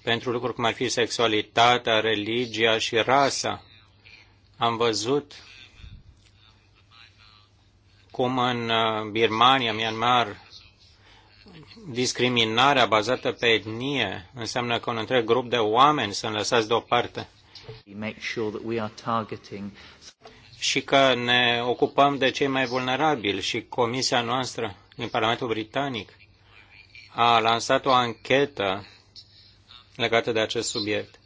pentru lucruri cum ar fi sexualitatea, religia și rasa. Am văzut cum în uh, Birmania, Myanmar, discriminarea bazată pe etnie înseamnă că un întreg grup de oameni sunt lăsați deoparte și că ne ocupăm de cei mai vulnerabili și comisia noastră din Parlamentul Britanic a lansat o anchetă legată de acest subiect.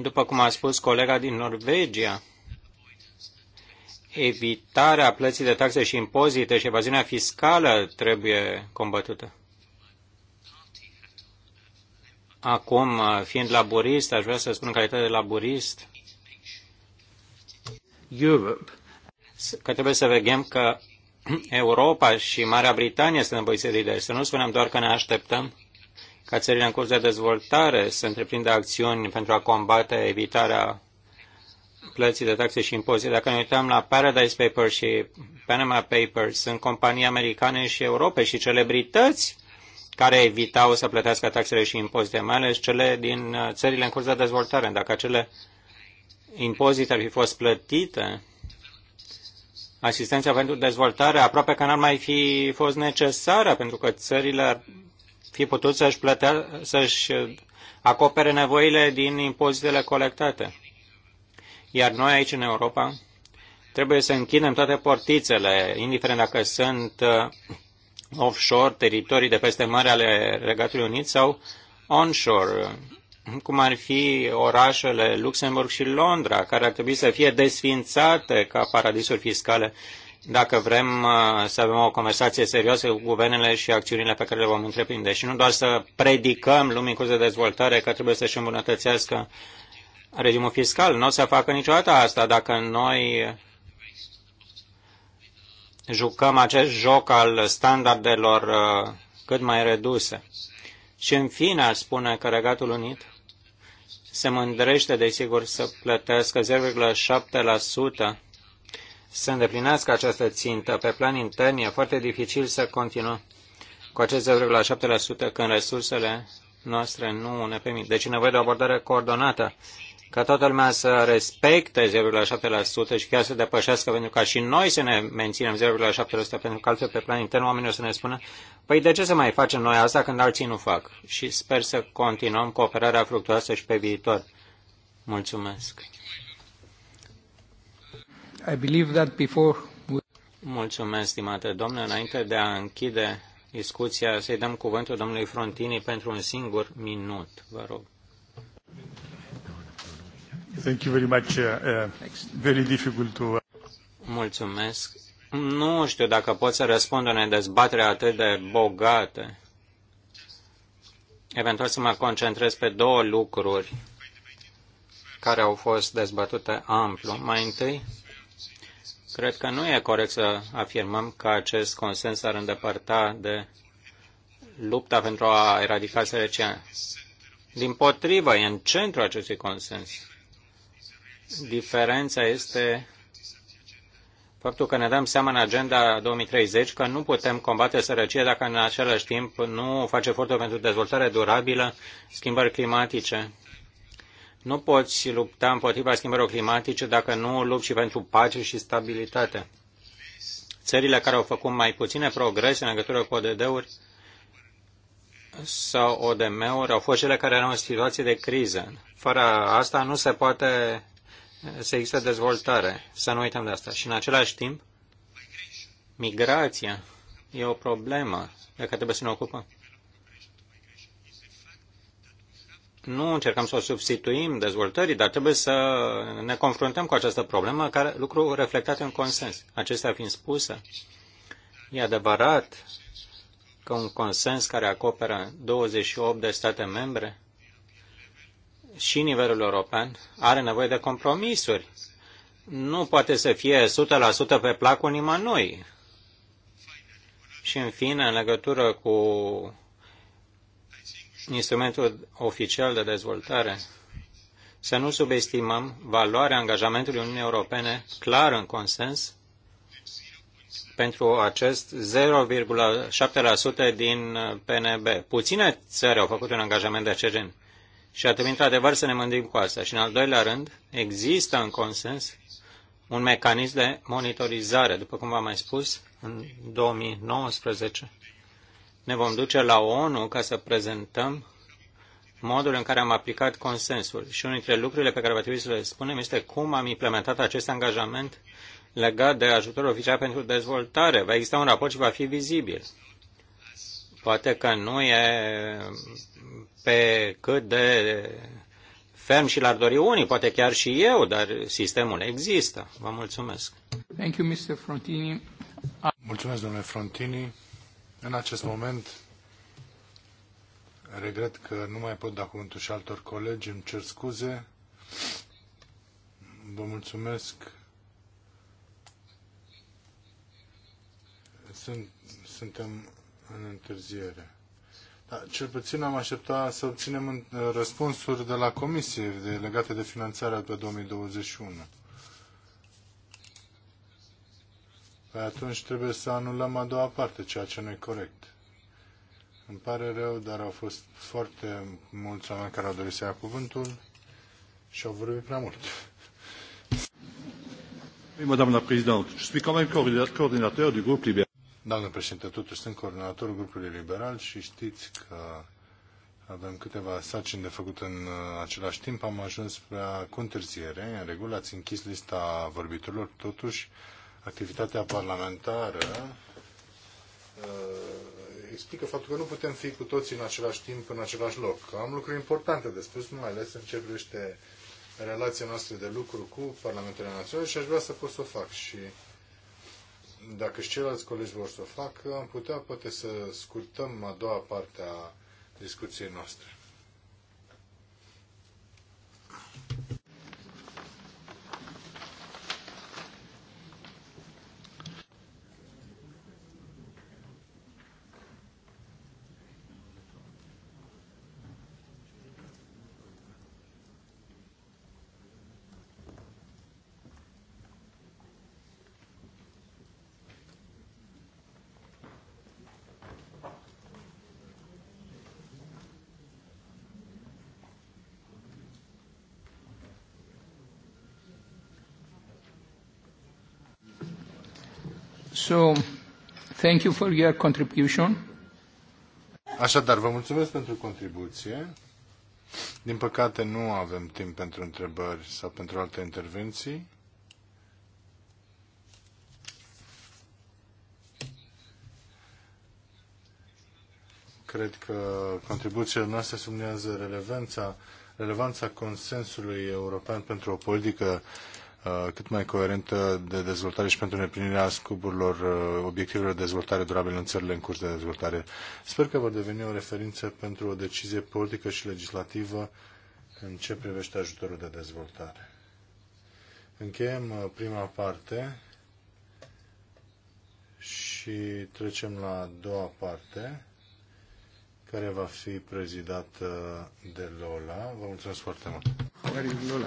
După cum a spus colega din Norvegia, evitarea plății de taxe și impozite și evaziunea fiscală trebuie combătută. Acum, fiind laborist, aș vrea să spun în calitate de laborist, că trebuie să vedem că Europa și Marea Britanie sunt învățite de idei. Să nu spunem doar că ne așteptăm ca țările în curs de dezvoltare să întreprindă acțiuni pentru a combate evitarea plății de taxe și impozite. Dacă ne uităm la Paradise Papers și Panama Papers, sunt companii americane și europene și celebrități care evitau să plătească taxele și impozite, mai ales cele din uh, țările în curs de dezvoltare. Dacă acele impozite ar fi fost plătite, asistența pentru dezvoltare aproape că n-ar mai fi fost necesară, pentru că țările ar fi putut să-și, plătea, să-și acopere nevoile din impozitele colectate. Iar noi aici în Europa trebuie să închidem toate portițele, indiferent dacă sunt uh, offshore, teritorii de peste mare ale Regatului Unit sau onshore, cum ar fi orașele Luxemburg și Londra, care ar trebui să fie desfințate ca paradisuri fiscale dacă vrem uh, să avem o conversație serioasă cu guvernele și acțiunile pe care le vom întreprinde. Și nu doar să predicăm lumii în curs de dezvoltare că trebuie să-și îmbunătățească regimul fiscal. Nu o să facă niciodată asta dacă noi jucăm acest joc al standardelor uh, cât mai reduse. Și în fine ar spune că Regatul Unit se mândrește, desigur, să plătească 0,7% să îndeplinească această țintă. Pe plan intern e foarte dificil să continuăm cu acest 0,7% când resursele noastre nu ne permit. Deci e nevoie de o abordare coordonată ca toată lumea să respecte 0,7% și chiar să depășească, pentru ca și noi să ne menținem 0,7%, pentru că altfel pe plan intern oamenii o să ne spună, păi de ce să mai facem noi asta când alții nu fac? Și sper să continuăm cooperarea fructuoasă și pe viitor. Mulțumesc. I believe that before Mulțumesc, stimate domnule. Înainte de a închide discuția, să-i dăm cuvântul domnului Frontini pentru un singur minut. Vă rog. Thank you very much. Uh, uh very difficult to... Uh, Mulțumesc. Nu știu dacă pot să răspund unei dezbatere atât de bogate. Eventual să mă concentrez pe două lucruri care au fost dezbătute amplu. Mai întâi, Cred că nu e corect să afirmăm că acest consens ar îndepărta de lupta pentru a eradica sărăcia. Din potrivă, e în centrul acestui consens. Diferența este faptul că ne dăm seama în agenda 2030 că nu putem combate sărăcia dacă în același timp nu face efortul pentru dezvoltare durabilă, schimbări climatice nu poți lupta împotriva schimbărilor climatice dacă nu lupți și pentru pace și stabilitate. Țările care au făcut mai puține progrese în legătură cu ODD-uri sau ODM-uri au fost cele care erau în situație de criză. Fără asta nu se poate să există dezvoltare. Să nu uităm de asta. Și în același timp, migrația e o problemă de care trebuie să ne ocupăm. nu încercăm să o substituim dezvoltării, dar trebuie să ne confruntăm cu această problemă, care lucru reflectat în consens. Acestea fiind spuse, e adevărat că un consens care acoperă 28 de state membre și nivelul european are nevoie de compromisuri. Nu poate să fie 100% pe placul nimănui. Și în fine, în legătură cu instrumentul oficial de dezvoltare, să nu subestimăm valoarea angajamentului Uniunii Europene clar în consens pentru acest 0,7% din uh, PNB. Puține țări au făcut un angajament de acest gen și ar trebui într-adevăr să ne mândim cu asta. Și în al doilea rând, există în consens un mecanism de monitorizare, după cum v-am mai spus, în 2019 ne vom duce la ONU ca să prezentăm modul în care am aplicat consensul. Și unul dintre lucrurile pe care va trebui să le spunem este cum am implementat acest angajament legat de ajutorul oficial pentru dezvoltare. Va exista un raport și va fi vizibil. Poate că nu e pe cât de ferm și l-ar dori unii, poate chiar și eu, dar sistemul există. Vă mulțumesc. Thank you, Mr. Frontini. Mulțumesc, domnule Frontini. În acest moment regret că nu mai pot da cuvântul și altor colegi, îmi cer scuze. Vă mulțumesc. Sunt, suntem în întârziere. Da, cel puțin am așteptat să obținem uh, răspunsuri de la comisie de, legate de finanțarea pe 2021. Păi atunci trebuie să anulăm a doua parte, ceea ce nu e corect. Îmi pare rău, dar au fost foarte mulți oameni care au dorit să ia cuvântul și au vorbit prea mult. Madame la Présidente, președinte, totuși sunt coordonatorul grupului liberal și știți că avem câteva sarcini de făcut în uh, același timp. Am ajuns prea cu întârziere. În regulă ați închis lista vorbitorilor, totuși activitatea parlamentară uh, explică faptul că nu putem fi cu toții în același timp, în același loc. Am lucruri importante de spus, mai ales în ce privește relația noastră de lucru cu Parlamentele Naționale și aș vrea să pot să o fac. Și dacă și ceilalți colegi vor să o facă, am putea poate să scurtăm a doua parte a discuției noastre. So, thank you for your contribution. Așadar, vă mulțumesc pentru contribuție. Din păcate, nu avem timp pentru întrebări sau pentru alte intervenții. Cred că contribuțiile noastre sublinează relevanța, relevanța consensului european pentru o politică Uh, cât mai coerentă de dezvoltare și pentru îndeplinirea scopurilor, uh, obiectivelor de dezvoltare durabilă în țările în curs de dezvoltare. Sper că vor deveni o referință pentru o decizie politică și legislativă în ce privește ajutorul de dezvoltare. Încheiem uh, prima parte și trecem la a doua parte care va fi prezidată de Lola. Vă mulțumesc foarte mult. Lola.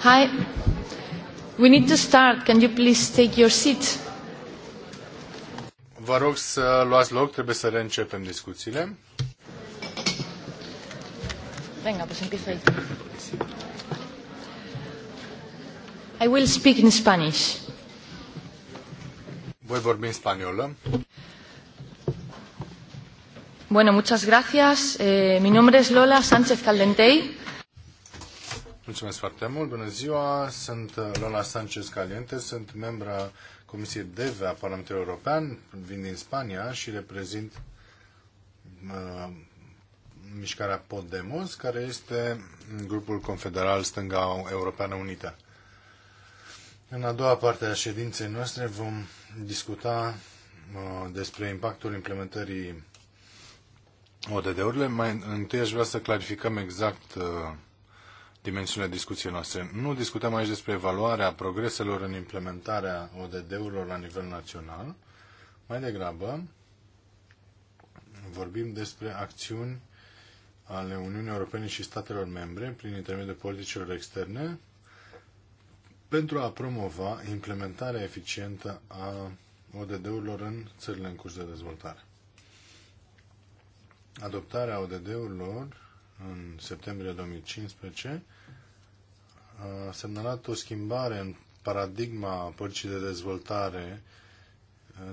Hi. We need to start. Can you please take your seat? Vă rog să luați loc, trebuie să reîncepem discuțiile. Venga, pues empiezo ahí. I will speak in Spanish. Voi vorbi în spaniolă. Bueno, muchas gracias. Eh, mi nombre es Lola Sánchez Caldentey. Mulțumesc foarte mult, bună ziua, sunt uh, Lola Sanchez Caliente, sunt membra Comisiei DEVE a Parlamentului European, vin din Spania și reprezint uh, mișcarea Podemos, care este grupul confederal stânga europeană unită. În a doua parte a ședinței noastre vom discuta uh, despre impactul implementării ODD-urile. Mai întâi aș vrea să clarificăm exact uh, dimensiunea discuției noastre. Nu discutăm aici despre evaluarea progreselor în implementarea ODD-urilor la nivel național. Mai degrabă, vorbim despre acțiuni ale Uniunii Europene și statelor membre prin intermediul politicilor externe pentru a promova implementarea eficientă a ODD-urilor în țările în curs de dezvoltare. Adoptarea ODD-urilor în septembrie 2015, a semnalat o schimbare în paradigma politicii de dezvoltare,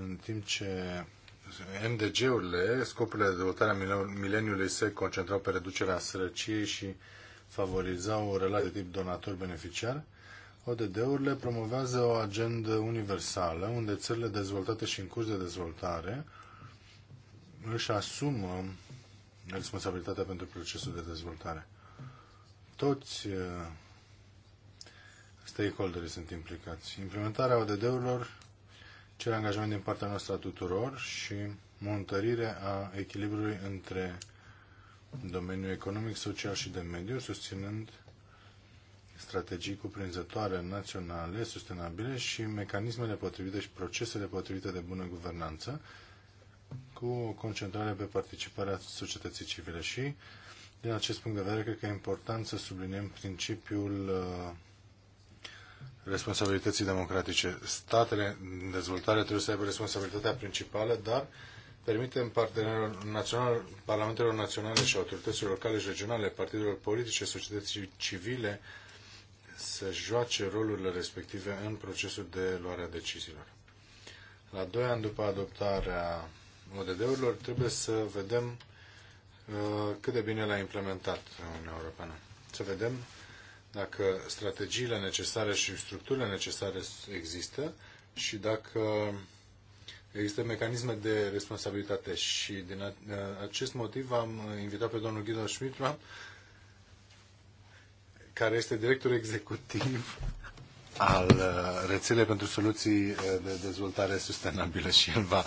în timp ce MDG-urile, scopurile de dezvoltare a mileniului, se concentrau pe reducerea sărăciei și favorizau relații de tip donator-beneficiar, ODD-urile promovează o agendă universală, unde țările dezvoltate și în curs de dezvoltare își asumă responsabilitatea pentru procesul de dezvoltare. Toți uh, stakeholderii sunt implicați. Implementarea ODD-urilor cere angajament din partea noastră a tuturor și montărire a echilibrului între domeniul economic, social și de mediu, susținând strategii cuprinzătoare naționale, sustenabile și mecanismele potrivite și procesele potrivite de bună guvernanță, cu o concentrare pe participarea societății civile și, din acest punct de vedere, cred că e important să subliniem principiul uh, responsabilității democratice. Statele în dezvoltare trebuie să aibă responsabilitatea principală, dar permitem partenerilor național, parlamentelor naționale și autorităților locale și regionale, partidelor politice, societății civile, să joace rolurile respective în procesul de luare a deciziilor. La doi ani după adoptarea ODD-urilor, trebuie să vedem uh, cât de bine l-a implementat Uniunea Europeană. Să vedem dacă strategiile necesare și structurile necesare există și dacă există mecanisme de responsabilitate. Și din uh, acest motiv am invitat pe domnul Guido Schmidtman, care este director executiv al uh, rețelei pentru soluții de dezvoltare sustenabilă și el va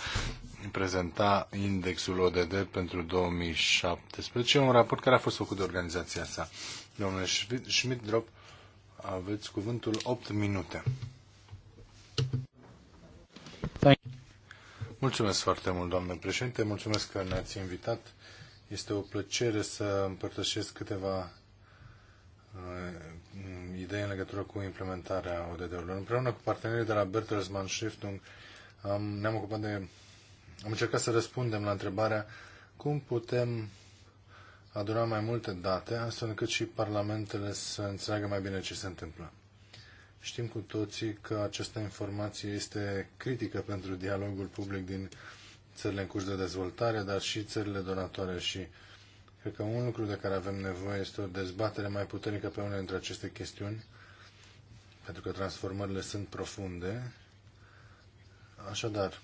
prezenta indexul ODD pentru 2017, un raport care a fost făcut de organizația sa. Domnule Schmidt-Drop, aveți cuvântul 8 minute. Mulțumesc foarte mult, doamnă președinte, mulțumesc că ne-ați invitat. Este o plăcere să împărtășesc câteva uh, idei în legătură cu implementarea ODD-urilor. Împreună cu partenerii de la Bertelsmann Stiftung am, ne-am ocupat de am încercat să răspundem la întrebarea cum putem aduna mai multe date, astfel încât și parlamentele să înțeleagă mai bine ce se întâmplă. Știm cu toții că această informație este critică pentru dialogul public din țările în curs de dezvoltare, dar și țările donatoare și cred că un lucru de care avem nevoie este o dezbatere mai puternică pe unele dintre aceste chestiuni, pentru că transformările sunt profunde. Așadar,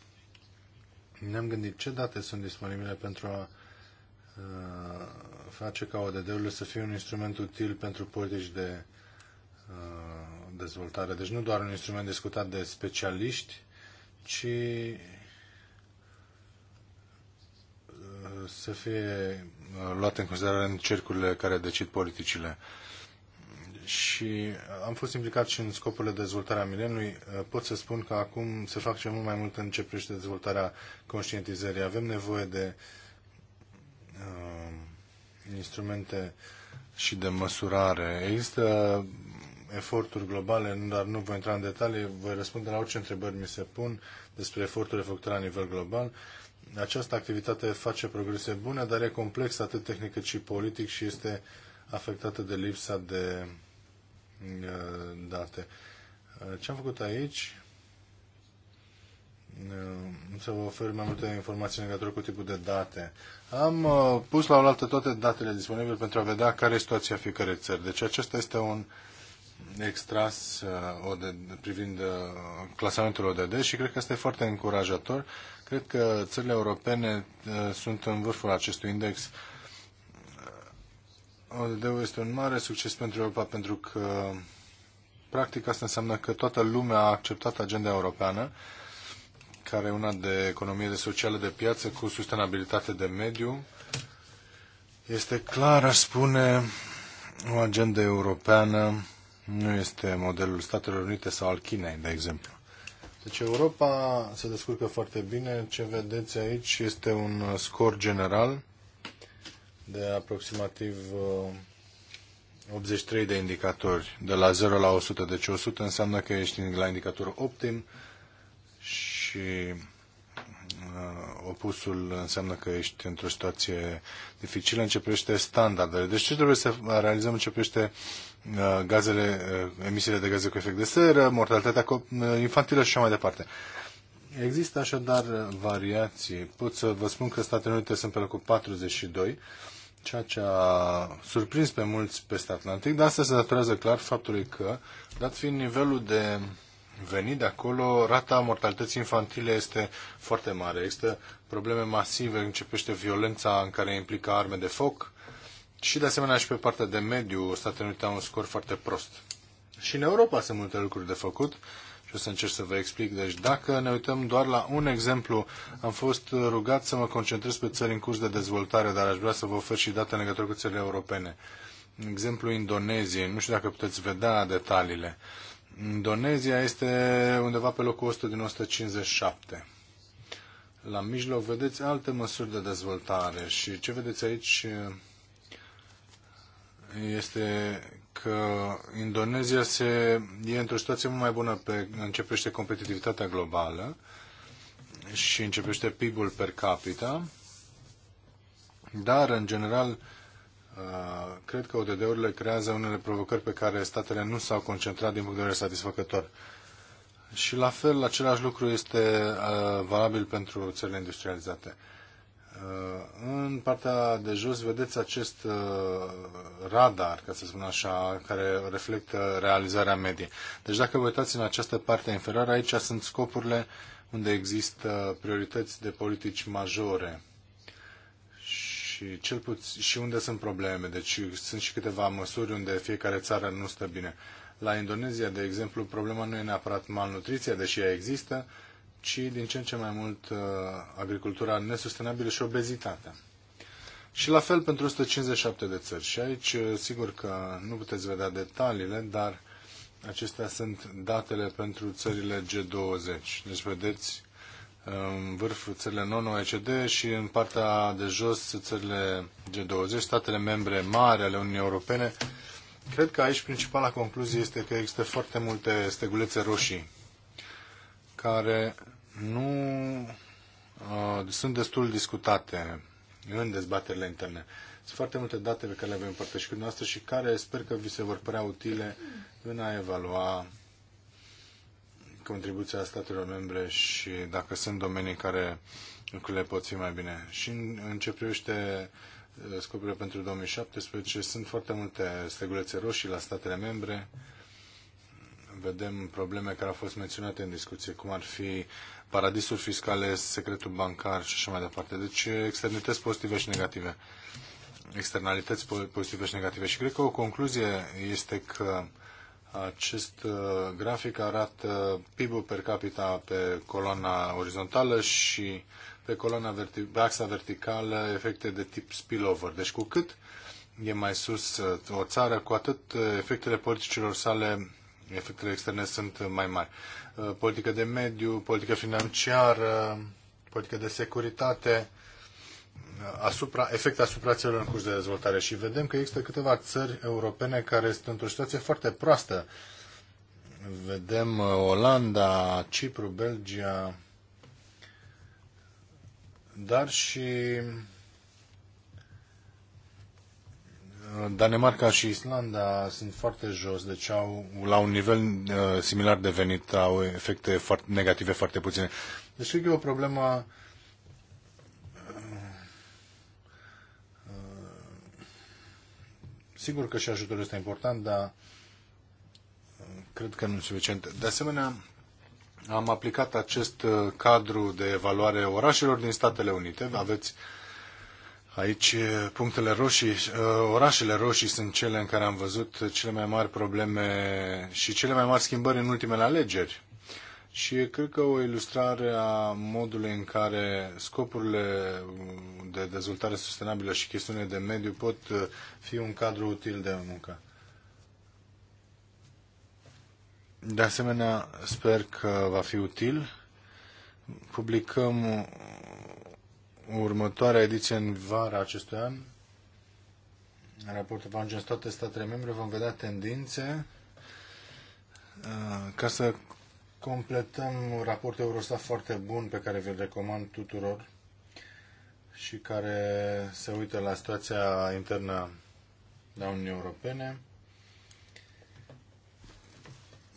ne-am gândit ce date sunt disponibile pentru a uh, face ca ODD-urile să fie un instrument util pentru politici de uh, dezvoltare. Deci nu doar un instrument discutat de specialiști, ci uh, să fie luat în considerare în cercurile care decid politicile. Uh, și uh, am fost implicat și în scopurile de dezvoltare a mileniului. Uh, pot să spun că acum se fac mult mai mult în ce privește dezvoltarea conștientizării. Avem nevoie de uh, instrumente și de măsurare. Există eforturi globale, dar nu voi intra în detalii, voi răspunde la orice întrebări mi se pun despre eforturile făcute la nivel global. Această activitate face progrese bune, dar e complexă atât tehnic cât și politic și este afectată de lipsa de date. Ce am făcut aici? Să vă ofer mai multe informații legătură cu tipul de date. Am uh, pus la oaltă toate datele disponibile pentru a vedea care e situația fiecare țări. Deci acesta este un extras uh, ODD, privind uh, clasamentul ODD și cred că este foarte încurajator. Cred că țările europene sunt în vârful acestui index ODD-ul este un mare succes pentru Europa pentru că practic asta înseamnă că toată lumea a acceptat agenda europeană care e una de economie de socială de piață cu sustenabilitate de mediu. Este clar, aș spune, o agenda europeană nu este modelul Statelor Unite sau al Chinei, de exemplu. Deci Europa se descurcă foarte bine. Ce vedeți aici este un scor general de aproximativ 83 uh, de indicatori, de la 0 la 100. Deci 100 înseamnă că ești la indicatorul optim și uh, opusul înseamnă că ești într-o situație dificilă, începește standardele. Deci ce trebuie să realizăm începește uh, gazele, emisiile de gaze cu efect de seră, mortalitatea infantilă și așa mai departe. Există așadar variații. Pot să vă spun că Statele Unite sunt pe locul 42, ceea ce a surprins pe mulți peste Atlantic, dar asta se datorează clar faptului că, dat fiind nivelul de venit de acolo, rata mortalității infantile este foarte mare. Există probleme masive, începește violența în care implică arme de foc și, de asemenea, și pe partea de mediu, Statele Unite au un scor foarte prost. Și în Europa sunt multe lucruri de făcut început să încerc să vă explic. Deci dacă ne uităm doar la un exemplu, am fost rugat să mă concentrez pe țări în curs de dezvoltare, dar aș vrea să vă ofer și date în legătură cu țările europene. Exemplu Indonezie, nu știu dacă puteți vedea detaliile. Indonezia este undeva pe locul 100 din 157. La mijloc vedeți alte măsuri de dezvoltare și ce vedeți aici este că Indonezia se, e într-o situație mult mai bună pe începește competitivitatea globală și începește PIB-ul per capita, dar, în general, uh, cred că ODD-urile creează unele provocări pe care statele nu s-au concentrat din punct de vedere satisfăcător. Și la fel, același lucru este uh, valabil pentru țările industrializate. Uh, în partea de jos vedeți acest uh, radar, ca să spun așa, care reflectă realizarea medie. Deci dacă vă uitați în această parte inferioară, aici sunt scopurile unde există priorități de politici majore și, cel puțin, și unde sunt probleme. Deci sunt și câteva măsuri unde fiecare țară nu stă bine. La Indonezia, de exemplu, problema nu e neapărat malnutriția, deși ea există, ci din ce în ce mai mult uh, agricultura nesustenabilă și obezitatea. Și la fel pentru 157 de țări. Și aici, uh, sigur că nu puteți vedea detaliile, dar acestea sunt datele pentru țările G20. Deci vedeți în vârful țările non-OECD și în partea de jos țările G20, statele membre mari ale Uniunii Europene. Cred că aici principala concluzie este că există foarte multe stegulețe roșii care nu uh, sunt destul discutate în dezbaterile interne. Sunt foarte multe date pe care le avem împărtășit cu noastră și care sper că vi se vor părea utile în a evalua contribuția statelor membre și dacă sunt domenii care lucrurile pot fi mai bine. Și în, în ce privește uh, scopurile pentru 2017, sunt foarte multe stegulețe roșii la statele membre. Vedem probleme care au fost menționate în discuție, cum ar fi paradisuri fiscale, secretul bancar și așa mai departe. Deci externități pozitive și negative. Externalități pozitive și negative. Și cred că o concluzie este că acest uh, grafic arată PIB-ul per capita pe coloana orizontală și pe coloana verti- pe axa verticală efecte de tip spillover. Deci cu cât e mai sus uh, o țară, cu atât uh, efectele politicilor sale efectele externe sunt mai mari. Uh, politică de mediu, politică financiară, politică de securitate, uh, asupra, efect asupra țărilor în curs de dezvoltare. Și vedem că există câteva țări europene care sunt într-o situație foarte proastă. Vedem uh, Olanda, Cipru, Belgia, dar și Danemarca și Islanda sunt foarte jos, deci au la un nivel uh, similar de venit, au efecte foarte, negative foarte puține. Deci cred că e o problemă uh, uh, Sigur că și ajutorul este important, dar uh, cred că nu suficient. De asemenea, am aplicat acest cadru de evaluare orașelor din Statele Unite. Aveți uh, Aici punctele roșii, orașele roșii sunt cele în care am văzut cele mai mari probleme și cele mai mari schimbări în ultimele alegeri. Și cred că o ilustrare a modului în care scopurile de dezvoltare sustenabilă și chestiunile de mediu pot fi un cadru util de muncă. De asemenea, sper că va fi util. Publicăm următoarea ediție în vara acestui an, raportul va în toate statele membre, vom vedea tendințe uh, ca să completăm un raport Eurostat foarte bun pe care vi-l recomand tuturor și care se uită la situația internă la Uniunii Europene.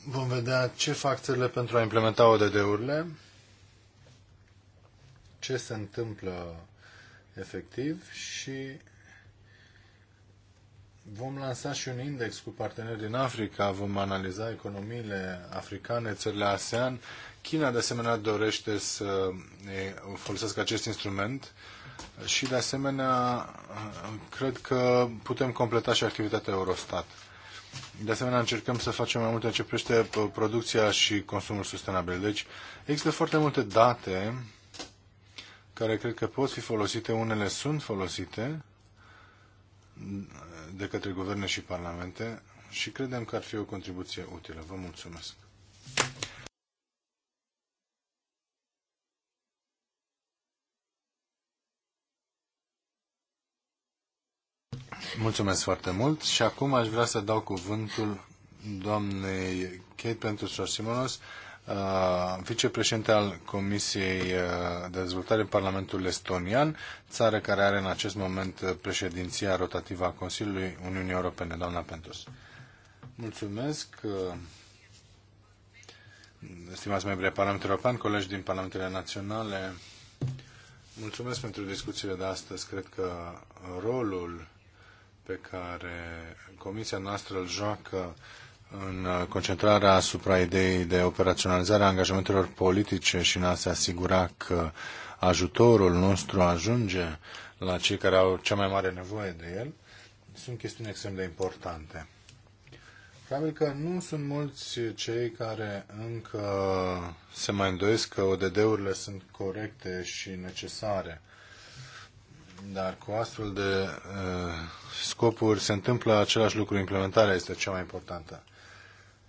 Vom vedea ce fac țările pentru a implementa ODD-urile ce se întâmplă efectiv și vom lansa și un index cu parteneri din Africa, vom analiza economiile africane, țările ASEAN. China, de asemenea, dorește să folosească acest instrument și, de asemenea, cred că putem completa și activitatea Eurostat. De asemenea, încercăm să facem mai multe în ce privește producția și consumul sustenabil. Deci, există foarte multe date care cred că pot fi folosite, unele sunt folosite de către guverne și parlamente și credem că ar fi o contribuție utilă. Vă mulțumesc! Mulțumesc foarte mult și acum aș vrea să dau cuvântul doamnei Kate pentru Sosimonos Uh, vicepreședinte al Comisiei uh, de Dezvoltare în Parlamentul Estonian, țară care are în acest moment uh, președinția rotativă a Consiliului Uniunii Europene, doamna Pentos. Mulțumesc. Stimați membri ai Parlamentului European, colegi din Parlamentele Naționale, mulțumesc pentru discuțiile de astăzi. Cred că rolul pe care Comisia noastră îl joacă în uh, concentrarea asupra ideii de operaționalizare a angajamentelor politice și în a se asigura că ajutorul nostru ajunge la cei care au cea mai mare nevoie de el, sunt chestiuni extrem de importante. Probabil că nu sunt mulți cei care încă se mai îndoiesc că ODD-urile sunt corecte și necesare. Dar cu astfel de uh, scopuri se întâmplă același lucru. Implementarea este cea mai importantă.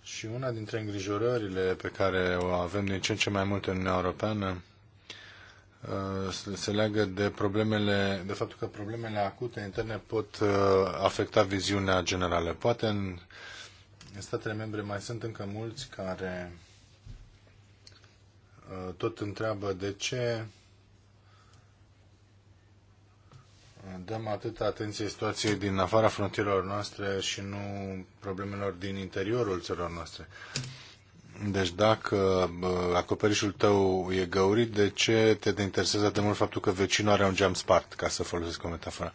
Și una dintre îngrijorările pe care o avem din ce în ce mai mult în Uniunea Europeană uh, se leagă de problemele, de faptul că problemele acute interne pot uh, afecta viziunea generală. Poate în statele membre mai sunt încă mulți care uh, tot întreabă de ce dăm atâta atenție situației din afara frontierelor noastre și nu problemelor din interiorul țărilor noastre. Deci dacă acoperișul tău e găurit, de ce te interesează de mult faptul că vecinul are un geam spart, ca să folosesc o metaforă?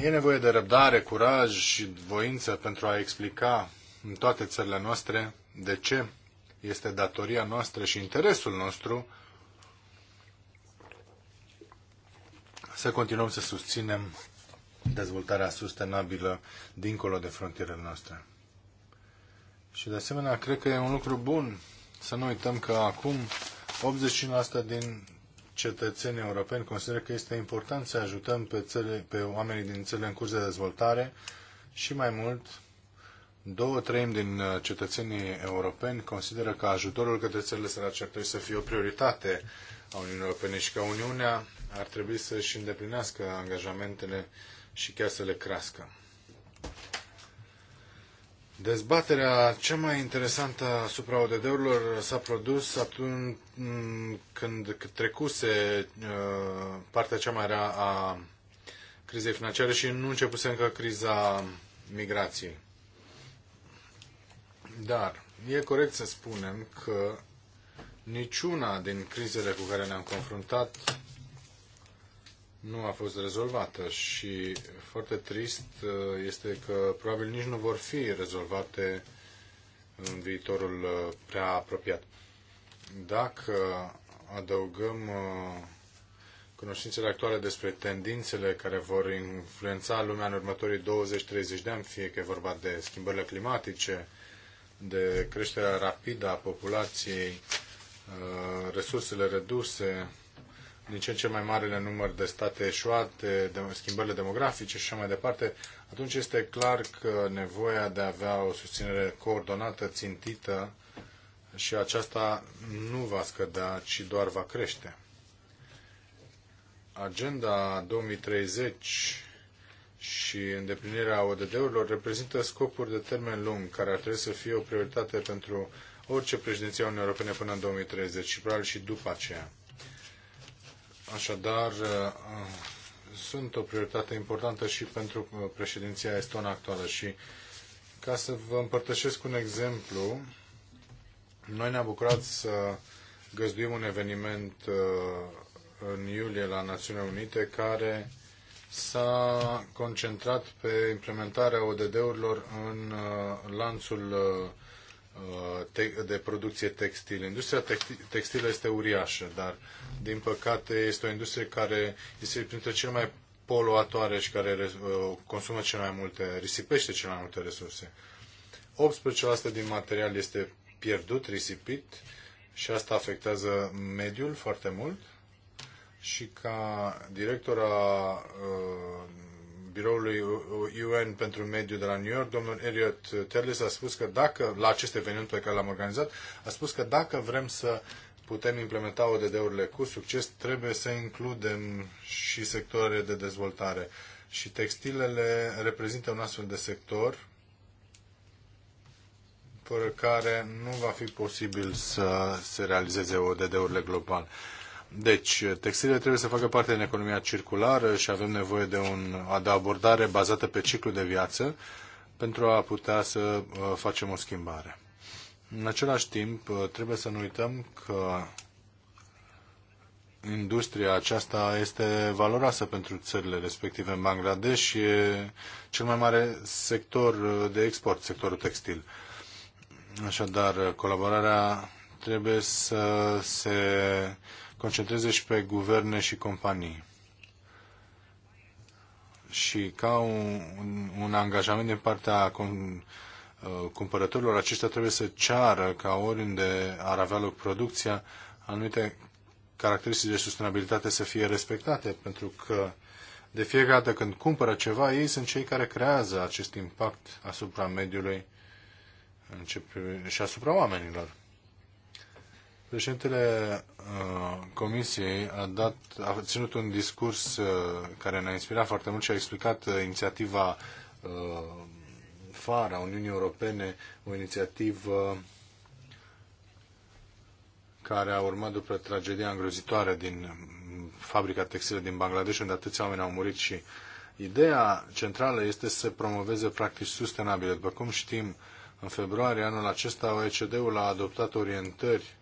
E nevoie de răbdare, curaj și voință pentru a explica în toate țările noastre de ce este datoria noastră și interesul nostru să continuăm să susținem dezvoltarea sustenabilă dincolo de frontierele noastre. Și de asemenea, cred că e un lucru bun să nu uităm că acum 85% din cetățenii europeni consideră că este important să ajutăm pe, țele, pe oamenii din țările în curs de dezvoltare și mai mult, două treimi din uh, cetățenii europeni consideră că ajutorul către țările sărace ar trebui să fie o prioritate a Uniunii Europene și că Uniunea ar trebui să-și îndeplinească angajamentele și chiar să le crească. Dezbaterea cea mai interesantă asupra ODD-urilor s-a produs atunci când trecuse uh, partea cea mai rea a crizei financiare și nu începuse încă criza migrației. Dar e corect să spunem că niciuna din crizele cu care ne-am confruntat nu a fost rezolvată și foarte trist uh, este că probabil nici nu vor fi rezolvate în viitorul uh, prea apropiat. Dacă adăugăm uh, cunoștințele actuale despre tendințele care vor influența lumea în următorii 20-30 de ani, fie că e vorba de schimbările climatice, de creșterea rapidă a populației, resursele reduse, din ce în ce mai marele număr de state eșuate, de schimbările demografice și așa mai departe, atunci este clar că nevoia de a avea o susținere coordonată, țintită și aceasta nu va scădea, ci doar va crește. Agenda 2030 și îndeplinirea ODD-urilor reprezintă scopuri de termen lung, care ar trebui să fie o prioritate pentru orice președinție a Uniunii Europene până în 2030 și probabil și după aceea. Așadar, uh, sunt o prioritate importantă și pentru uh, președinția estonă actuală și ca să vă împărtășesc un exemplu, noi ne-am bucurat să găzduim un eveniment uh, în iulie la Națiunile Unite care s-a concentrat pe implementarea ODD-urilor în lanțul Uh, de producție textilă. Industria textilă este uriașă, dar din păcate este o industrie care este printre cele mai poluatoare și care uh, consumă cel mai multe, risipește cele mai multe resurse. 18% din material este pierdut, risipit și asta afectează mediul foarte mult. Și ca director a uh, biroului UN pentru mediu de la New York, domnul Elliot Terles, a spus că dacă, la acest eveniment pe care l-am organizat, a spus că dacă vrem să putem implementa ODD-urile cu succes, trebuie să includem și sectoare de dezvoltare. Și textilele reprezintă un astfel de sector fără care nu va fi posibil să se realizeze ODD-urile globale. Deci, textilele trebuie să facă parte din economia circulară și avem nevoie de, un, de o abordare bazată pe ciclu de viață pentru a putea să uh, facem o schimbare. În același timp, uh, trebuie să nu uităm că industria aceasta este valoroasă pentru țările respective. În Bangladesh e cel mai mare sector uh, de export, sectorul textil. Așadar, colaborarea trebuie să se concentreze și pe guverne și companii. Și ca un, un angajament din partea con, uh, cumpărătorilor, aceștia trebuie să ceară ca oriunde ar avea loc producția, anumite caracteristici de sustenabilitate să fie respectate, pentru că de fiecare dată când cumpără ceva, ei sunt cei care creează acest impact asupra mediului și asupra oamenilor. Președintele uh, Comisiei a, dat, a ținut un discurs uh, care ne-a inspirat foarte mult și a explicat uh, inițiativa fara a Uniunii Europene, o inițiativă care a urmat după tragedia îngrozitoare din fabrica textilă din Bangladesh, unde atâția oameni au murit și ideea centrală este să promoveze practici sustenabile. După cum știm, în februarie anul acesta OECD-ul a adoptat orientări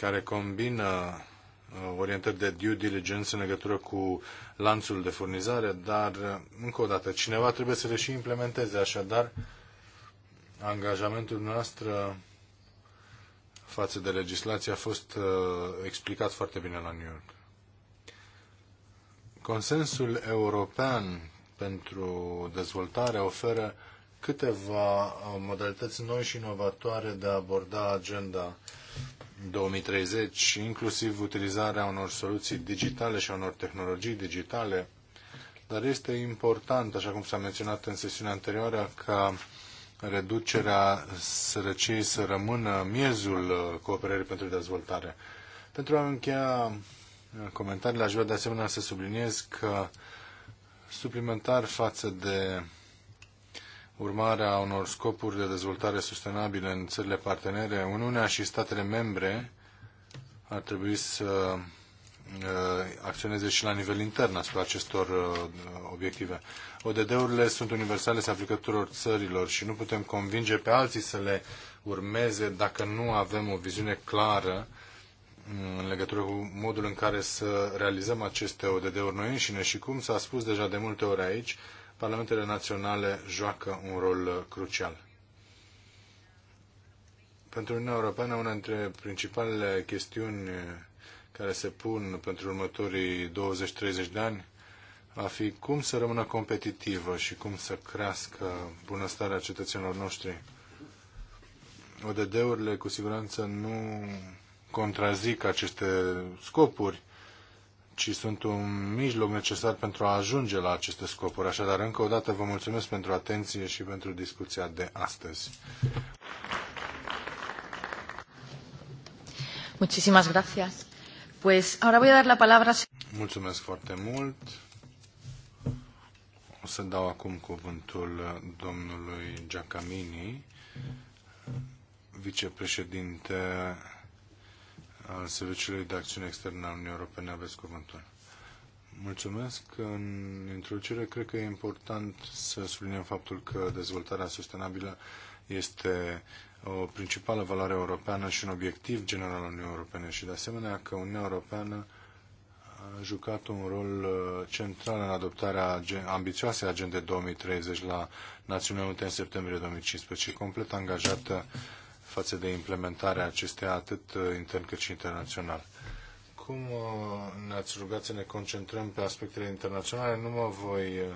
care combină uh, orientări de due diligence în legătură cu lanțul de furnizare, dar, uh, încă o dată, cineva trebuie să le și implementeze. Așadar, angajamentul noastră față de legislație a fost uh, explicat foarte bine la New York. Consensul european pentru dezvoltare oferă câteva uh, modalități noi și inovatoare de a aborda agenda 2030, inclusiv utilizarea unor soluții digitale și unor tehnologii digitale, dar este important, așa cum s-a menționat în sesiunea anterioară, ca reducerea sărăciei să rămână miezul uh, cooperării pentru dezvoltare. Pentru a încheia uh, comentariile, aș vrea de asemenea să subliniez că suplimentar față de urmare a unor scopuri de dezvoltare sustenabilă în țările partenere, Uniunea și statele membre ar trebui să uh, acționeze și la nivel intern asupra acestor uh, obiective. ODD-urile sunt universale, se aplică tuturor țărilor și nu putem convinge pe alții să le urmeze dacă nu avem o viziune clară mm, în legătură cu modul în care să realizăm aceste ODD-uri noi înșine și cum s-a spus deja de multe ori aici, parlamentele naționale joacă un rol uh, crucial. Pentru Uniunea Europeană, una dintre principalele chestiuni uh, care se pun pentru următorii 20-30 de ani va fi cum să rămână competitivă și cum să crească bunăstarea cetățenilor noștri. ODD-urile cu siguranță nu contrazic aceste scopuri, ci sunt un mijloc necesar pentru a ajunge la aceste scopuri. Așadar, încă o dată vă mulțumesc pentru atenție și pentru discuția de astăzi. Muchísimas gracias. Pues ahora voy a dar la palabra. Mulțumesc foarte mult. O să dau acum cuvântul domnului Giacamini, vicepreședinte al Serviciului de Acțiune Externă al Uniunii Europene. Aveți cuvântul. Mulțumesc. În introducere, cred că e important să subliniem faptul că dezvoltarea sustenabilă este o principală valoare europeană și un obiectiv general al Uniunii Europene și, de asemenea, că Uniunea Europeană a jucat un rol uh, central în adoptarea ambițioasei agende 2030 la Națiunile Unite în septembrie 2015 și complet angajată față de implementarea acesteia atât uh, intern cât și internațional. Cum uh, ne-ați rugat să ne concentrăm pe aspectele internaționale, nu mă voi uh,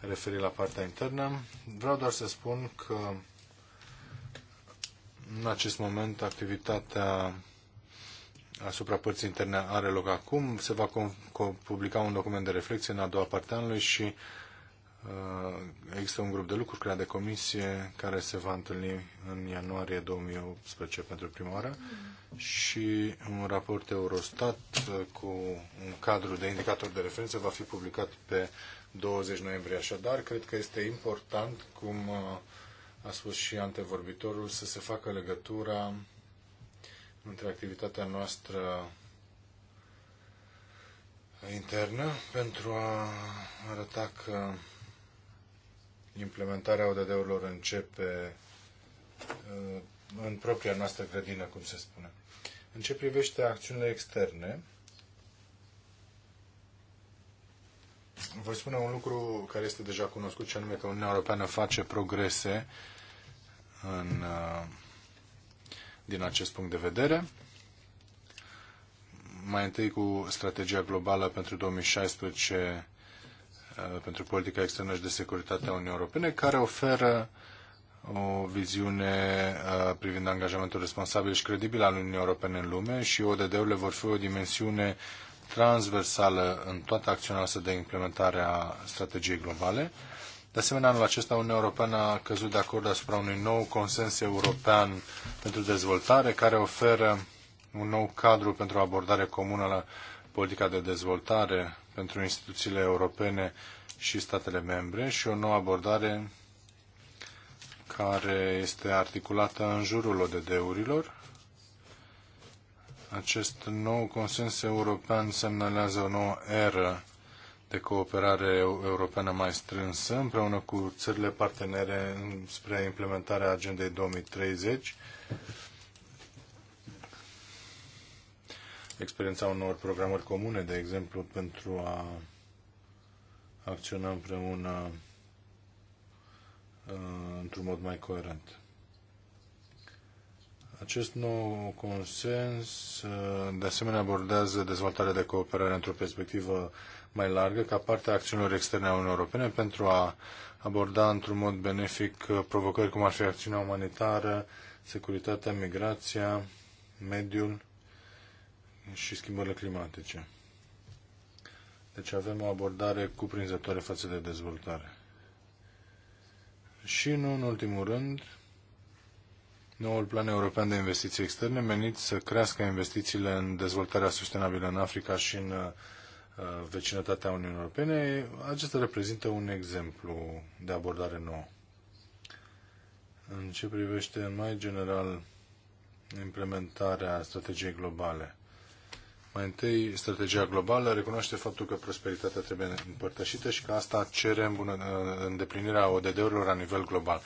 referi la partea internă. Vreau doar să spun că în acest moment activitatea asupra părții interne are loc acum. Se va publica un document de reflexie în a doua parte a anului și Uh, există un grup de lucru creat de comisie care se va întâlni în ianuarie 2018 pentru prima oară și un raport Eurostat uh, cu un cadru de indicatori de referință va fi publicat pe 20 noiembrie. Așadar, cred că este important, cum uh, a spus și antevorbitorul, să se facă legătura între activitatea noastră internă pentru a arăta că implementarea ODD-urilor începe uh, în propria noastră grădină, cum se spune. În ce privește acțiunile externe, voi spune un lucru care este deja cunoscut, și anume că Uniunea Europeană face progrese în, uh, din acest punct de vedere. Mai întâi cu strategia globală pentru 2016 Uh, pentru politica externă și de securitate a Uniunii Europene, care oferă o viziune uh, privind angajamentul responsabil și credibil al Uniunii Europene în lume și ODD-urile vor fi o dimensiune transversală în toată acțiunea asta de implementare a strategiei globale. De asemenea, anul acesta Uniunea Europeană a căzut de acord asupra unui nou consens european pentru dezvoltare care oferă un nou cadru pentru o abordare comună la politica de dezvoltare pentru instituțiile europene și statele membre și o nouă abordare care este articulată în jurul ODD-urilor. Acest nou consens european semnalează o nouă eră de cooperare europeană mai strânsă împreună cu țările partenere spre implementarea agendei 2030 experiența unor programări comune, de exemplu, pentru a acționa împreună uh, într-un mod mai coerent. Acest nou consens, uh, de asemenea, abordează dezvoltarea de cooperare într-o perspectivă mai largă, ca parte a acțiunilor externe a Uniunii Europene, pentru a aborda într-un mod benefic uh, provocări cum ar fi acțiunea umanitară, securitatea, migrația, mediul și schimbările climatice. Deci avem o abordare cuprinzătoare față de dezvoltare. Și nu în ultimul rând, noul plan european de investiții externe menit să crească investițiile în dezvoltarea sustenabilă în Africa și în uh, vecinătatea Uniunii Europene, acesta reprezintă un exemplu de abordare nouă. În ce privește mai general implementarea strategiei globale, mai întâi, strategia globală recunoaște faptul că prosperitatea trebuie împărtășită și că asta cere îndeplinirea ODD-urilor la nivel global.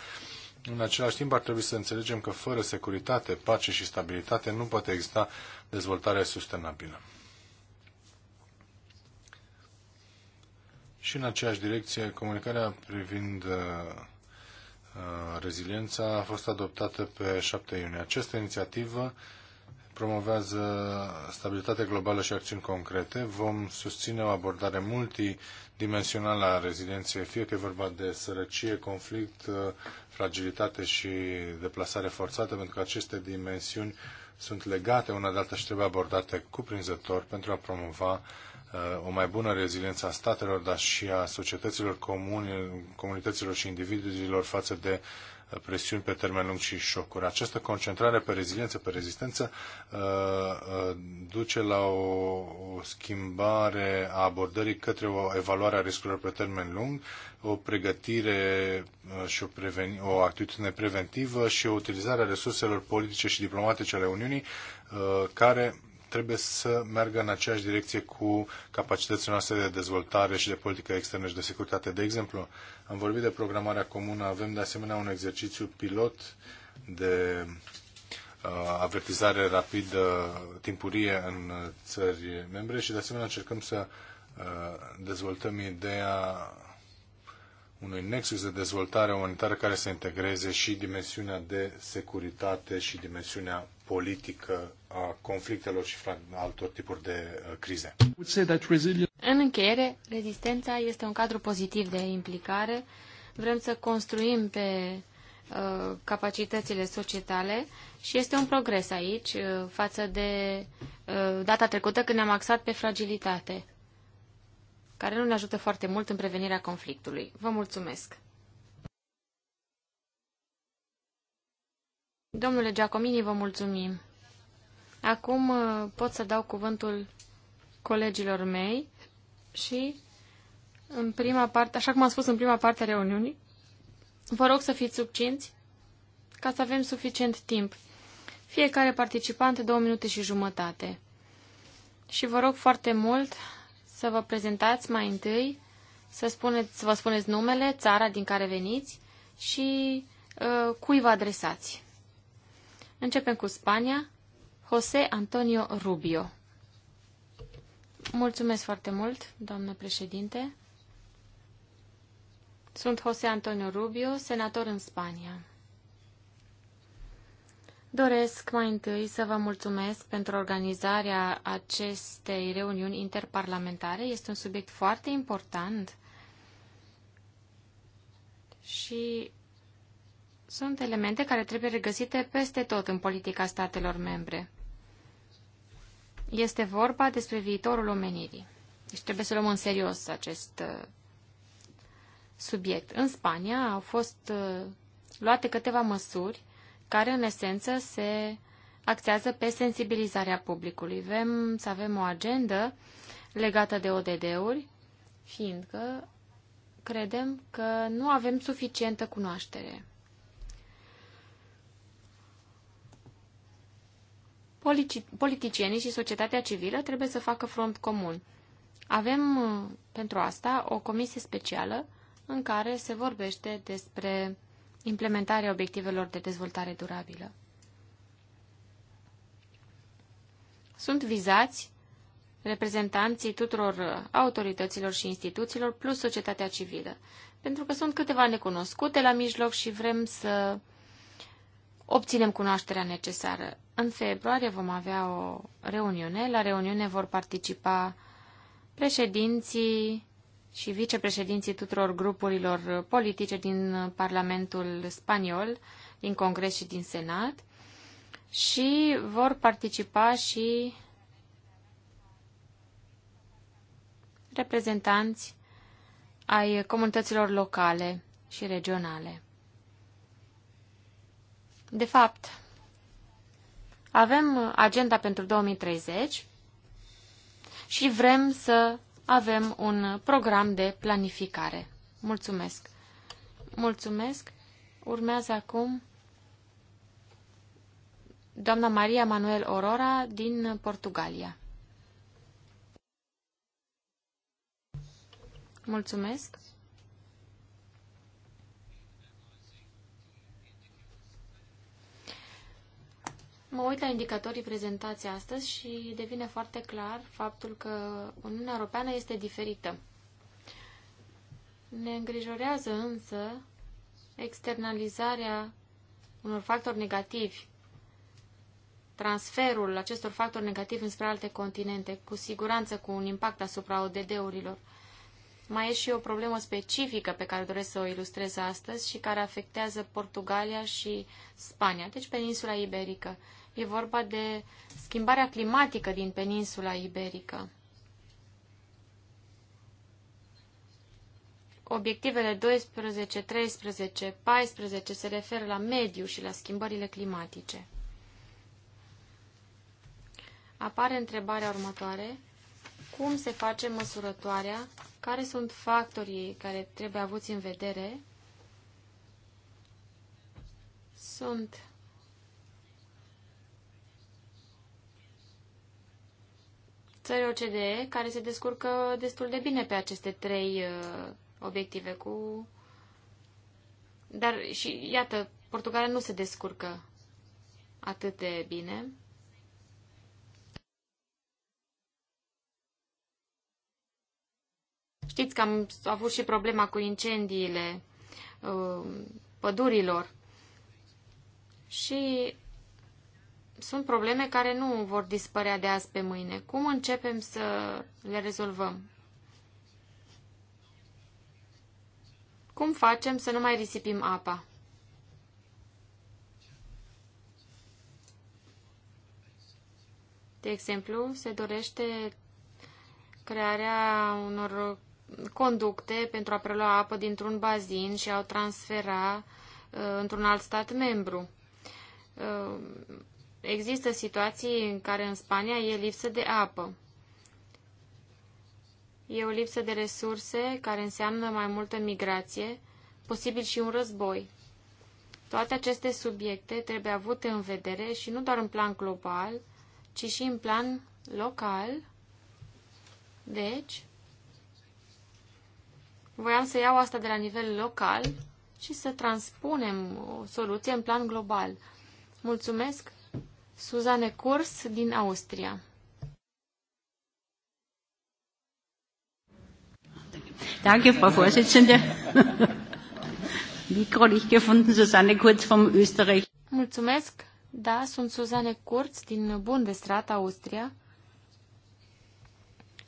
În același timp, ar trebui să înțelegem că fără securitate, pace și stabilitate nu poate exista dezvoltare sustenabilă. Și în aceeași direcție, comunicarea privind uh, uh reziliența a fost adoptată pe 7 iunie. Această inițiativă uh, promovează stabilitate globală și acțiuni concrete. Vom susține o abordare multidimensională a rezilienței, fie că e vorba de sărăcie, conflict, uh, fragilitate și deplasare forțată, pentru că aceste dimensiuni sunt legate una de alta și trebuie abordate cuprinzător pentru a promova uh, o mai bună reziliență a statelor, dar și a societăților comune, comunităților și indivizilor față de presiuni pe termen lung și șocuri. Această concentrare pe reziliență, pe rezistență, uh, uh, duce la o, schimbare a abordării către o evaluare a riscurilor pe termen lung, o pregătire uh, și o, preveni, o actitudine preventivă și o utilizare a resurselor politice și diplomatice ale Uniunii, care trebuie să meargă în aceeași direcție cu capacitățile noastre de dezvoltare și de politică externă și de securitate. De exemplu, am vorbit de programarea comună, avem de asemenea un exercițiu pilot de uh, avertizare rapidă, timpurie în țări membre și de asemenea încercăm să uh, dezvoltăm ideea unui nexus de dezvoltare umanitară care să integreze și dimensiunea de securitate și dimensiunea politică a conflictelor și altor tipuri de uh, crize. În încheiere, rezistența este un cadru pozitiv de implicare. Vrem să construim pe uh, capacitățile societale și este un progres aici uh, față de uh, data trecută când ne-am axat pe fragilitate, care nu ne ajută foarte mult în prevenirea conflictului. Vă mulțumesc! Domnule Giacomini, vă mulțumim. Acum uh, pot să dau cuvântul colegilor mei și în prima parte, așa cum am spus în prima parte a reuniunii, vă rog să fiți subcinți ca să avem suficient timp. Fiecare participant două minute și jumătate. Și vă rog foarte mult să vă prezentați mai întâi, să, spuneți, să vă spuneți numele, țara din care veniți și uh, cui vă adresați. Începem cu Spania. José Antonio Rubio. Mulțumesc foarte mult, doamnă președinte. Sunt José Antonio Rubio, senator în Spania. Doresc mai întâi să vă mulțumesc pentru organizarea acestei reuniuni interparlamentare. Este un subiect foarte important și sunt elemente care trebuie regăsite peste tot în politica statelor membre. Este vorba despre viitorul omenirii. Deci trebuie să luăm în serios acest uh, subiect. În Spania au fost uh, luate câteva măsuri care, în esență, se axează pe sensibilizarea publicului. Vem să avem o agendă legată de ODD-uri, fiindcă credem că nu avem suficientă cunoaștere politicienii și societatea civilă trebuie să facă front comun. Avem uh, pentru asta o comisie specială în care se vorbește despre implementarea obiectivelor de dezvoltare durabilă. Sunt vizați reprezentanții tuturor uh, autorităților și instituțiilor, plus societatea civilă. Pentru că sunt câteva necunoscute la mijloc și vrem să obținem cunoașterea necesară. În februarie vom avea o reuniune. La reuniune vor participa președinții și vicepreședinții tuturor grupurilor politice din Parlamentul Spaniol, din Congres și din Senat și vor participa și reprezentanți ai comunităților locale și regionale. De fapt, avem agenda pentru 2030 și vrem să avem un program de planificare. Mulțumesc! Mulțumesc! Urmează acum doamna Maria Manuel Orora din Portugalia. Mulțumesc! Mă uit la indicatorii prezentați astăzi și devine foarte clar faptul că Uniunea Europeană este diferită. Ne îngrijorează însă externalizarea unor factori negativi, transferul acestor factori negativi înspre alte continente, cu siguranță cu un impact asupra ODD-urilor. Mai e și o problemă specifică pe care doresc să o ilustrez astăzi și care afectează Portugalia și Spania, deci peninsula iberică. E vorba de schimbarea climatică din peninsula iberică. Obiectivele 12, 13, 14 se referă la mediu și la schimbările climatice. Apare întrebarea următoare. Cum se face măsurătoarea care sunt factorii care trebuie avuți în vedere? Sunt țări OCDE care se descurcă destul de bine pe aceste trei uh, obiective cu dar și iată, Portugalia nu se descurcă atât de bine. Știți că am avut și problema cu incendiile uh, pădurilor și sunt probleme care nu vor dispărea de azi pe mâine. Cum începem să le rezolvăm? Cum facem să nu mai risipim apa? De exemplu, se dorește crearea unor conducte pentru a prelua apă dintr-un bazin și a o transfera uh, într-un alt stat membru. Uh, există situații în care în Spania e lipsă de apă. E o lipsă de resurse care înseamnă mai multă migrație, posibil și un război. Toate aceste subiecte trebuie avute în vedere și nu doar în plan global, ci și în plan local. Deci, Voiam să iau asta de la nivel local și să transpunem o soluție în plan global. Mulțumesc, Suzane Curs din Austria. Danke, Frau Vorsitzende. gerade ich gefunden, Susanne Kurz vom Österreich. Mulțumesc. Da, sunt Susanne Kurz din Bundesrat, Austria.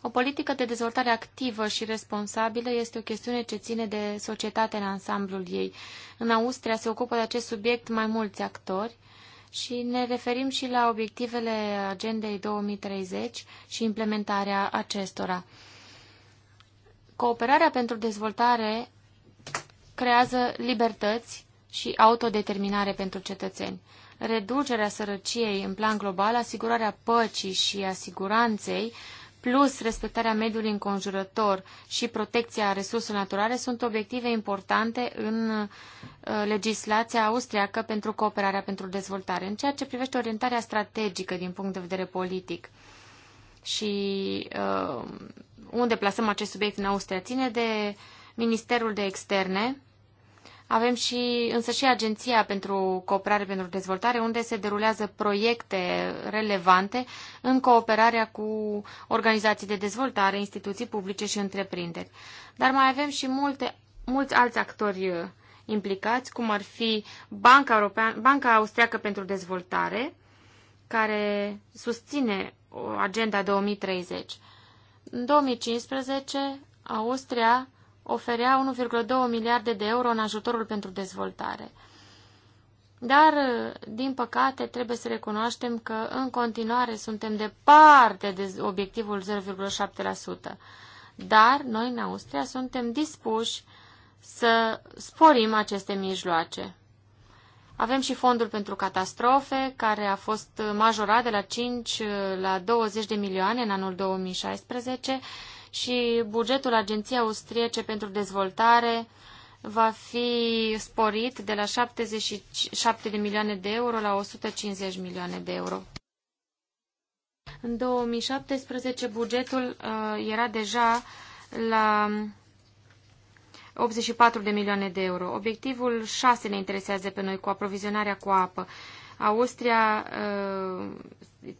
O politică de dezvoltare activă și responsabilă este o chestiune ce ține de societate în ansamblul ei. În Austria se ocupă de acest subiect mai mulți actori și ne referim și la obiectivele Agendei 2030 și implementarea acestora. Cooperarea pentru dezvoltare creează libertăți și autodeterminare pentru cetățeni. Reducerea sărăciei în plan global, asigurarea păcii și a siguranței plus respectarea mediului înconjurător și protecția resurselor naturale sunt obiective importante în uh, legislația austriacă pentru cooperarea pentru dezvoltare, în ceea ce privește orientarea strategică din punct de vedere politic. Și uh, unde plasăm acest subiect în Austria ține de Ministerul de Externe, avem și, însă și Agenția pentru Cooperare pentru Dezvoltare, unde se derulează proiecte relevante în cooperarea cu organizații de dezvoltare, instituții publice și întreprinderi. Dar mai avem și multe, mulți alți actori uh, implicați, cum ar fi Banca, European, Banca Austriacă pentru Dezvoltare, care susține uh, Agenda 2030. În 2015, Austria oferea 1,2 miliarde de euro în ajutorul pentru dezvoltare. Dar, din păcate, trebuie să recunoaștem că în continuare suntem departe de obiectivul 0,7%. Dar noi, în Austria, suntem dispuși să sporim aceste mijloace. Avem și fondul pentru catastrofe, care a fost majorat de la 5 la 20 de milioane în anul 2016 și bugetul Agenției Austriece pentru Dezvoltare va fi sporit de la 77 de milioane de euro la 150 milioane de euro. În 2017 bugetul uh, era deja la 84 de milioane de euro. Obiectivul 6 ne interesează pe noi cu aprovizionarea cu apă. Uh, Austria uh,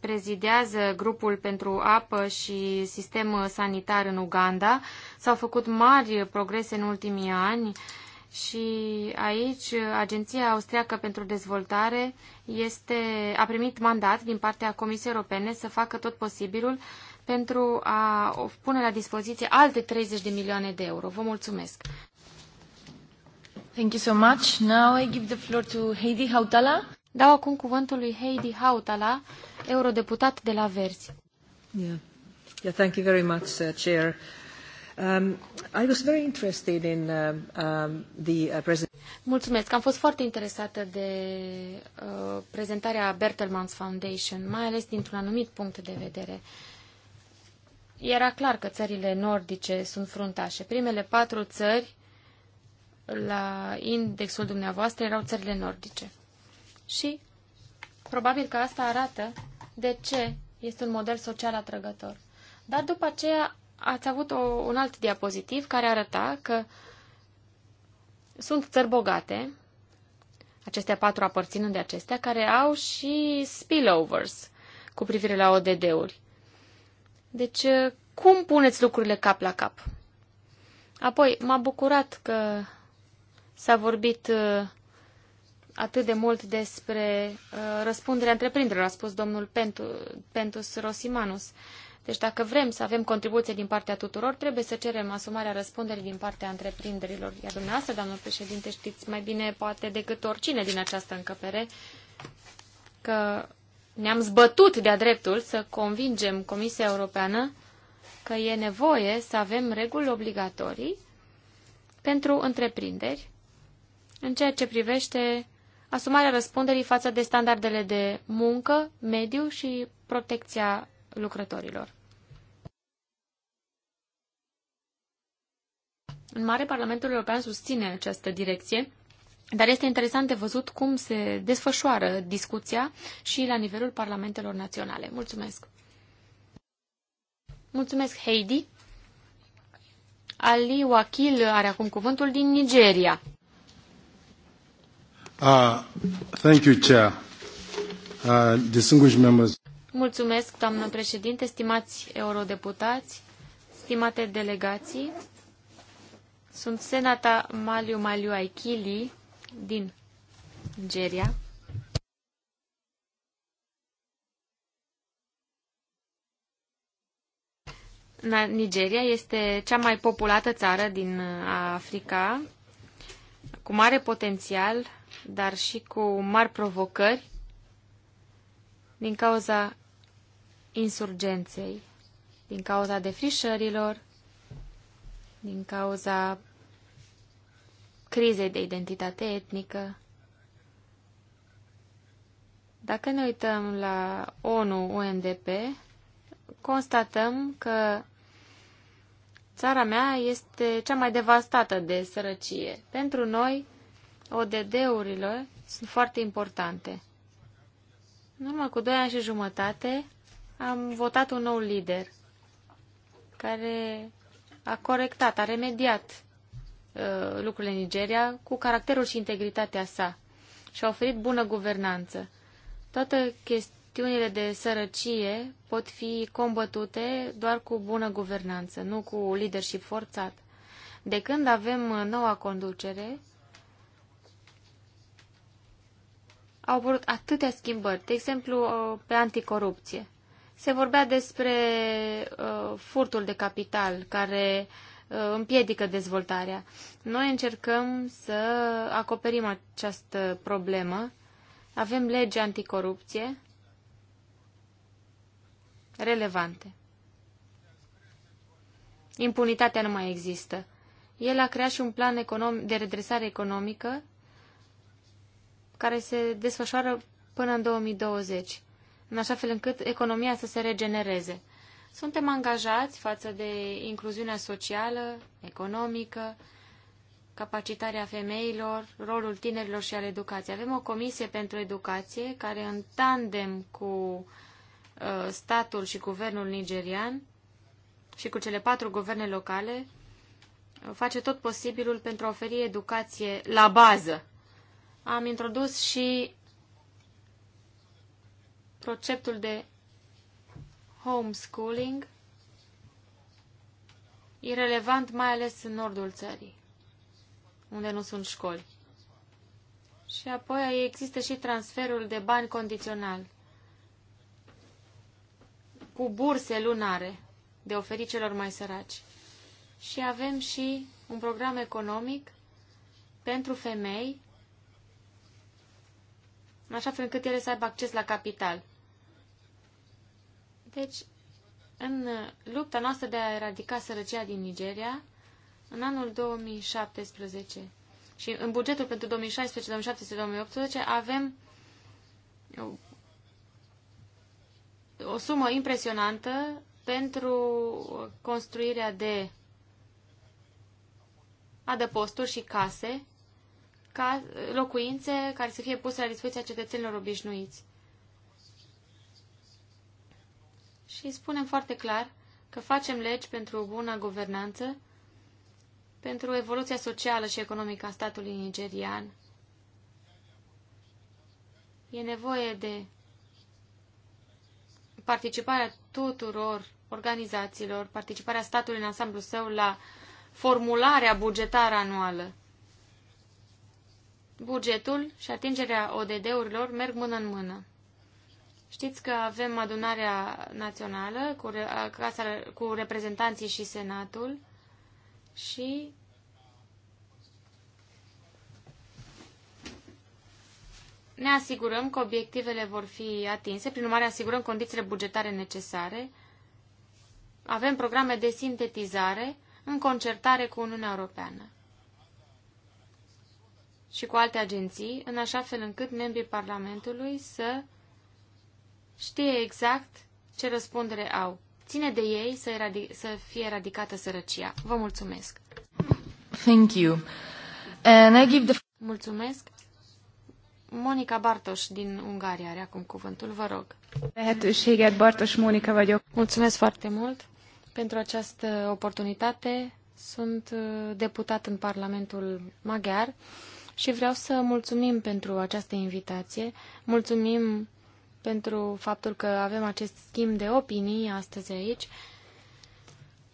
prezidează grupul pentru apă și sistem sanitar în Uganda. S-au făcut mari progrese în ultimii ani și aici Agenția Austriacă pentru Dezvoltare este, a primit mandat din partea Comisiei Europene să facă tot posibilul pentru a pune la dispoziție alte 30 de milioane de euro. Vă mulțumesc! Thank you so much. Now I give the floor to Heidi Hautala. Dau acum cuvântul lui Heidi Hautala, eurodeputat de la Verzi. Yeah. Yeah, thank you very much, uh, Chair. Um, I was very interested in uh, um, the uh, Mulțumesc. Am fost foarte interesată de uh, prezentarea Bertelmans Foundation, mai ales dintr-un anumit punct de vedere. Era clar că țările nordice sunt fruntașe. Primele patru țări la indexul dumneavoastră erau țările nordice. Și probabil că asta arată de ce este un model social atrăgător. Dar după aceea ați avut o, un alt diapozitiv care arăta că sunt țări bogate, acestea patru aparținând de acestea, care au și spillovers cu privire la ODD-uri. Deci, cum puneți lucrurile cap la cap? Apoi, m-a bucurat că s-a vorbit uh, atât de mult despre uh, răspunderea întreprinderilor, a spus domnul Pentu, Pentus Rosimanus. Deci dacă vrem să avem contribuție din partea tuturor, trebuie să cerem asumarea răspunderii din partea întreprinderilor. Iar dumneavoastră, domnul președinte, știți mai bine poate decât oricine din această încăpere că ne-am zbătut de-a dreptul să convingem Comisia Europeană că e nevoie să avem reguli obligatorii pentru întreprinderi în ceea ce privește asumarea răspunderii față de standardele de muncă, mediu și protecția lucrătorilor. În mare, Parlamentul European susține această direcție, dar este interesant de văzut cum se desfășoară discuția și la nivelul parlamentelor naționale. Mulțumesc! Mulțumesc, Heidi! Ali Wakil are acum cuvântul din Nigeria. Uh, thank you, Chair. Uh, distinguished members. Mulțumesc, doamnă președinte, stimați eurodeputați, stimate delegații. Sunt Senata Maliu Maliu Aikili din Nigeria. Nigeria este cea mai populată țară din Africa, cu mare potențial dar și cu mari provocări din cauza insurgenței, din cauza defrișărilor, din cauza crizei de identitate etnică. Dacă ne uităm la ONU-UNDP, constatăm că țara mea este cea mai devastată de sărăcie. Pentru noi, ODD-urile sunt foarte importante. În urmă cu doi ani și jumătate am votat un nou lider care a corectat, a remediat uh, lucrurile în Nigeria cu caracterul și integritatea sa și a oferit bună guvernanță. Toate chestiunile de sărăcie pot fi combătute doar cu bună guvernanță, nu cu leadership forțat. De când avem noua conducere, au apărut atâtea schimbări, de exemplu uh, pe anticorupție. Se vorbea despre uh, furtul de capital care uh, împiedică dezvoltarea. Noi încercăm să acoperim această problemă. Avem legi anticorupție relevante. Impunitatea nu mai există. El a creat și un plan de redresare economică care se desfășoară până în 2020, în așa fel încât economia să se regenereze. Suntem angajați față de incluziunea socială, economică, capacitarea femeilor, rolul tinerilor și al educației. Avem o comisie pentru educație care în tandem cu uh, statul și guvernul nigerian și cu cele patru guverne locale face tot posibilul pentru a oferi educație la bază am introdus și conceptul de homeschooling, irrelevant mai ales în nordul țării, unde nu sunt școli. Și apoi există și transferul de bani condițional, cu burse lunare de oferit celor mai săraci. Și avem și un program economic pentru femei în așa fel încât ele să aibă acces la capital. Deci, în lupta noastră de a eradica sărăcia din Nigeria, în anul 2017 și în bugetul pentru 2016, 2017, 2018 avem o sumă impresionantă pentru construirea de adăposturi și case ca locuințe care să fie puse la dispoziția cetățenilor obișnuiți. Și spunem foarte clar că facem legi pentru o bună guvernanță, pentru evoluția socială și economică a statului nigerian. E nevoie de participarea tuturor organizațiilor, participarea statului în ansamblu său la formularea bugetară anuală bugetul și atingerea ODD-urilor merg mână în mână. Știți că avem adunarea națională cu, casa, cu reprezentanții și senatul și ne asigurăm că obiectivele vor fi atinse, prin urmare asigurăm condițiile bugetare necesare, avem programe de sintetizare în concertare cu Uniunea Europeană și cu alte agenții, în așa fel încât membrii Parlamentului să știe exact ce răspundere au. Ține de ei să, eradic- să fie eradicată sărăcia. Vă mulțumesc! Thank you. And I give the... Mulțumesc! Monica Bartos din Ungaria are acum cuvântul, vă rog. Lehetőséget, Bartos Monica vagyok. Mulțumesc foarte mult pentru această oportunitate. Sunt uh, deputat în Parlamentul Maghiar și vreau să mulțumim pentru această invitație. Mulțumim pentru faptul că avem acest schimb de opinii astăzi aici.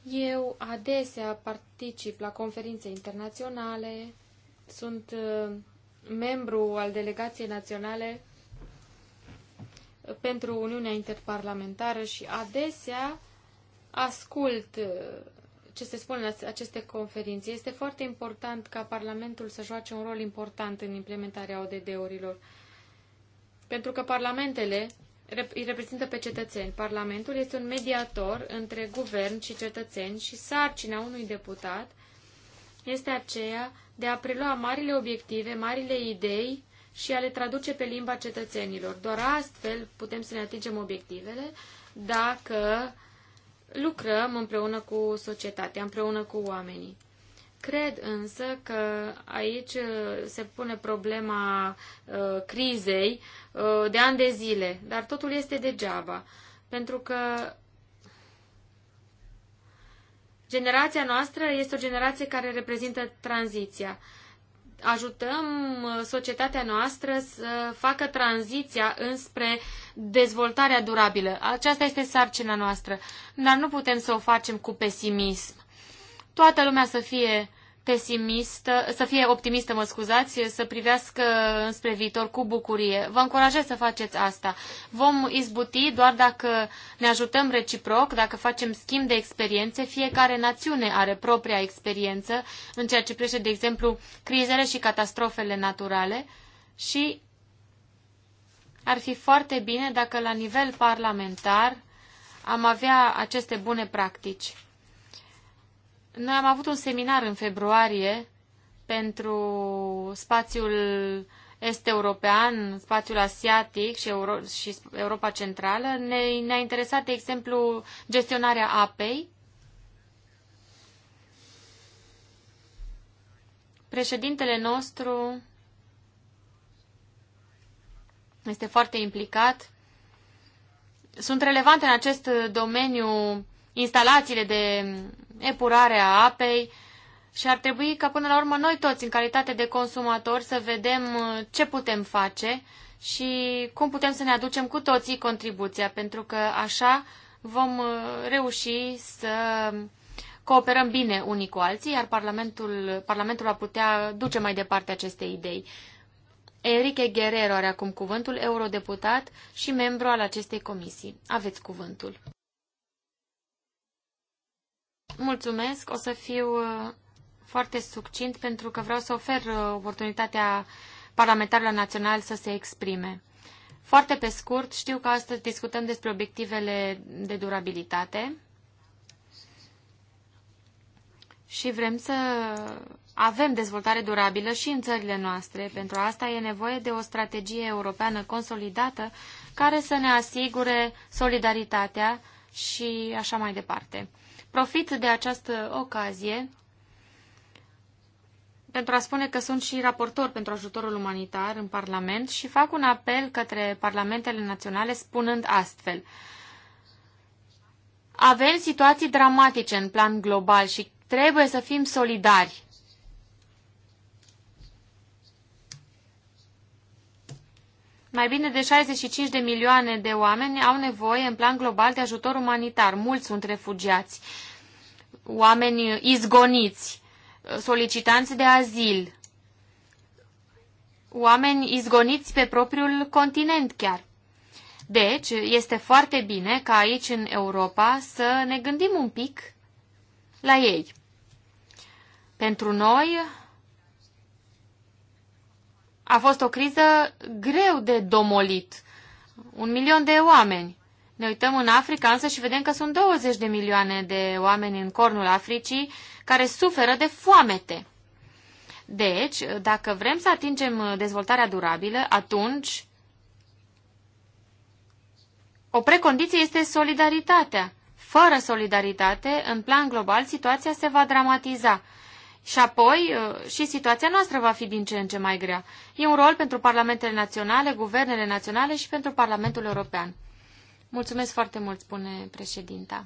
Eu adesea particip la conferințe internaționale, sunt uh, membru al delegației naționale pentru Uniunea Interparlamentară și adesea ascult uh, ce se spune la aceste conferințe. Este foarte important ca Parlamentul să joace un rol important în implementarea ODD-urilor. Pentru că parlamentele îi reprezintă pe cetățeni. Parlamentul este un mediator între guvern și cetățeni și sarcina unui deputat este aceea de a prelua marile obiective, marile idei și a le traduce pe limba cetățenilor. Doar astfel putem să ne atingem obiectivele dacă lucrăm împreună cu societatea, împreună cu oamenii. Cred însă că aici uh, se pune problema uh, crizei uh, de ani de zile, dar totul este degeaba, pentru că generația noastră este o generație care reprezintă tranziția ajutăm uh, societatea noastră să facă tranziția înspre dezvoltarea durabilă. Aceasta este sarcina noastră, dar nu putem să o facem cu pesimism. Toată lumea să fie pesimistă, să fie optimistă, mă scuzați, să privească spre viitor cu bucurie. Vă încurajez să faceți asta. Vom izbuti doar dacă ne ajutăm reciproc, dacă facem schimb de experiențe. Fiecare națiune are propria experiență în ceea ce privește, de exemplu, crizele și catastrofele naturale și ar fi foarte bine dacă la nivel parlamentar am avea aceste bune practici. Noi am avut un seminar în februarie pentru spațiul est-european, spațiul asiatic și, Euro- și Europa Centrală. Ne, ne-a interesat, de exemplu, gestionarea apei. Președintele nostru este foarte implicat. Sunt relevante în acest domeniu instalațiile de epurarea apei și ar trebui ca până la urmă noi toți, în calitate de consumatori, să vedem uh, ce putem face și cum putem să ne aducem cu toții contribuția, pentru că așa vom uh, reuși să cooperăm bine unii cu alții, iar Parlamentul, Parlamentul va putea duce mai departe aceste idei. Enrique Guerrero are acum cuvântul, eurodeputat și membru al acestei comisii. Aveți cuvântul. Mulțumesc, o să fiu uh, foarte succint pentru că vreau să ofer uh, oportunitatea parlamentarilor național să se exprime. Foarte pe scurt, știu că astăzi discutăm despre obiectivele de durabilitate și vrem să avem dezvoltare durabilă și în țările noastre. Pentru asta e nevoie de o strategie europeană consolidată care să ne asigure solidaritatea și așa mai departe. Profit de această ocazie pentru a spune că sunt și raportor pentru ajutorul umanitar în Parlament și fac un apel către parlamentele naționale spunând astfel. Avem situații dramatice în plan global și trebuie să fim solidari. Mai bine de 65 de milioane de oameni au nevoie în plan global de ajutor umanitar. Mulți sunt refugiați, oameni izgoniți, solicitanți de azil, oameni izgoniți pe propriul continent chiar. Deci, este foarte bine ca aici în Europa să ne gândim un pic la ei. Pentru noi, a fost o criză greu de domolit. Un milion de oameni. Ne uităm în Africa însă și vedem că sunt 20 de milioane de oameni în cornul Africii care suferă de foamete. Deci, dacă vrem să atingem dezvoltarea durabilă, atunci o precondiție este solidaritatea. Fără solidaritate, în plan global, situația se va dramatiza. Și apoi uh, și situația noastră va fi din ce în ce mai grea. E un rol pentru parlamentele naționale, guvernele naționale și pentru Parlamentul European. Mulțumesc foarte mult, spune președinta.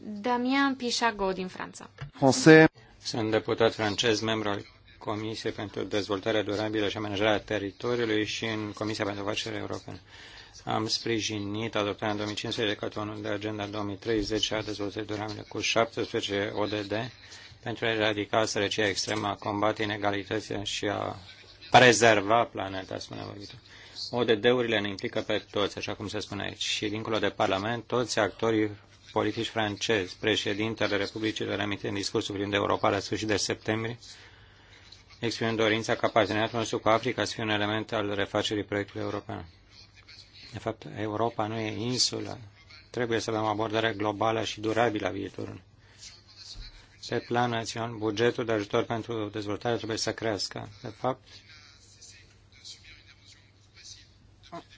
Damian Pichago din Franța. José. Sunt deputat francez, membru al Comisiei pentru Dezvoltarea Durabilă și Amenajarea Teritoriului și în Comisia pentru Afaceri Europene am sprijinit adoptarea în 2015 de către unul de Agenda 2030 a dezvoltării durabile cu 17 ODD pentru a eradica sărăcia extremă, a combate inegalitățile și a prezerva planeta, spune vorbitul. ODD-urile ne implică pe toți, așa cum se spune aici, și dincolo de Parlament, toți actorii politici francezi, președintele Republicii de Remite în discursul privind Europa la sfârșit de septembrie, exprimând dorința ca parteneriatul nostru cu Africa să fie un element al refacerii proiectului european. De fapt, Europa nu e insulă. Trebuie să avem o abordare globală și durabilă a viitorului. Pe plan național, bugetul de ajutor pentru dezvoltare trebuie să crească. De fapt,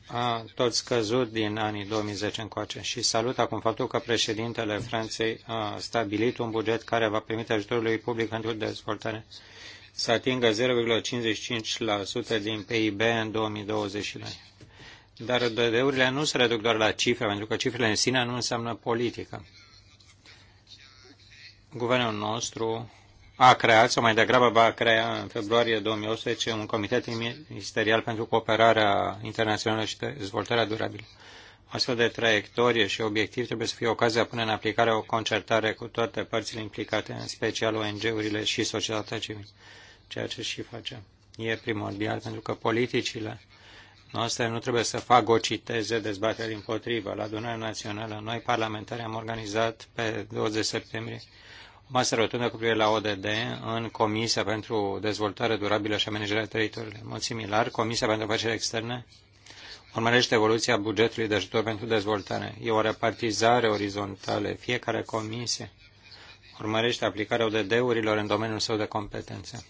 a tot scăzut din anii 2010 încoace și salut acum faptul că președintele Franței a stabilit un buget care va permite ajutorului public pentru dezvoltare să atingă 0,55% din PIB în 2020. Dar ODD-urile nu se reduc doar la cifre, pentru că cifrele în sine nu înseamnă politică. Guvernul nostru a creat, sau mai degrabă va crea în februarie 2018, un comitet ministerial pentru cooperarea internațională și dezvoltarea durabilă. Astfel de traiectorie și obiectiv trebuie să fie ocazia până în aplicare o concertare cu toate părțile implicate, în special ONG-urile și societatea civilă, ceea ce și facem. E primordial pentru că politicile noastre nu trebuie să fagociteze dezbateri împotrivă. La adunarea națională, noi parlamentari am organizat pe 20 septembrie o masă rotundă cu privire la ODD în Comisia pentru Dezvoltare Durabilă și Amenajarea Teritoriului. În mod similar, Comisia pentru Afaceri Externe urmărește evoluția bugetului de ajutor pentru dezvoltare. E o repartizare orizontală. Fiecare comisie urmărește aplicarea ODD-urilor în domeniul său de competență.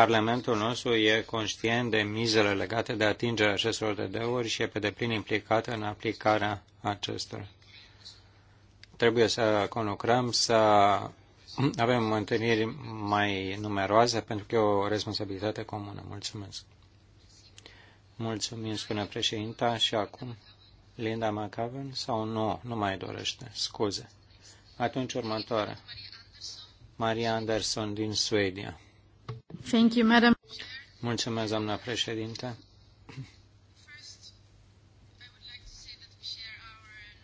Parlamentul nostru e conștient de mizele legate de atingerea acestor DD-uri și e pe deplin implicat în aplicarea acestora. Trebuie să conlucrăm, să avem întâlniri mai numeroase pentru că e o responsabilitate comună. Mulțumesc. Mulțumim, spune președinta, și acum Linda McAven sau nu, nu mai dorește, scuze. Atunci următoare Maria Anderson din Suedia. Thank you, madam. Mulțumesc, doamna președinte.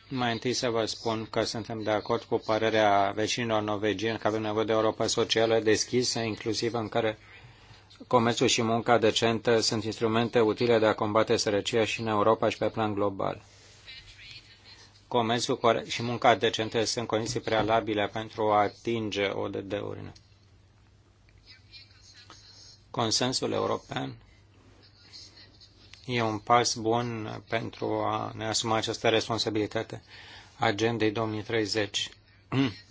Mai întâi să vă spun că suntem de acord cu părerea vecinilor norvegieni că avem nevoie de Europa socială deschisă, inclusiv în care comerțul și munca decentă sunt instrumente utile de a combate sărăcia și în Europa și pe plan global. Comerțul și munca decentă sunt condiții prealabile pentru a atinge o de urină. Consensul european e un pas bun pentru a ne asuma această responsabilitate agendei 2030.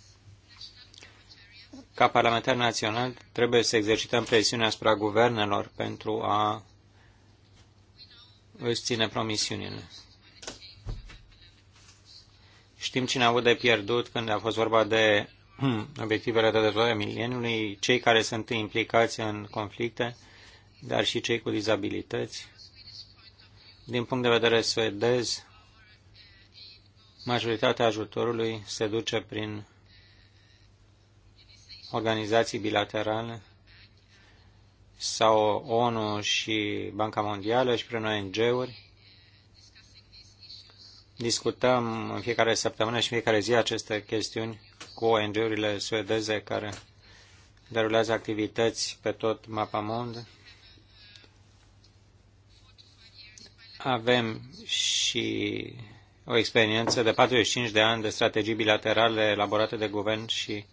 Ca parlamentar național trebuie să exercităm presiunea asupra guvernelor pentru a își ține promisiunile. Știm cine a avut de pierdut când a fost vorba de Hmm, obiectivele de dezvoltare a mileniului, cei care sunt implicați în conflicte, dar și cei cu dizabilități. Din punct de vedere suedez, majoritatea ajutorului se duce prin organizații bilaterale sau ONU și Banca Mondială și prin ONG-uri Discutăm în fiecare săptămână și în fiecare zi aceste chestiuni cu ONG-urile suedeze care derulează activități pe tot Mapamond. Avem și o experiență de 45 de ani de strategii bilaterale elaborate de guvern și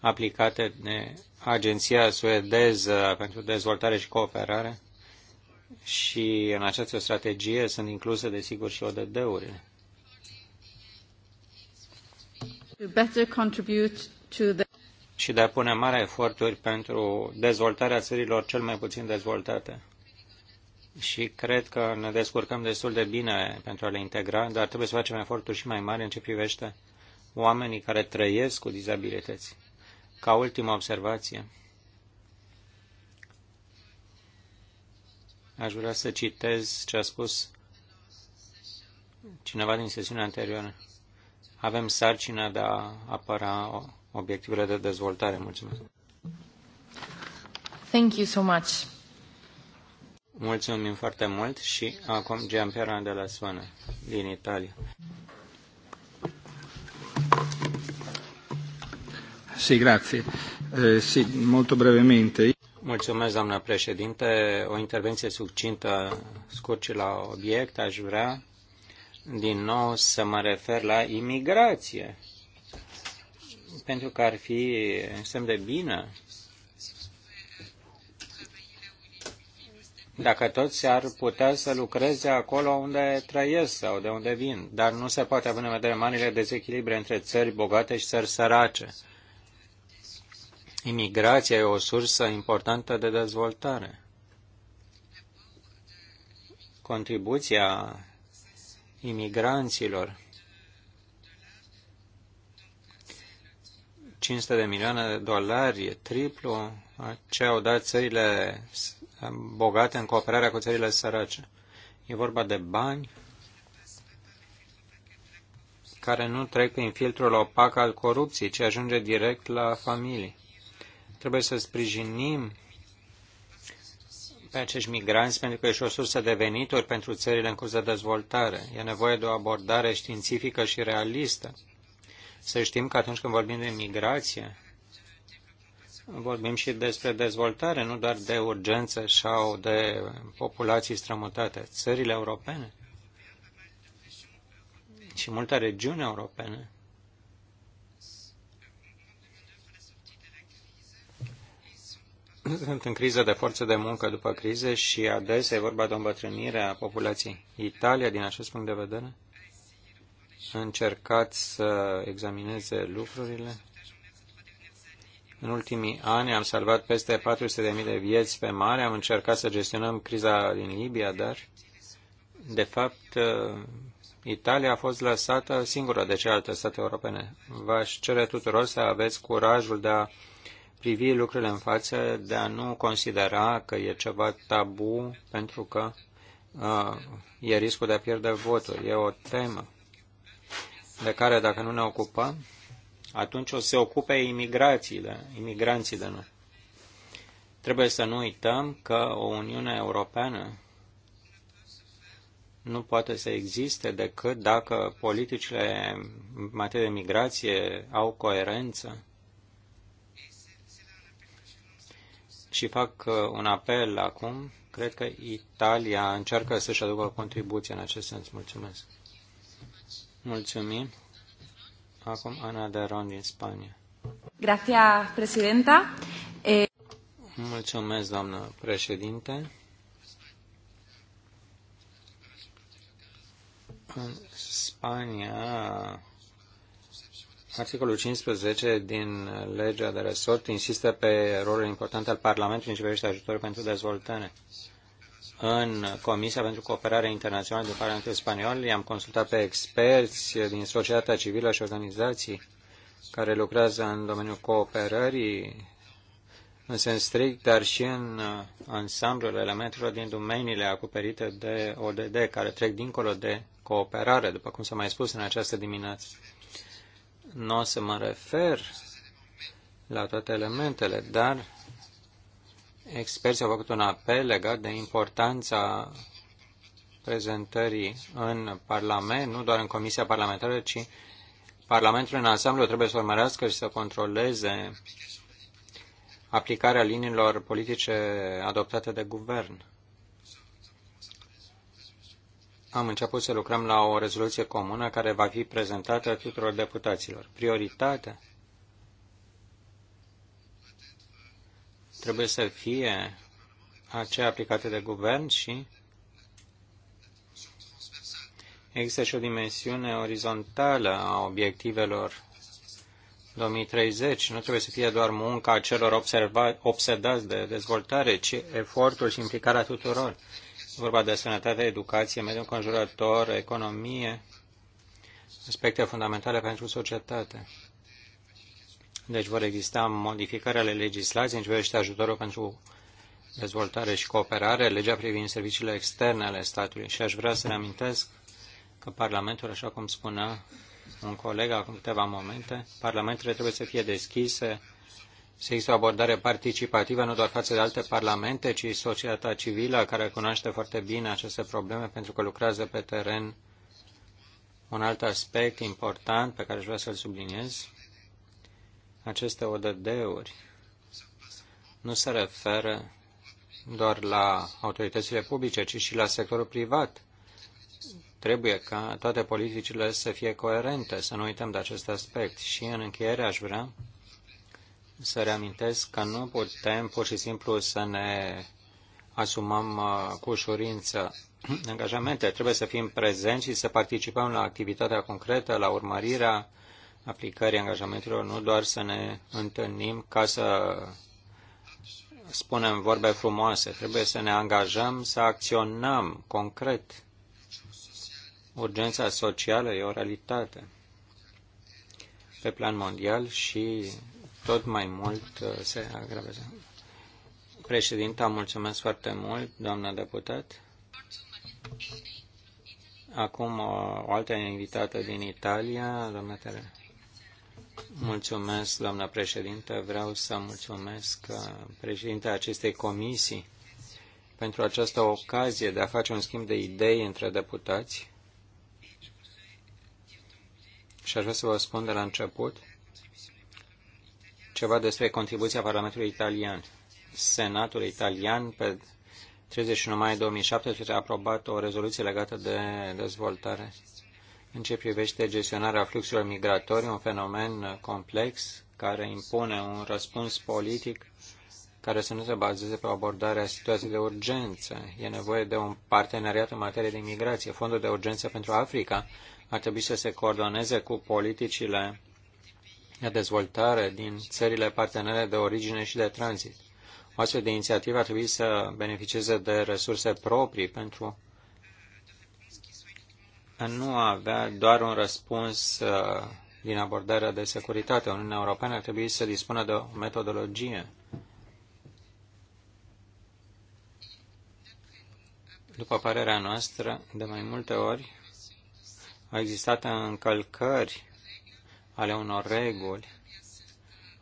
aplicate de Agenția Suedeză pentru Dezvoltare și Cooperare și în această strategie sunt incluse, desigur, și ODD-urile. Și de a pune mare eforturi pentru dezvoltarea țărilor cel mai puțin dezvoltate. Și cred că ne descurcăm destul de bine pentru a le integra, dar trebuie să facem eforturi și mai mari în ce privește oamenii care trăiesc cu dizabilități. Ca ultimă observație, Aș vrea să citez ce a spus cineva din sesiunea anterioară. Avem sarcina de a apăra obiectivele de dezvoltare. Mulțumesc. Thank you so much. Mulțumim foarte mult și acum Giampiera de la Suana, din Italia. Sì, grazie. Eh, sì, molto brevemente. Mulțumesc, doamnă președinte. O intervenție succintă, scurt și la obiect. Aș vrea din nou să mă refer la imigrație. Pentru că ar fi semn de bine dacă toți ar putea să lucreze acolo unde trăiesc sau de unde vin. Dar nu se poate avea în vedere marile dezechilibre între țări bogate și țări sărace. Imigrația e o sursă importantă de dezvoltare. Contribuția imigranților 500 de milioane de dolari, e triplu a ce au dat țările bogate în cooperarea cu țările sărace. E vorba de bani care nu trec prin filtrul opac al corupției, ci ajunge direct la familii. Trebuie să sprijinim pe acești migranți pentru că ești o sursă de venituri pentru țările în curs de dezvoltare. E nevoie de o abordare științifică și realistă. Să știm că atunci când vorbim de migrație, vorbim și despre dezvoltare, nu doar de urgență sau de populații strămutate. Țările europene și multe regiuni europene sunt în criză de forță de muncă după criză și adesea e vorba de o îmbătrânire a populației. Italia, din acest punct de vedere, a încercat să examineze lucrurile. În ultimii ani am salvat peste 400.000 de vieți pe mare, am încercat să gestionăm criza din Libia, dar, de fapt, Italia a fost lăsată singură de celelalte state europene. V-aș cere tuturor să aveți curajul de a privi lucrurile în față, de a nu considera că e ceva tabu pentru că uh, e riscul de a pierde votul. E o temă de care dacă nu ne ocupăm, atunci o se ocupe imigrațiile, imigranții de noi. Trebuie să nu uităm că o Uniune Europeană nu poate să existe decât dacă politicile în materie de migrație au coerență Și fac uh, un apel acum. Cred că Italia încearcă să-și aducă o contribuție în acest sens. Mulțumesc. Mulțumim. Acum Ana de Ron din Spania. Grația, președinta. E... Mulțumesc, doamnă președinte. În Spania Articolul 15 din legea de resort insistă pe rolul important al Parlamentului în ce privește ajutorul pentru dezvoltare. În Comisia pentru Cooperare Internațională din Parlamentul Spaniol i-am consultat pe experți din societatea civilă și organizații care lucrează în domeniul cooperării în sens strict, dar și în ansamblul elementelor din domeniile acoperite de ODD, care trec dincolo de cooperare, după cum s-a mai spus în această dimineață nu o să mă refer la toate elementele, dar experții au făcut un apel legat de importanța prezentării în Parlament, nu doar în Comisia Parlamentară, ci Parlamentul în ansamblu trebuie să urmărească și să controleze aplicarea liniilor politice adoptate de guvern am început să lucrăm la o rezoluție comună care va fi prezentată tuturor deputaților. Prioritatea trebuie să fie aceea aplicată de guvern și există și o dimensiune orizontală a obiectivelor 2030. Nu trebuie să fie doar munca celor obsedați de dezvoltare, ci efortul și implicarea tuturor vorba de sănătate, educație, mediul înconjurător, economie, aspecte fundamentale pentru societate. Deci vor exista modificări ale legislației în ce privește ajutorul pentru dezvoltare și cooperare, legea privind serviciile externe ale statului. Și aș vrea să reamintesc că Parlamentul, așa cum spunea un coleg acum câteva momente, Parlamentele trebuie să fie deschise să există o abordare participativă nu doar față de alte parlamente, ci societatea civilă care cunoaște foarte bine aceste probleme pentru că lucrează pe teren. Un alt aspect important pe care aș vrea să-l subliniez, aceste ODD-uri nu se referă doar la autoritățile publice, ci și la sectorul privat. Trebuie ca toate politicile să fie coerente, să nu uităm de acest aspect. Și în încheiere aș vrea să reamintesc că nu putem pur și simplu să ne asumăm uh, cu ușurință angajamente. Trebuie să fim prezenți și să participăm la activitatea concretă, la urmărirea aplicării angajamentelor, nu doar să ne întâlnim ca să spunem vorbe frumoase. Trebuie să ne angajăm, să acționăm concret. Urgența socială e o realitate pe plan mondial și tot mai mult uh, se agravează. Președinta, mulțumesc foarte mult, doamna deputat. Acum uh, o altă invitată din Italia, doamna Tere. Mulțumesc, doamna președintă. Vreau să mulțumesc uh, președinta acestei comisii pentru această ocazie de a face un schimb de idei între deputați. Și aș vrea să vă spun de la început ceva despre contribuția Parlamentului Italian. Senatul Italian, pe 31 mai 2017, a aprobat o rezoluție legată de dezvoltare în ce privește gestionarea fluxurilor migratorii, un fenomen complex care impune un răspuns politic care să nu se bazeze pe abordarea situației de urgență. E nevoie de un parteneriat în materie de imigrație. Fondul de urgență pentru Africa ar trebui să se coordoneze cu politicile de dezvoltare din țările partenere de origine și de tranzit. O astfel de inițiativă ar trebui să beneficieze de resurse proprii pentru a nu avea doar un răspuns uh, din abordarea de securitate. Uniunea Europeană ar trebui să dispună de o metodologie După părerea noastră, de mai multe ori au existat încălcări ale unor reguli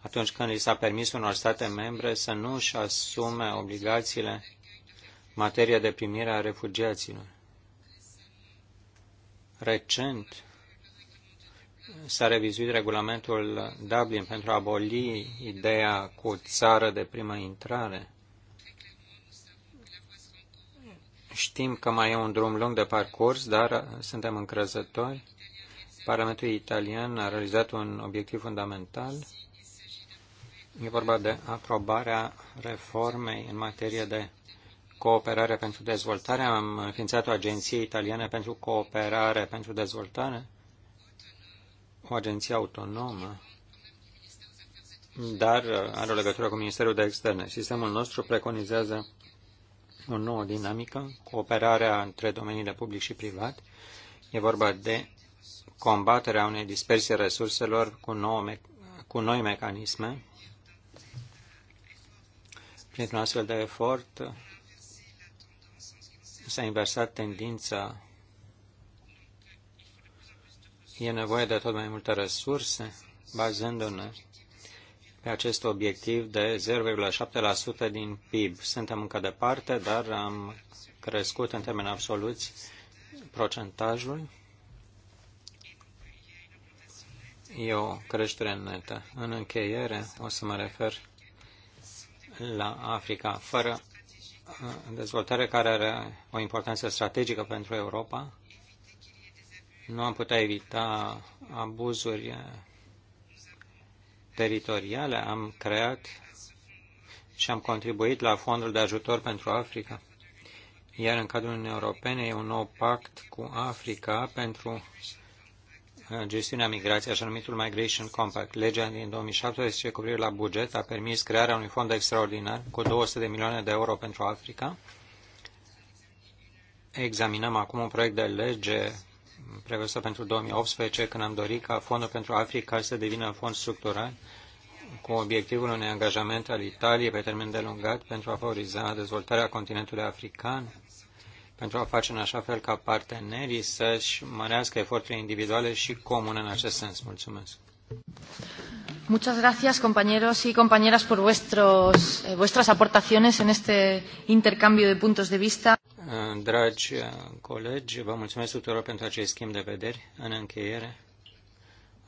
atunci când li s-a permis unor state membre să nu își asume obligațiile în materie de primire a refugiaților. Recent s-a revizuit regulamentul Dublin pentru a aboli ideea cu țară de primă intrare. Știm că mai e un drum lung de parcurs, dar suntem încrezători Parlamentul italian a realizat un obiectiv fundamental. E vorba de aprobarea reformei în materie de cooperare pentru dezvoltare. Am înființat o agenție italiană pentru cooperare pentru dezvoltare, o agenție autonomă, dar are o legătură cu Ministerul de Externe. Sistemul nostru preconizează o nouă dinamică, cooperarea între domeniile public și privat. E vorba de combaterea unei dispersii resurselor cu, nouă me- cu noi mecanisme. Printr-un astfel de efort s-a inversat tendința. E nevoie de tot mai multe resurse, bazându-ne pe acest obiectiv de 0,7% din PIB. Suntem încă departe, dar am crescut în termeni absoluți procentajul e o creștere netă. În încheiere, o să mă refer la Africa, fără uh, dezvoltare care are o importanță strategică pentru Europa. Nu am putea evita abuzuri uh, teritoriale. Am creat și am contribuit la fondul de ajutor pentru Africa. Iar în cadrul Uniunii Europene e un nou pact cu Africa pentru gestiunea migrației, așa numitul Migration Compact. Legea din 2017 cu privire la buget a permis crearea unui fond extraordinar cu 200 de milioane de euro pentru Africa. Examinăm acum un proiect de lege prevăzută pentru 2018, când am dorit ca fondul pentru Africa să devină fond structural cu obiectivul unui angajament al Italiei pe termen delungat pentru a favoriza dezvoltarea continentului african pentru a face în așa fel ca partenerii să-și mărească eforturile individuale și comune în acest sens. Mulțumesc! Muchas gracias, compañeros y compañeras, por vuestros, eh, vuestras aportaciones en este intercambio de puntos de vista. Eh, dragi eh, colegi, vă mulțumesc tuturor pentru acest schimb de vederi. În încheiere,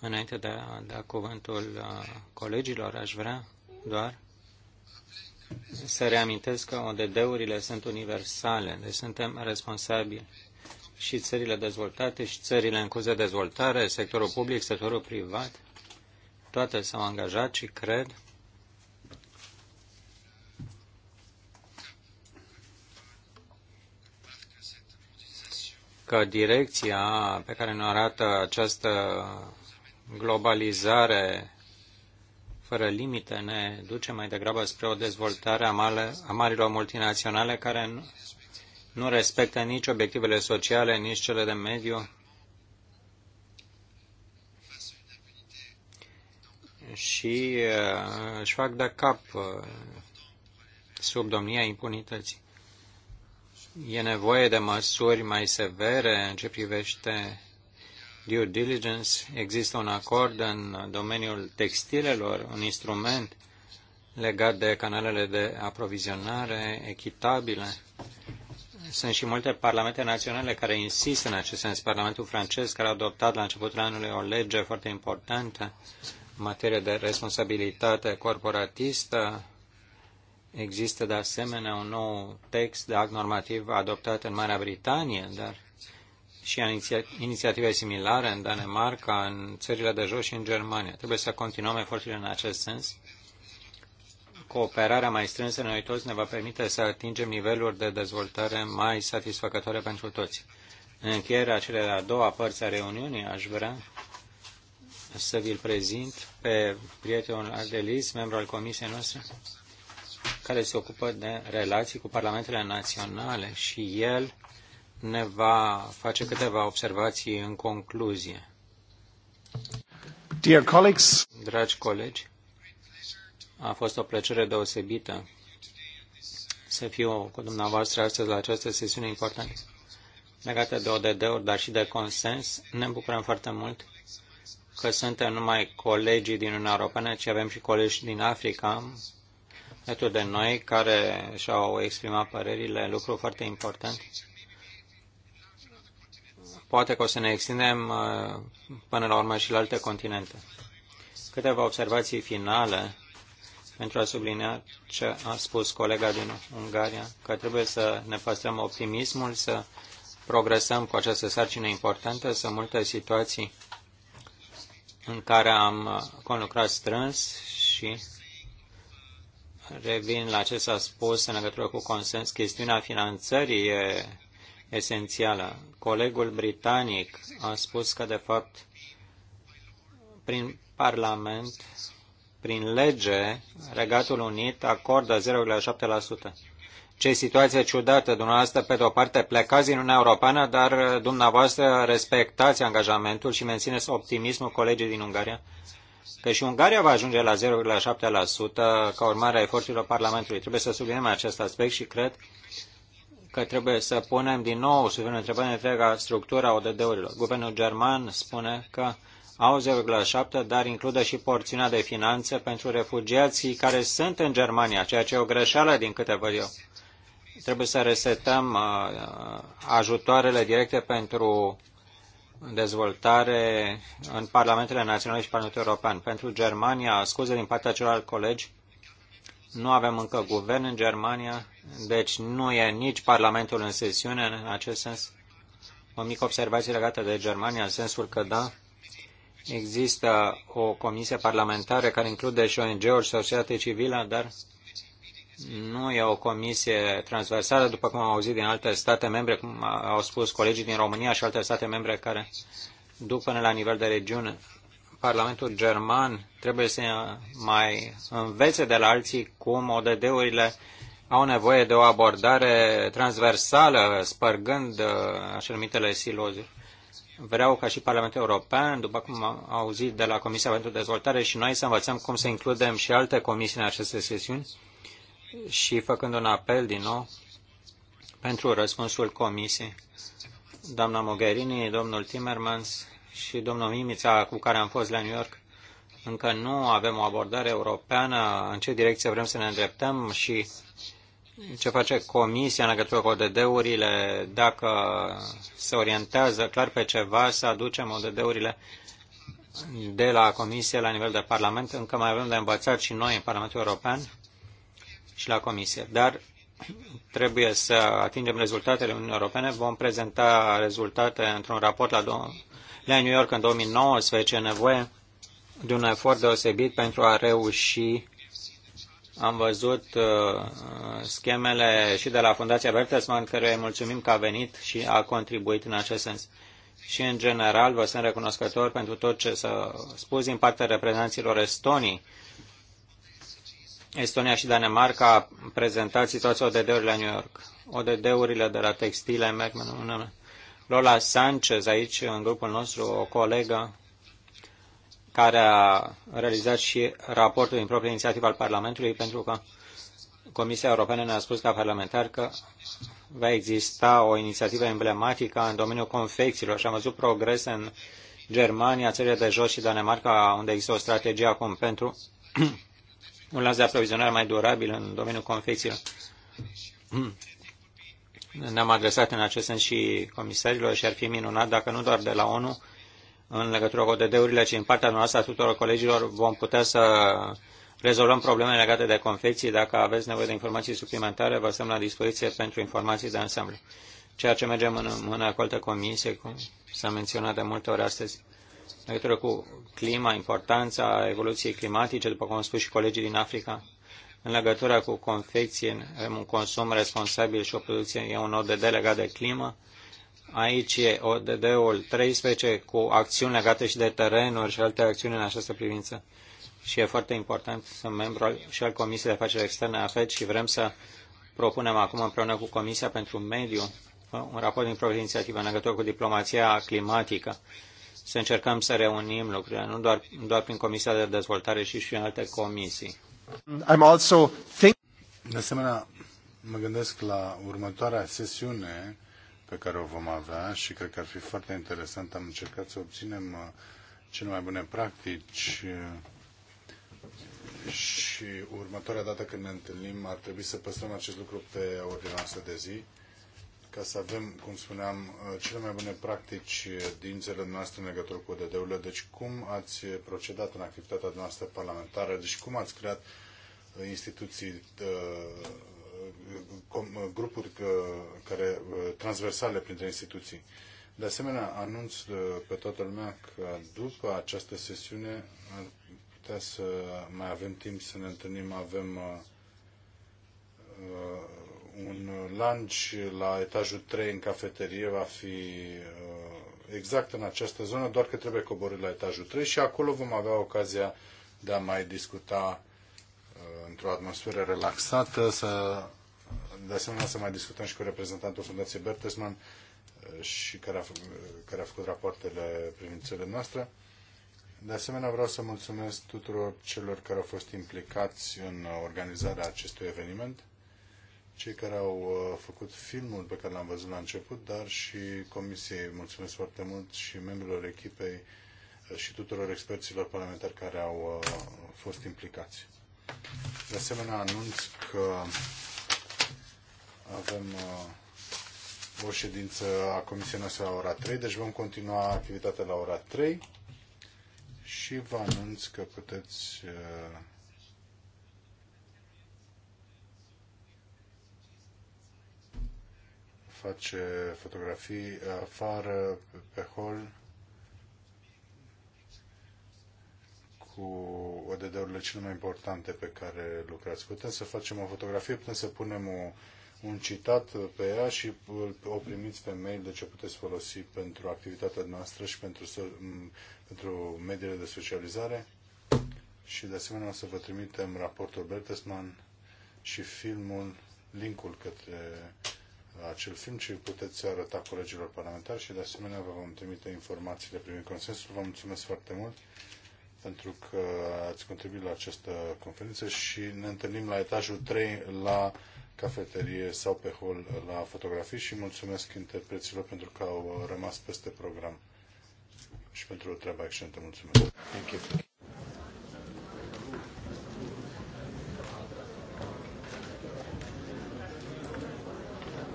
înainte de a da cuvântul eh, colegilor, aș vrea doar să reamintesc că ODD-urile sunt universale, deci suntem responsabili și țările dezvoltate și țările în curs de dezvoltare, sectorul public, sectorul privat, toate s-au angajat și cred că direcția pe care ne arată această globalizare fără limite ne duce mai degrabă spre o dezvoltare a, male, a marilor multinaționale care nu respectă nici obiectivele sociale, nici cele de mediu. Și uh, își fac de cap uh, sub domnia impunității. E nevoie de măsuri mai severe în ce privește due diligence, există un acord în domeniul textilelor, un instrument legat de canalele de aprovizionare echitabile. Sunt și multe parlamente naționale care insistă în acest sens. Parlamentul francez, care a adoptat la începutul anului o lege foarte importantă în materie de responsabilitate corporatistă, Există de asemenea un nou text de act normativ adoptat în Marea Britanie, dar și inițiative similare în Danemarca, în țările de jos și în Germania. Trebuie să continuăm eforturile în acest sens. Cooperarea mai strânsă noi toți ne va permite să atingem niveluri de dezvoltare mai satisfăcătoare pentru toți. În încheierea celei a doua părți a reuniunii, aș vrea să vi-l prezint pe prietenul Adelis, membru al comisiei noastre, care se ocupă de relații cu parlamentele naționale și el ne va face câteva observații în concluzie. Dear colleagues, Dragi colegi, a fost o plăcere deosebită să fiu cu dumneavoastră astăzi la această sesiune importantă legată de ODD-uri, dar și de consens. Ne bucurăm foarte mult că suntem numai colegii din Uniunea Europeană, ci avem și colegi din Africa alături de noi care și-au exprimat părerile, lucru foarte important poate că o să ne extindem uh, până la urmă și la alte continente. Câteva observații finale pentru a sublinia ce a spus colega din Ungaria, că trebuie să ne păstrăm optimismul, să progresăm cu această sarcină importantă. Sunt multe situații în care am uh, conlucrat strâns și revin la ce s-a spus în legătură cu consens. Chestiunea finanțării e esențială. Colegul britanic a spus că, de fapt, prin Parlament, prin lege, Regatul Unit acordă 0,7%. Ce situație ciudată, dumneavoastră, pe de-o parte, plecați din Uniunea Europeană, dar dumneavoastră respectați angajamentul și mențineți optimismul colegii din Ungaria, că și Ungaria va ajunge la 0,7% ca urmare a eforturilor Parlamentului. Trebuie să subliniem acest aspect și cred că trebuie să punem din nou sub întrebare întreaga structura ODD-urilor. Guvernul german spune că au 0,7, dar include și porțiunea de finanțe pentru refugiații care sunt în Germania, ceea ce e o greșeală din câte văd eu. Trebuie să resetăm uh, uh ajutoarele directe pentru dezvoltare în Parlamentele Naționale și Parlamentul European. Pentru Germania, scuze din partea celor colegi, nu avem încă guvern în Germania, deci nu e nici Parlamentul în sesiune în acest sens. O mică observație legată de Germania, în sensul că da, există o comisie parlamentară care include și ONG-uri și societate civilă, dar nu e o comisie transversală, după cum am auzit din alte state membre, cum au spus colegii din România și alte state membre care, până la nivel de regiune, Parlamentul German trebuie să mai învețe de la alții cum ODD-urile au nevoie de o abordare transversală, spărgând uh, așa numitele silozi. Vreau ca și Parlamentul European, după cum am auzit de la Comisia pentru Dezvoltare, și noi să învățăm cum să includem și alte comisii în aceste sesiuni și făcând un apel din nou pentru răspunsul Comisiei. Doamna Mogherini, domnul Timmermans, și domnul Mimița, cu care am fost la New York, încă nu avem o abordare europeană în ce direcție vrem să ne îndreptăm și ce face Comisia în legătură cu ODD-urile, dacă se orientează clar pe ceva, să aducem ODD-urile de la Comisie la nivel de Parlament. Încă mai avem de învățat și noi în Parlamentul European și la Comisie. Dar trebuie să atingem rezultatele Uniunii Europene. Vom prezenta rezultate într-un raport la la New York în 2019 e nevoie de un efort deosebit pentru a reuși. Am văzut uh, schemele și de la Fundația Bertelsmann, care îi mulțumim că a venit și a contribuit în acest sens. Și, în general, vă sunt recunoscător pentru tot ce s-a spus din partea reprezentanților Estonii. Estonia și Danemarca a prezentat situația ODD-urilor la New York. ODD-urile de la textile merg în Lola Sanchez aici, în grupul nostru, o colegă care a realizat și raportul din proprie inițiativă al Parlamentului, pentru că Comisia Europeană ne-a spus ca parlamentar că va exista o inițiativă emblematică în domeniul confecțiilor și am văzut progrese în Germania, țările de jos și Danemarca, unde există o strategie acum pentru un lanț de aprovizionare mai durabil în domeniul confecțiilor. Ne-am adresat în acest sens și comisarilor și ar fi minunat dacă nu doar de la ONU, în legătură cu ODD-urile, ci în partea noastră a tuturor colegilor vom putea să rezolvăm probleme legate de confecții. Dacă aveți nevoie de informații suplimentare, vă stăm la dispoziție pentru informații de ansamblu. Ceea ce mergem în mână cu alte comisie, cum s-a menționat de multe ori astăzi, în legătură cu clima, importanța evoluției climatice, după cum au spus și colegii din Africa, în legătură cu confecție, un consum responsabil și o producție, e un ODD legat de climă. Aici e ODD-ul 13 cu acțiuni legate și de terenuri și alte acțiuni în această privință. Și e foarte important să membru și al Comisiei de Afaceri Externe a FED și vrem să propunem acum împreună cu Comisia pentru Mediu uh, un raport din proprie inițiativă în legătură cu diplomația climatică. Să încercăm să reunim lucrurile, nu doar, doar prin Comisia de Dezvoltare și și în alte comisii. I'm also think... De asemenea, mă gândesc la următoarea sesiune pe care o vom avea și cred că ar fi foarte interesant. Am încercat să obținem uh, cele mai bune practici uh, și următoarea dată când ne întâlnim ar trebui să păstrăm acest lucru pe ordinea noastră de zi ca să avem, cum spuneam, uh, cele mai bune practici uh, din țările noastre în legătură cu ODD-urile. Deci cum ați uh, procedat în activitatea noastră parlamentară? Deci cum ați creat instituții, grupuri care transversale printre instituții? De asemenea, anunț pe toată lumea că după această sesiune ar putea să mai avem timp să ne întâlnim, avem un lunch la etajul 3 în cafeterie va fi uh, exact în această zonă, doar că trebuie coborât la etajul 3 și acolo vom avea ocazia de a mai discuta uh, într-o atmosferă relaxată, să, de asemenea să mai discutăm și cu reprezentantul Fundației Bertesman uh, și care a, care a făcut rapoartele privind țările noastre. De asemenea, vreau să mulțumesc tuturor celor care au fost implicați în organizarea acestui eveniment cei care au uh, făcut filmul pe care l-am văzut la început, dar și comisiei. Mulțumesc foarte mult și membrilor echipei uh, și tuturor experților parlamentari care au uh, fost implicați. De asemenea, anunț că avem o ședință a comisiei noastre la ora 3, deci vom continua activitatea la ora 3 și vă anunț că puteți face fotografii afară, pe hol, cu ODD-urile cele mai importante pe care lucrați. Putem să facem o fotografie, putem să punem o, un citat pe ea și o primiți pe mail, deci o puteți folosi pentru activitatea noastră și pentru, pentru mediile de socializare. Și de asemenea o să vă trimitem raportul Bertesman și filmul, linkul către acel film, ci puteți arăta colegilor parlamentari și de asemenea vă vom trimite informațiile privind consensul. Vă mulțumesc foarte mult pentru că ați contribuit la această conferință și ne întâlnim la etajul 3 la cafeterie sau pe hol la fotografii și mulțumesc interpreților pentru că au rămas peste program și pentru o treabă excelentă. Mulțumesc! Thank you.